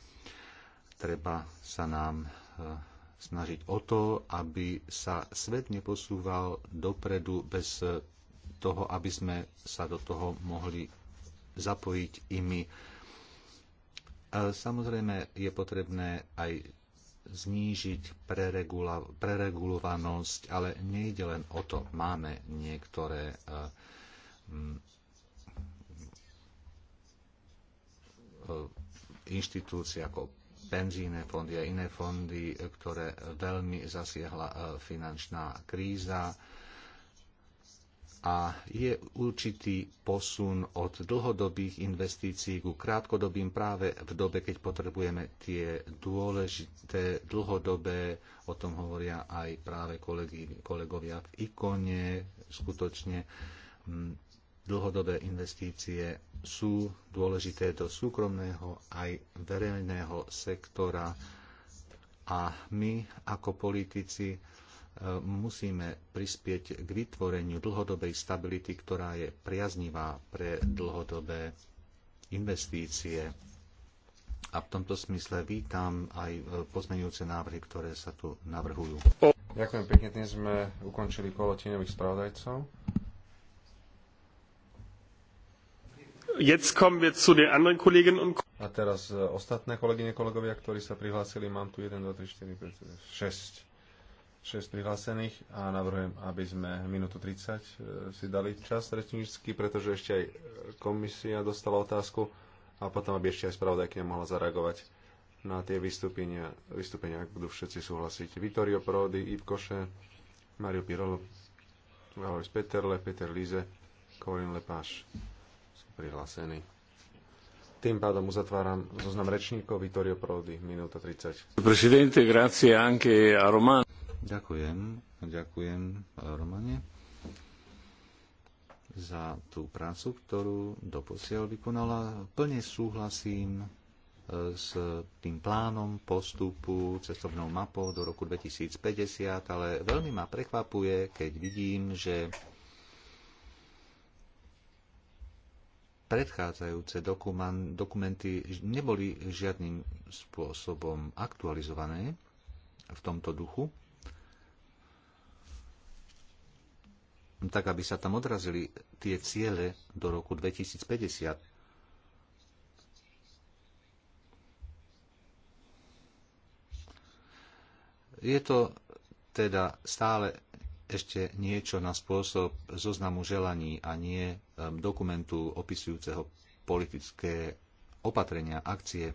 Treba sa nám e, snažiť o to, aby sa svet neposúval dopredu bez toho, aby sme sa do toho mohli zapojiť i my. E, samozrejme je potrebné aj znížiť preregulovanosť, ale nejde len o to. Máme niektoré eh, eh, inštitúcie ako penzíne fondy a iné fondy, eh, ktoré veľmi zasiahla finančná kríza a je určitý posun od dlhodobých investícií ku krátkodobým práve v dobe, keď potrebujeme tie dôležité dlhodobé, o tom hovoria aj práve kolegy, kolegovia v ikone, skutočne mm, dlhodobé investície sú dôležité do súkromného aj verejného sektora a my ako politici musíme prispieť k vytvoreniu dlhodobej stability, ktorá je priaznivá pre dlhodobé investície. A v tomto smysle vítam aj e, pozmenujúce návrhy, ktoré sa tu navrhujú. Ďakujem pekne, Dnes sme ukončili kolo tieňových spravodajcov. A teraz e, ostatné kolegyne, kolegovia, ktorí sa prihlásili, mám tu 1, 2, 3, 4, 5, 6 6 prihlásených a navrhujem, aby sme minútu 30 e, si dali čas rečnícky, pretože ešte aj komisia dostala otázku a potom, aby ešte aj spravodajkňa mohla zareagovať na tie vystúpenia, vystúpenia ak budú všetci súhlasiť. Vittorio Prodi, Yves Koše, Mario Pirolo, Valois Peterle, Peter Lize, Corin Lepáš sú prihlásení. Tým pádom uzatváram zoznam rečníkov Vittorio Prodi, minúta 30. Prezidente, grazie anche a Romano. Ďakujem, ďakujem Romane za tú prácu, ktorú doposiaľ vykonala. Plne súhlasím e, s tým plánom postupu cestovnou mapou do roku 2050, ale veľmi ma prekvapuje, keď vidím, že predchádzajúce dokumenty neboli žiadnym spôsobom aktualizované v tomto duchu. tak aby sa tam odrazili tie ciele do roku 2050. Je to teda stále ešte niečo na spôsob zoznamu želaní a nie dokumentu opisujúceho politické opatrenia, akcie.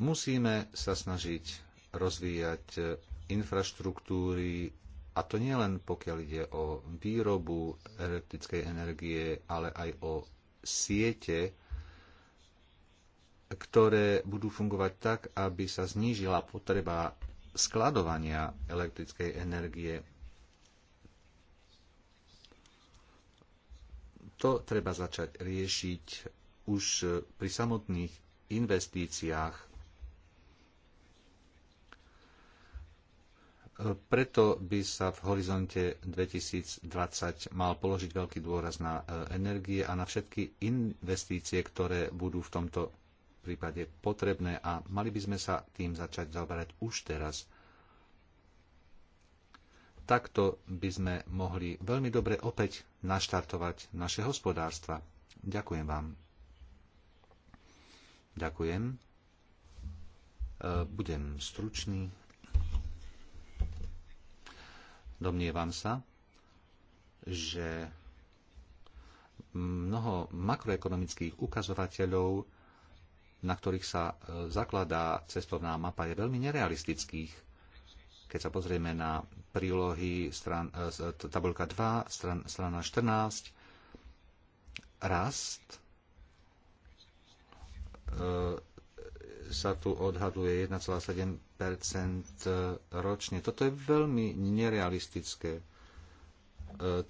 Musíme sa snažiť rozvíjať e, infraštruktúry, a to nielen pokiaľ ide o výrobu elektrickej energie, ale aj o siete, ktoré budú fungovať tak, aby sa znížila potreba skladovania elektrickej energie. To treba začať riešiť už pri samotných investíciách Preto by sa v horizonte 2020 mal položiť veľký dôraz na e, energie a na všetky investície, ktoré budú v tomto prípade potrebné a mali by sme sa tým začať zaoberať už teraz. Takto by sme mohli veľmi dobre opäť naštartovať naše hospodárstva. Ďakujem vám. Ďakujem. E, budem stručný. Domnievam sa, že mnoho makroekonomických ukazovateľov, na ktorých sa e, zakladá cestovná mapa, je veľmi nerealistických. Keď sa pozrieme na prílohy stran, e, tabulka 2, stran, strana 14, rast e, sa tu odhaduje 1,7 e, ročne. Toto je veľmi nerealistické. E,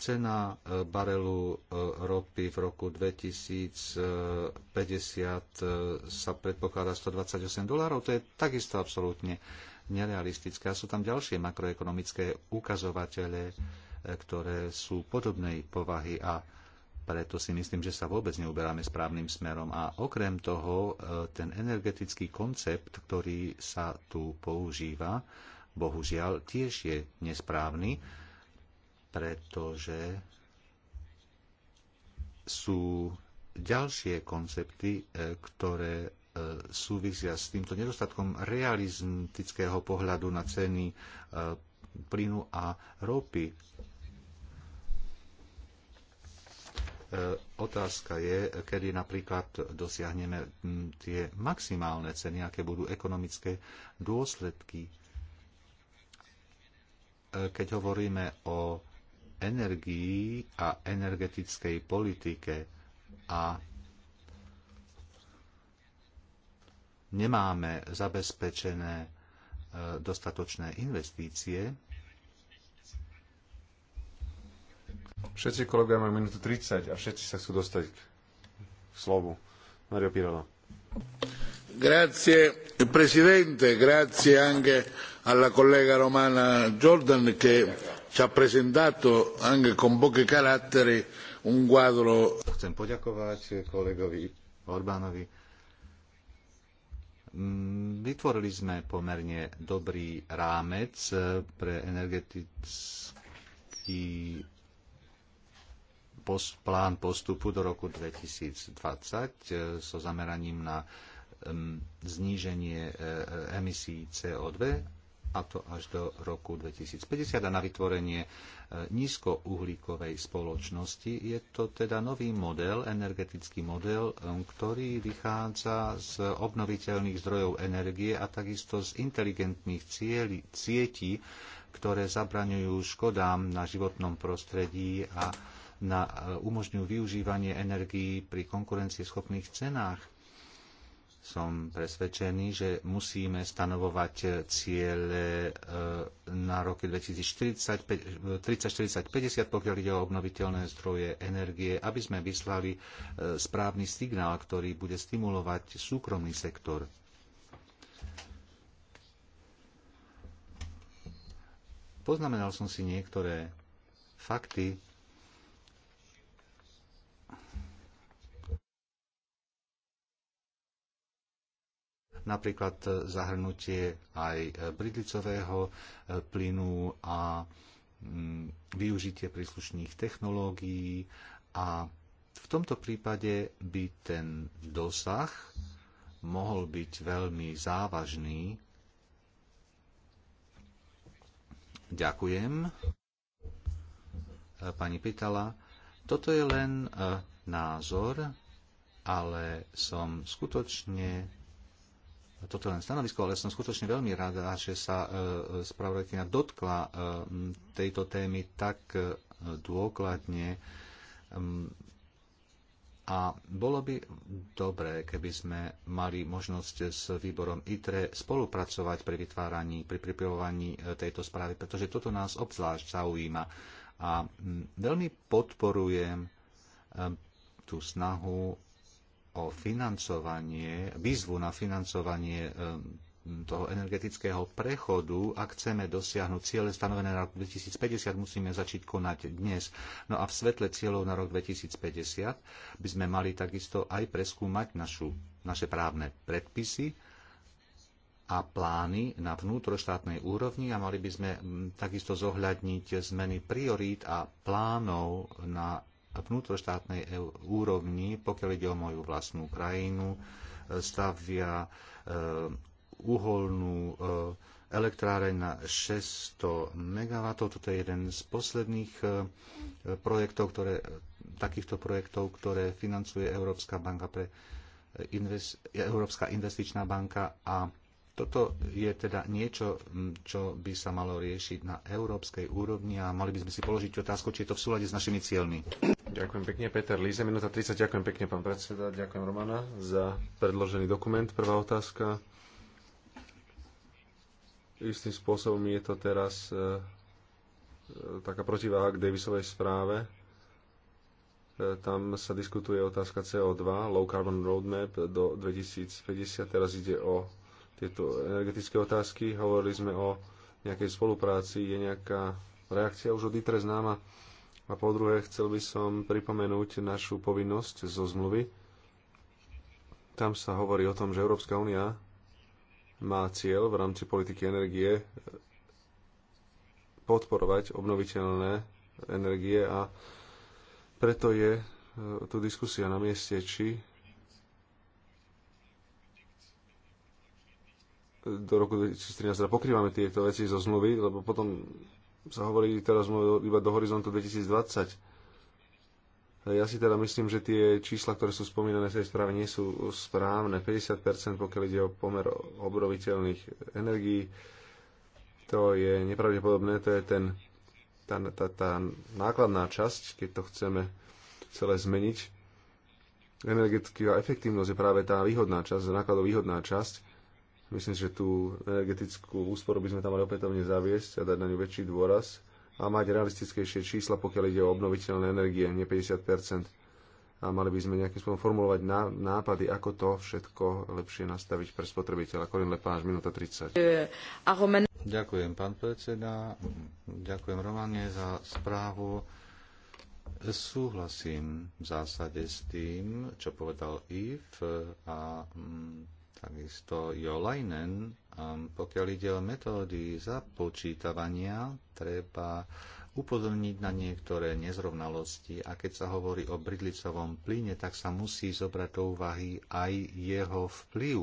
cena e, barelu ropy v roku 2050 sa predpokladá 128 dolárov. To je takisto absolútne nerealistické. A sú tam ďalšie makroekonomické ukazovatele, ktoré sú podobnej povahy a preto si myslím, že sa vôbec neuberáme správnym smerom. A okrem toho, e, ten energetický koncept, ktorý sa tu používa, bohužiaľ tiež je nesprávny, pretože sú ďalšie koncepty, e, ktoré e, súvisia s týmto nedostatkom realistického pohľadu na ceny plynu a ropy E, otázka je, kedy napríklad dosiahneme tie maximálne ceny, aké budú ekonomické dôsledky. E, keď hovoríme o energii a energetickej politike a nemáme zabezpečené e, dostatočné investície, Všetci kolegovia majú minútu 30 a všetci sa chcú dostať k slovu. Mario Pirolo. Grazie Presidente, grazie anche alla collega romana Jordan che ci ha presentato anche con pochi caratteri un quadro. Chcem poďakovať kolegovi Orbánovi. Mm, vytvorili sme pomerne dobrý rámec eh, pre energetický plán postupu do roku 2020 e, so zameraním na zníženie e, e, emisí CO2 a to až do roku 2050 a na vytvorenie nízkouhlíkovej spoločnosti. Je to teda nový model, energetický model, ktorý vychádza z obnoviteľných zdrojov energie a takisto z inteligentných cieľ, sietí, ktoré zabraňujú škodám na životnom prostredí a na, e, umožňujú využívanie energií pri konkurencieschopných cenách. Som presvedčený, že musíme stanovovať ciele e, na roky 2040, 30, 40, 50, pokiaľ ide o obnoviteľné zdroje energie, aby sme vyslali e, správny signál, ktorý bude stimulovať súkromný sektor Poznamenal som si niektoré fakty napríklad e, zahrnutie aj e, bridlicového e, plynu a mm, využitie príslušných technológií a v tomto prípade by ten dosah mohol byť veľmi závažný. Ďakujem. Pani Pitala, toto je len názor, ale som skutočne toto len stanovisko, ale som skutočne veľmi rada, že sa e, spravodajkyňa dotkla e, tejto témy tak e, dôkladne. A bolo by dobré, keby sme mali možnosť s výborom ITRE spolupracovať pri vytváraní, pri pripravovaní tejto správy, pretože toto nás obzvlášť zaujíma. A veľmi podporujem tú snahu o financovanie, výzvu na financovanie ehm, toho energetického prechodu, ak chceme dosiahnuť ciele stanovené na rok 2050, musíme začať konať dnes. No a v svetle cieľov na rok 2050 by sme mali takisto aj preskúmať našu, naše právne predpisy a plány na vnútroštátnej úrovni a mali by sme takisto zohľadniť zmeny priorít a plánov na vnútroštátnej úrovni, pokiaľ ide o moju vlastnú krajinu, e, stavia e, uholnú e, elektráreň na 600 MW. Toto je jeden z posledných projektov, ktoré, takýchto projektov, ktoré financuje Európska banka pre Európska investičná banka a toto je teda niečo, čo by sa malo riešiť na európskej úrovni a mali by sme si položiť otázku, či je to v súlade s našimi cieľmi. Ďakujem pekne, Peter Líze, minúta 30. Ďakujem pekne, pán predseda. Ďakujem, Romana, za predložený dokument. Prvá otázka. Istým spôsobom je to teraz e, e taká protiváha k Davisovej správe. E, tam sa diskutuje otázka CO2, Low Carbon Roadmap do 2050. Teraz ide o tieto energetické otázky. Hovorili sme o nejakej spolupráci, je nejaká reakcia už od ITRE známa. A po druhé, chcel by som pripomenúť našu povinnosť zo zmluvy. Tam sa hovorí o tom, že Európska únia má cieľ v rámci politiky energie podporovať obnoviteľné energie a preto je e, tu diskusia na mieste, či do roku 2013 teda pokrývame tieto veci zo zmluvy, lebo potom sa hovorí teraz iba do horizontu 2020. Ja si teda myslím, že tie čísla, ktoré sú spomínané v tej správe, nie sú správne. 50%, pokiaľ ide o pomer obroviteľných energií, to je nepravdepodobné, to je ten, tá, tá, tá nákladná časť, keď to chceme celé zmeniť. Energetická efektívnosť je práve tá výhodná časť, nákladovýhodná časť Myslím, že tú energetickú úsporu by sme tam mali opätovne zaviesť a dať na ňu väčší dôraz a mať realistickejšie čísla, pokiaľ ide o obnoviteľné energie, nie 50 a mali by sme nejakým spôsobom formulovať nápady, ako to všetko lepšie nastaviť pre spotrebiteľa. Korin Lepáš, minúta 30. Ďakujem, pán predseda. Ďakujem, Romane, za správu. Súhlasím v zásade s tým, čo povedal IF. a mm, Takisto Jolajnen, um, pokiaľ ide o metódy započítavania, treba upozorniť na niektoré nezrovnalosti a keď sa hovorí o bridlicovom plyne, tak sa musí zobrať do úvahy aj jeho vplyv.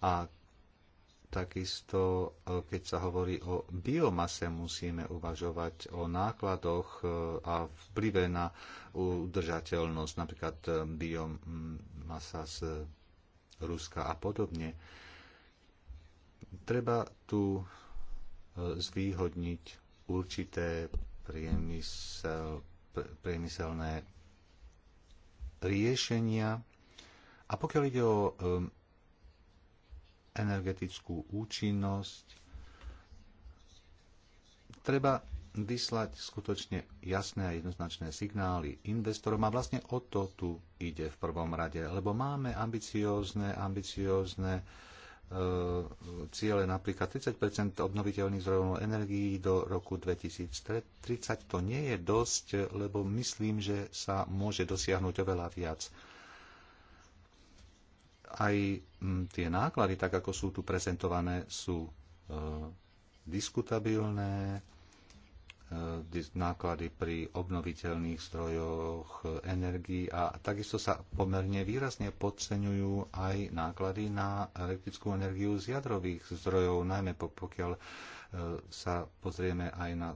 A takisto, e, keď sa hovorí o biomase, musíme uvažovať o nákladoch e, a vplyve na udržateľnosť, napríklad e, biomasa z Ruska a podobne. Treba tu e, zvýhodniť určité priemysel, priemyselné riešenia. A pokiaľ ide o energetickú účinnosť, treba vyslať skutočne jasné a jednoznačné signály investorom a vlastne o to tu ide v prvom rade, lebo máme ambiciózne, ambiciózne e, ciele napríklad 30 obnoviteľných zdrojov energií do roku 2030. To nie je dosť, lebo myslím, že sa môže dosiahnuť oveľa viac aj tie náklady, tak ako sú tu prezentované, sú e, diskutabilné E, náklady pri obnoviteľných zdrojoch energii a takisto sa pomerne výrazne podceňujú aj náklady na elektrickú energiu z jadrových zdrojov, najmä pokiaľ e, sa pozrieme aj na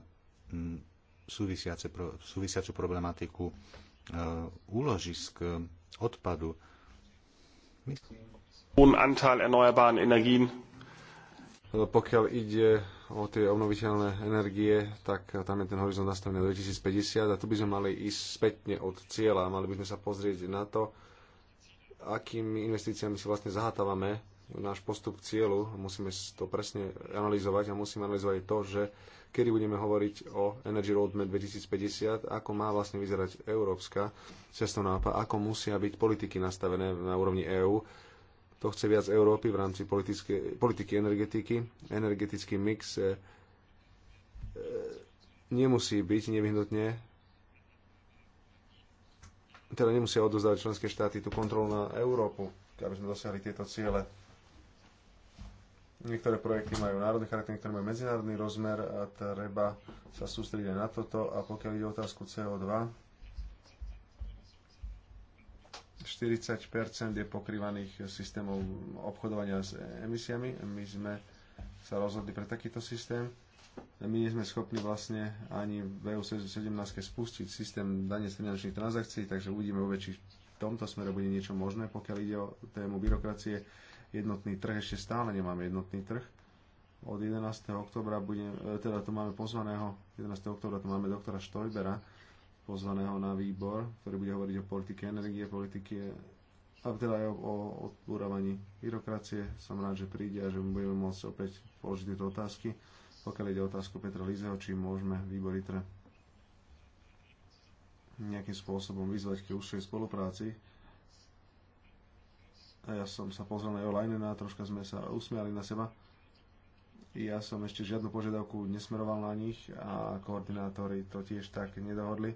súvisiacu problematiku e, úložisk odpadu. Myslím, pokiaľ ide o tie obnoviteľné energie, tak tam je ten horizont nastavený do 2050 a tu by sme mali ísť spätne od cieľa. Mali by sme sa pozrieť na to, akými investíciami si vlastne zahatávame náš postup k cieľu. Musíme to presne analyzovať a musíme analyzovať to, že kedy budeme hovoriť o Energy Roadmap 2050, ako má vlastne vyzerať európska cestovná mapa, ako musia byť politiky nastavené na úrovni EÚ, to chce viac Európy v rámci politiky energetiky. Energetický mix e, e, nemusí byť nevyhnutne teda nemusia odozdať členské štáty tú kontrolu na Európu, aby sme dosiahli tieto ciele. Niektoré projekty majú národný charakter, niektoré majú medzinárodný rozmer a treba sa sústrediť aj na toto. A pokiaľ ide o otázku CO2, 40 je pokrývaných systémov obchodovania s emisiami. My sme sa rozhodli pre takýto systém. My nie sme schopní vlastne ani v EU 17 spustiť systém dane z finančných transakcií, takže uvidíme vôbec, či v tomto smere bude niečo možné, pokiaľ ide o tému byrokracie. Jednotný trh ešte stále nemáme jednotný trh. Od 11. oktobra budem, e, teda tu máme pozvaného, 11. oktobra tu máme doktora Štojbera, pozvaného na výbor, ktorý bude hovoriť o politike energie, politike a teda aj o, o odbúravaní byrokracie. Som rád, že príde a že mu budeme môcť opäť položiť tieto otázky. Pokiaľ ide o otázku Petra Lízeho, či môžeme výbor ITRE nejakým spôsobom vyzvať k užšej spolupráci. A ja som sa pozrel na a troška sme sa usmiali na seba. Ja som ešte žiadnu požiadavku nesmeroval na nich a koordinátori to tiež tak nedohodli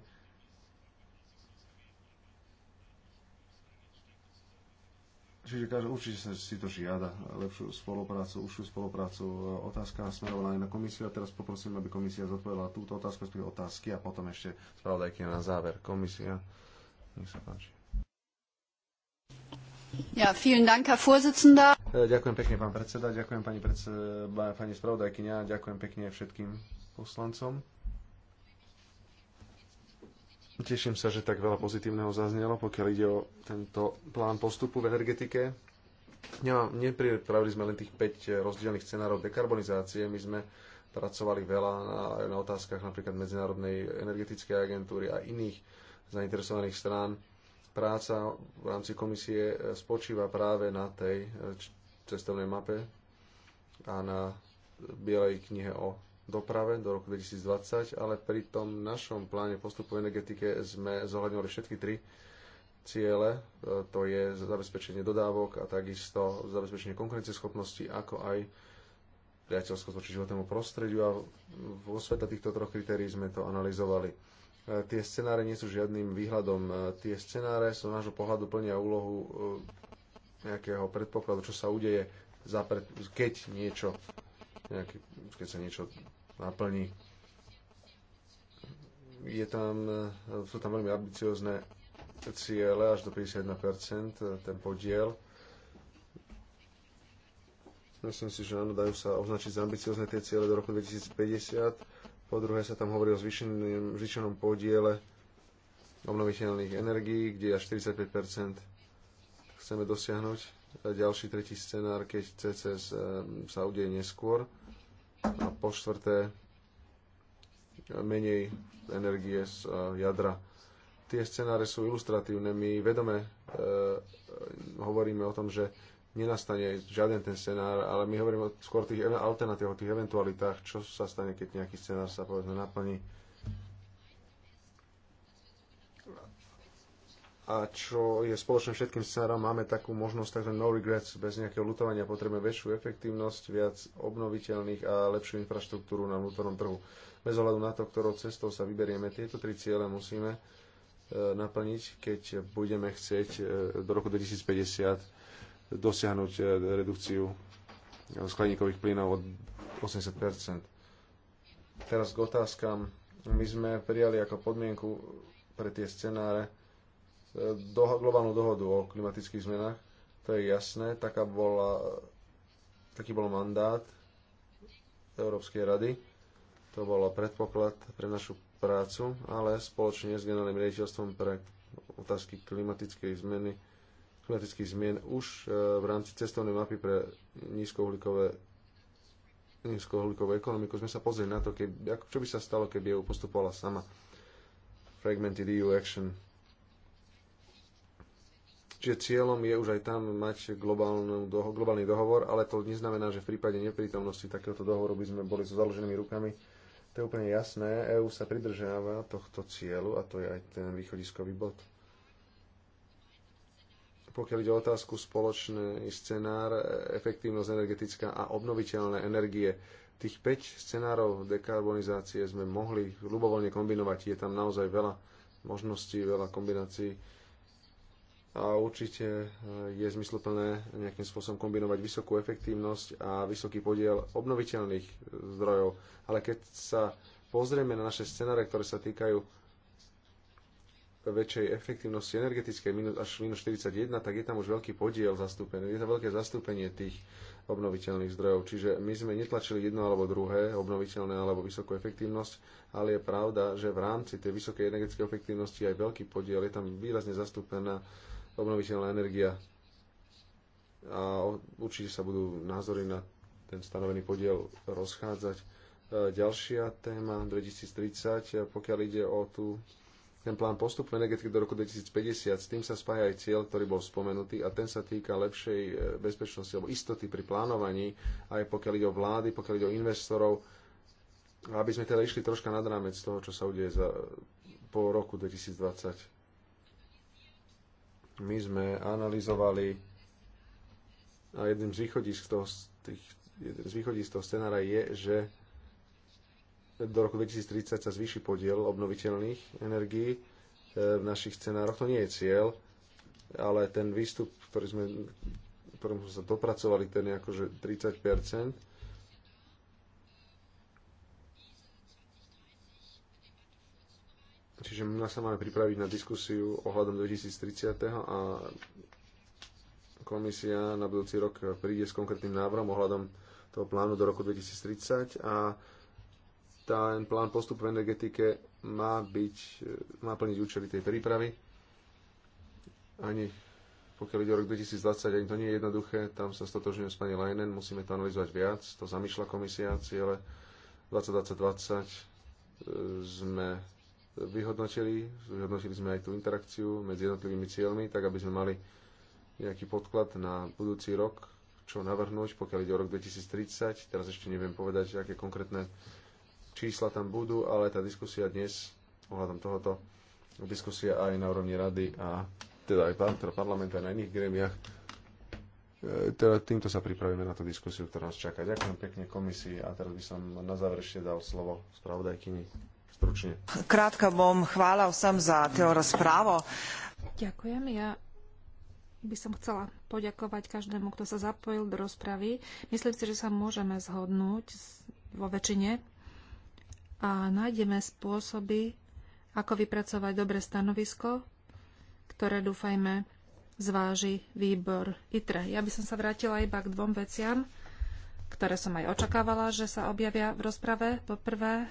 Čiže každý, určite si to žiada lepšiu spoluprácu, užšiu spoluprácu. Otázka smerovaná aj na komisiu a teraz poprosím, aby komisia zodpovedala túto otázku, respektíve otázky a potom ešte spravodajky na záver. Komisia, nech sa páči. Ja, vielen Dank, Herr Vorsitzender. E, ďakujem pekne, pán predseda, ďakujem pani, predse, pani spravodajkyňa, ďakujem pekne všetkým poslancom. Teším sa, že tak veľa pozitívneho zaznelo, pokiaľ ide o tento plán postupu v energetike. Nemám, nepripravili sme len tých 5 eh, rozdielných scenárov dekarbonizácie, my sme pracovali veľa na, na otázkach napríklad Medzinárodnej energetickej agentúry a iných zainteresovaných strán. Práca v rámci komisie eh, spočíva práve na tej eh, cestovnej mape a na bielej knihe o doprave do roku 2020, ale pri tom našom pláne postupu energetike sme zohľadňovali všetky tri ciele, e, to je zabezpečenie dodávok a takisto zabezpečenie konkurencieschopnosti, ako aj priateľskosť voči životnému prostrediu a vo svete týchto troch kritérií sme to analyzovali. E, tie scenáre nie sú žiadnym výhľadom. E, tie scenáre z nášho pohľadu plnia úlohu nejakého predpokladu, čo sa udeje, keď niečo nejaký, keď sa niečo naplní. Je tam, sú tam veľmi ambiciozne ciele, až do 51%, ten podiel. Myslím si, že áno, dajú sa označiť za ambiciozne tie ciele do roku 2050. Po druhé sa tam hovorí o zvýšenom, zvýšenom podiele obnoviteľných energií, kde až 45% chceme dosiahnuť. A ďalší tretí scenár, keď CCS eh, sa udeje neskôr a po štvrté, menej energie z e, jadra. Tie scenáre sú ilustratívne. My vedome e, hovoríme o tom, že nenastane žiaden ten scenár, ale my hovoríme skôr o tých e- alternatívach, o tých eventualitách, čo sa stane, keď nejaký scenár sa povedzme naplní. a čo je spoločné všetkým scenárom, máme takú možnosť takto no regrets, bez nejakého lutovania potrebujeme väčšiu efektívnosť, viac obnoviteľných a lepšiu infraštruktúru na vnútornom trhu. Bez ohľadu na to, ktorou cestou sa vyberieme, tieto tri ciele musíme e, naplniť, keď budeme chcieť e, do roku 2050 dosiahnuť e, redukciu skleníkových plynov od 80 Teraz k otázkam. My sme prijali ako podmienku pre tie scenáre doho- globálnu dohodu o klimatických zmenách, to je jasné, taká bola, taký bol mandát Európskej rady, to bolo predpoklad pre našu prácu, ale spoločne s generálnym riaditeľstvom pre otázky klimatickej zmeny, klimatických zmien už e, v rámci cestovnej mapy pre nízkouhlíkové nízkouhlíkovú ekonomiku sme sa pozreli na to, keby, ako, čo by sa stalo, keby EU postupovala sama. Fragmented EU Action Čiže cieľom je už aj tam mať doho- globálny dohovor, ale to neznamená, že v prípade neprítomnosti takéhoto dohovoru by sme boli so založenými rukami. To je úplne jasné. EÚ sa pridržiava tohto cieľu a to je aj ten východiskový bod. Pokiaľ ide o otázku spoločný scenár, efektívnosť energetická a obnoviteľné energie, tých 5 scenárov dekarbonizácie sme mohli ľubovoľne kombinovať. Je tam naozaj veľa možností, veľa kombinácií a určite eh, je zmysluplné nejakým spôsobom kombinovať vysokú efektívnosť a vysoký podiel obnoviteľných eh, zdrojov. Ale keď sa pozrieme na naše scenáre, ktoré sa týkajú väčšej efektívnosti energetickej minus, až minus 41, tak je tam už veľký podiel zastúpený. Je to veľké zastúpenie tých obnoviteľných zdrojov. Čiže my sme netlačili jedno alebo druhé, obnoviteľné alebo vysokú efektívnosť, ale je pravda, že v rámci tej vysokej energetickej efektívnosti aj veľký podiel je tam výrazne zastúpená obnoviteľná energia. A určite sa budú názory na ten stanovený podiel rozchádzať. E, ďalšia téma 2030, e, pokiaľ ide o tú, ten plán postupu energetiky do roku 2050, s tým sa spája aj cieľ, ktorý bol spomenutý a ten sa týka lepšej e, bezpečnosti alebo istoty pri plánovaní, aj pokiaľ ide o vlády, pokiaľ ide o investorov, aby sme teda išli troška nad rámec toho, čo sa udeje za, po roku 2020. My sme analyzovali a jedným z východisk toho, tých, jeden z východisk toho scenára je, že do roku 2030 sa zvýši podiel obnoviteľných energií e, v našich scenároch. To nie je cieľ, ale ten výstup, ktorý sme, ktorým sme sa dopracovali, ten je akože 30 Čiže my sa máme pripraviť na diskusiu ohľadom 2030. a komisia na budúci rok príde s konkrétnym návrhom ohľadom toho plánu do roku 2030 a ten plán postupu v energetike má, byť, má plniť účely tej prípravy. Ani pokiaľ ide o rok 2020, ani to nie je jednoduché, tam sa stotožňujem s pani Leinen, musíme to analyzovať viac, to zamýšľa komisia, ciele 2020-2020 e, sme vyhodnotili. Vyhodnotili sme aj tú interakciu medzi jednotlivými cieľmi, tak aby sme mali nejaký podklad na budúci rok, čo navrhnúť, pokiaľ ide o rok 2030. Teraz ešte neviem povedať, aké konkrétne čísla tam budú, ale tá diskusia dnes ohľadom tohoto, diskusia aj na úrovni rady a teda aj pán, teda parlamenta na iných gremiách, e, teda týmto sa pripravíme na tú diskusiu, ktorá nás čaká. Ďakujem pekne komisii a teraz by som na záver ešte dal slovo spravodajkyni stručne. Krátka bom chválal som za teo rozprávo. Ďakujem. Ja by som chcela poďakovať každému, kto sa zapojil do rozpravy. Myslím si, že sa môžeme zhodnúť vo väčšine a nájdeme spôsoby, ako vypracovať dobré stanovisko, ktoré dúfajme zváži výbor ITRE. Ja by som sa vrátila iba k dvom veciam, ktoré som aj očakávala, že sa objavia v rozprave. poprvé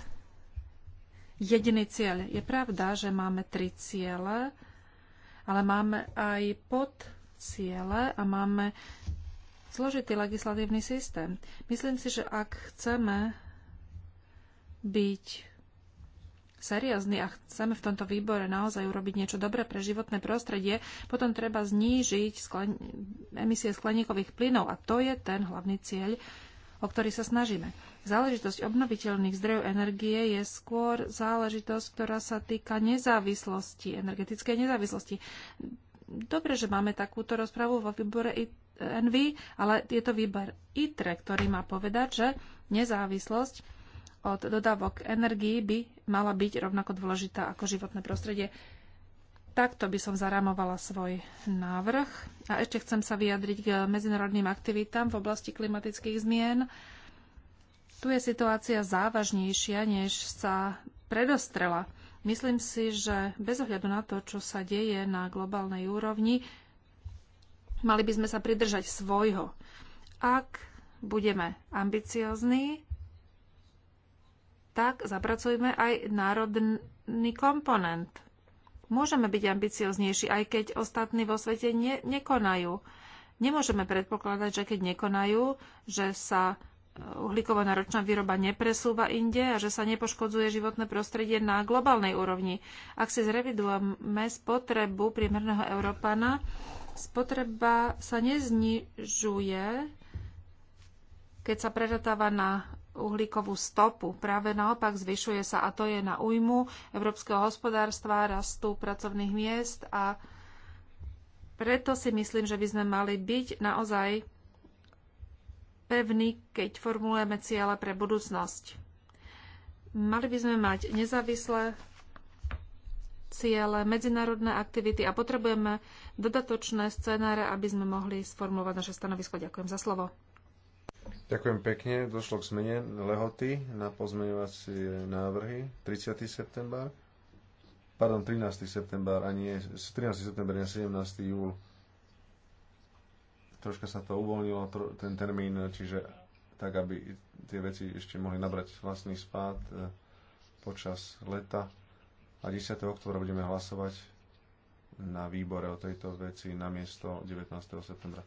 jediný cieľ. Je pravda, že máme tri ciele, ale máme aj pod ciele a máme zložitý legislatívny systém. Myslím si, že ak chceme byť seriózni a chceme v tomto výbore naozaj urobiť niečo dobré pre životné prostredie, potom treba znížiť skleni- emisie skleníkových plynov a to je ten hlavný cieľ, o ktorý sa snažíme. Záležitosť obnoviteľných zdrojov energie je skôr záležitosť, ktorá sa týka nezávislosti, energetickej nezávislosti. Dobre, že máme takúto rozpravu vo výbore NV, ale je to výber ITRE, ktorý má povedať, že nezávislosť od dodávok energií by mala byť rovnako dôležitá ako životné prostredie Takto by som zarámovala svoj návrh. A ešte chcem sa vyjadriť k medzinárodným aktivitám v oblasti klimatických zmien. Tu je situácia závažnejšia, než sa predostrela. Myslím si, že bez ohľadu na to, čo sa deje na globálnej úrovni, mali by sme sa pridržať svojho. Ak budeme ambiciozní, tak zapracujme aj národný komponent Môžeme byť ambicioznejší, aj keď ostatní vo svete ne, nekonajú. Nemôžeme predpokladať, že keď nekonajú, že sa e, uhlíková náročná výroba nepresúva inde a že sa nepoškodzuje životné prostredie na globálnej úrovni. Ak si zrevidujeme spotrebu priemerného Európana, spotreba sa neznižuje, keď sa preratáva na uhlíkovú stopu. Práve naopak zvyšuje sa a to je na újmu európskeho hospodárstva, rastu pracovných miest a preto si myslím, že by sme mali byť naozaj pevní, keď formulujeme ciele pre budúcnosť. Mali by sme mať nezávislé ciele, medzinárodné aktivity a potrebujeme dodatočné scenáre, aby sme mohli sformulovať naše stanovisko. Ďakujem za slovo. Ďakujem pekne. Došlo k zmene lehoty na pozmeňovacie návrhy 30. september. Pardon, 13. september, a nie 13. september, nie 17. júl. Troška sa to uvoľnilo, ten termín, čiže tak, aby tie veci ešte mohli nabrať vlastný spád e, počas leta. A 10. oktobra budeme hlasovať na výbore o tejto veci na miesto 19. septembra.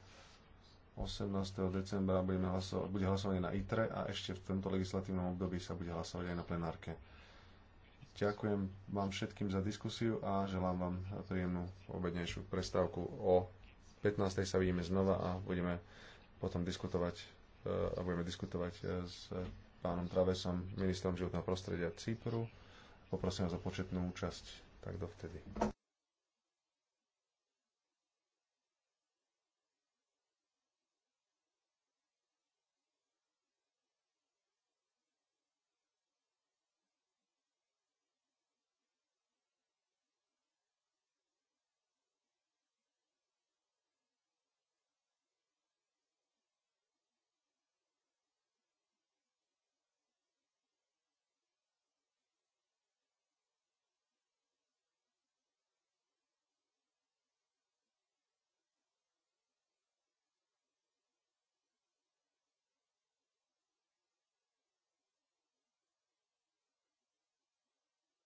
18. decembra budeme hlasovať, bude hlasovanie na ITRE a ešte v tomto legislatívnom období sa bude hlasovať aj na plenárke. Ďakujem vám všetkým za diskusiu a želám vám príjemnú obednejšiu prestávku. O 15. sa vidíme znova a budeme potom diskutovať e, a budeme diskutovať e, s pánom Travesom, ministrom životného prostredia Cypru. Poprosím vás o početnú účasť, tak dovtedy.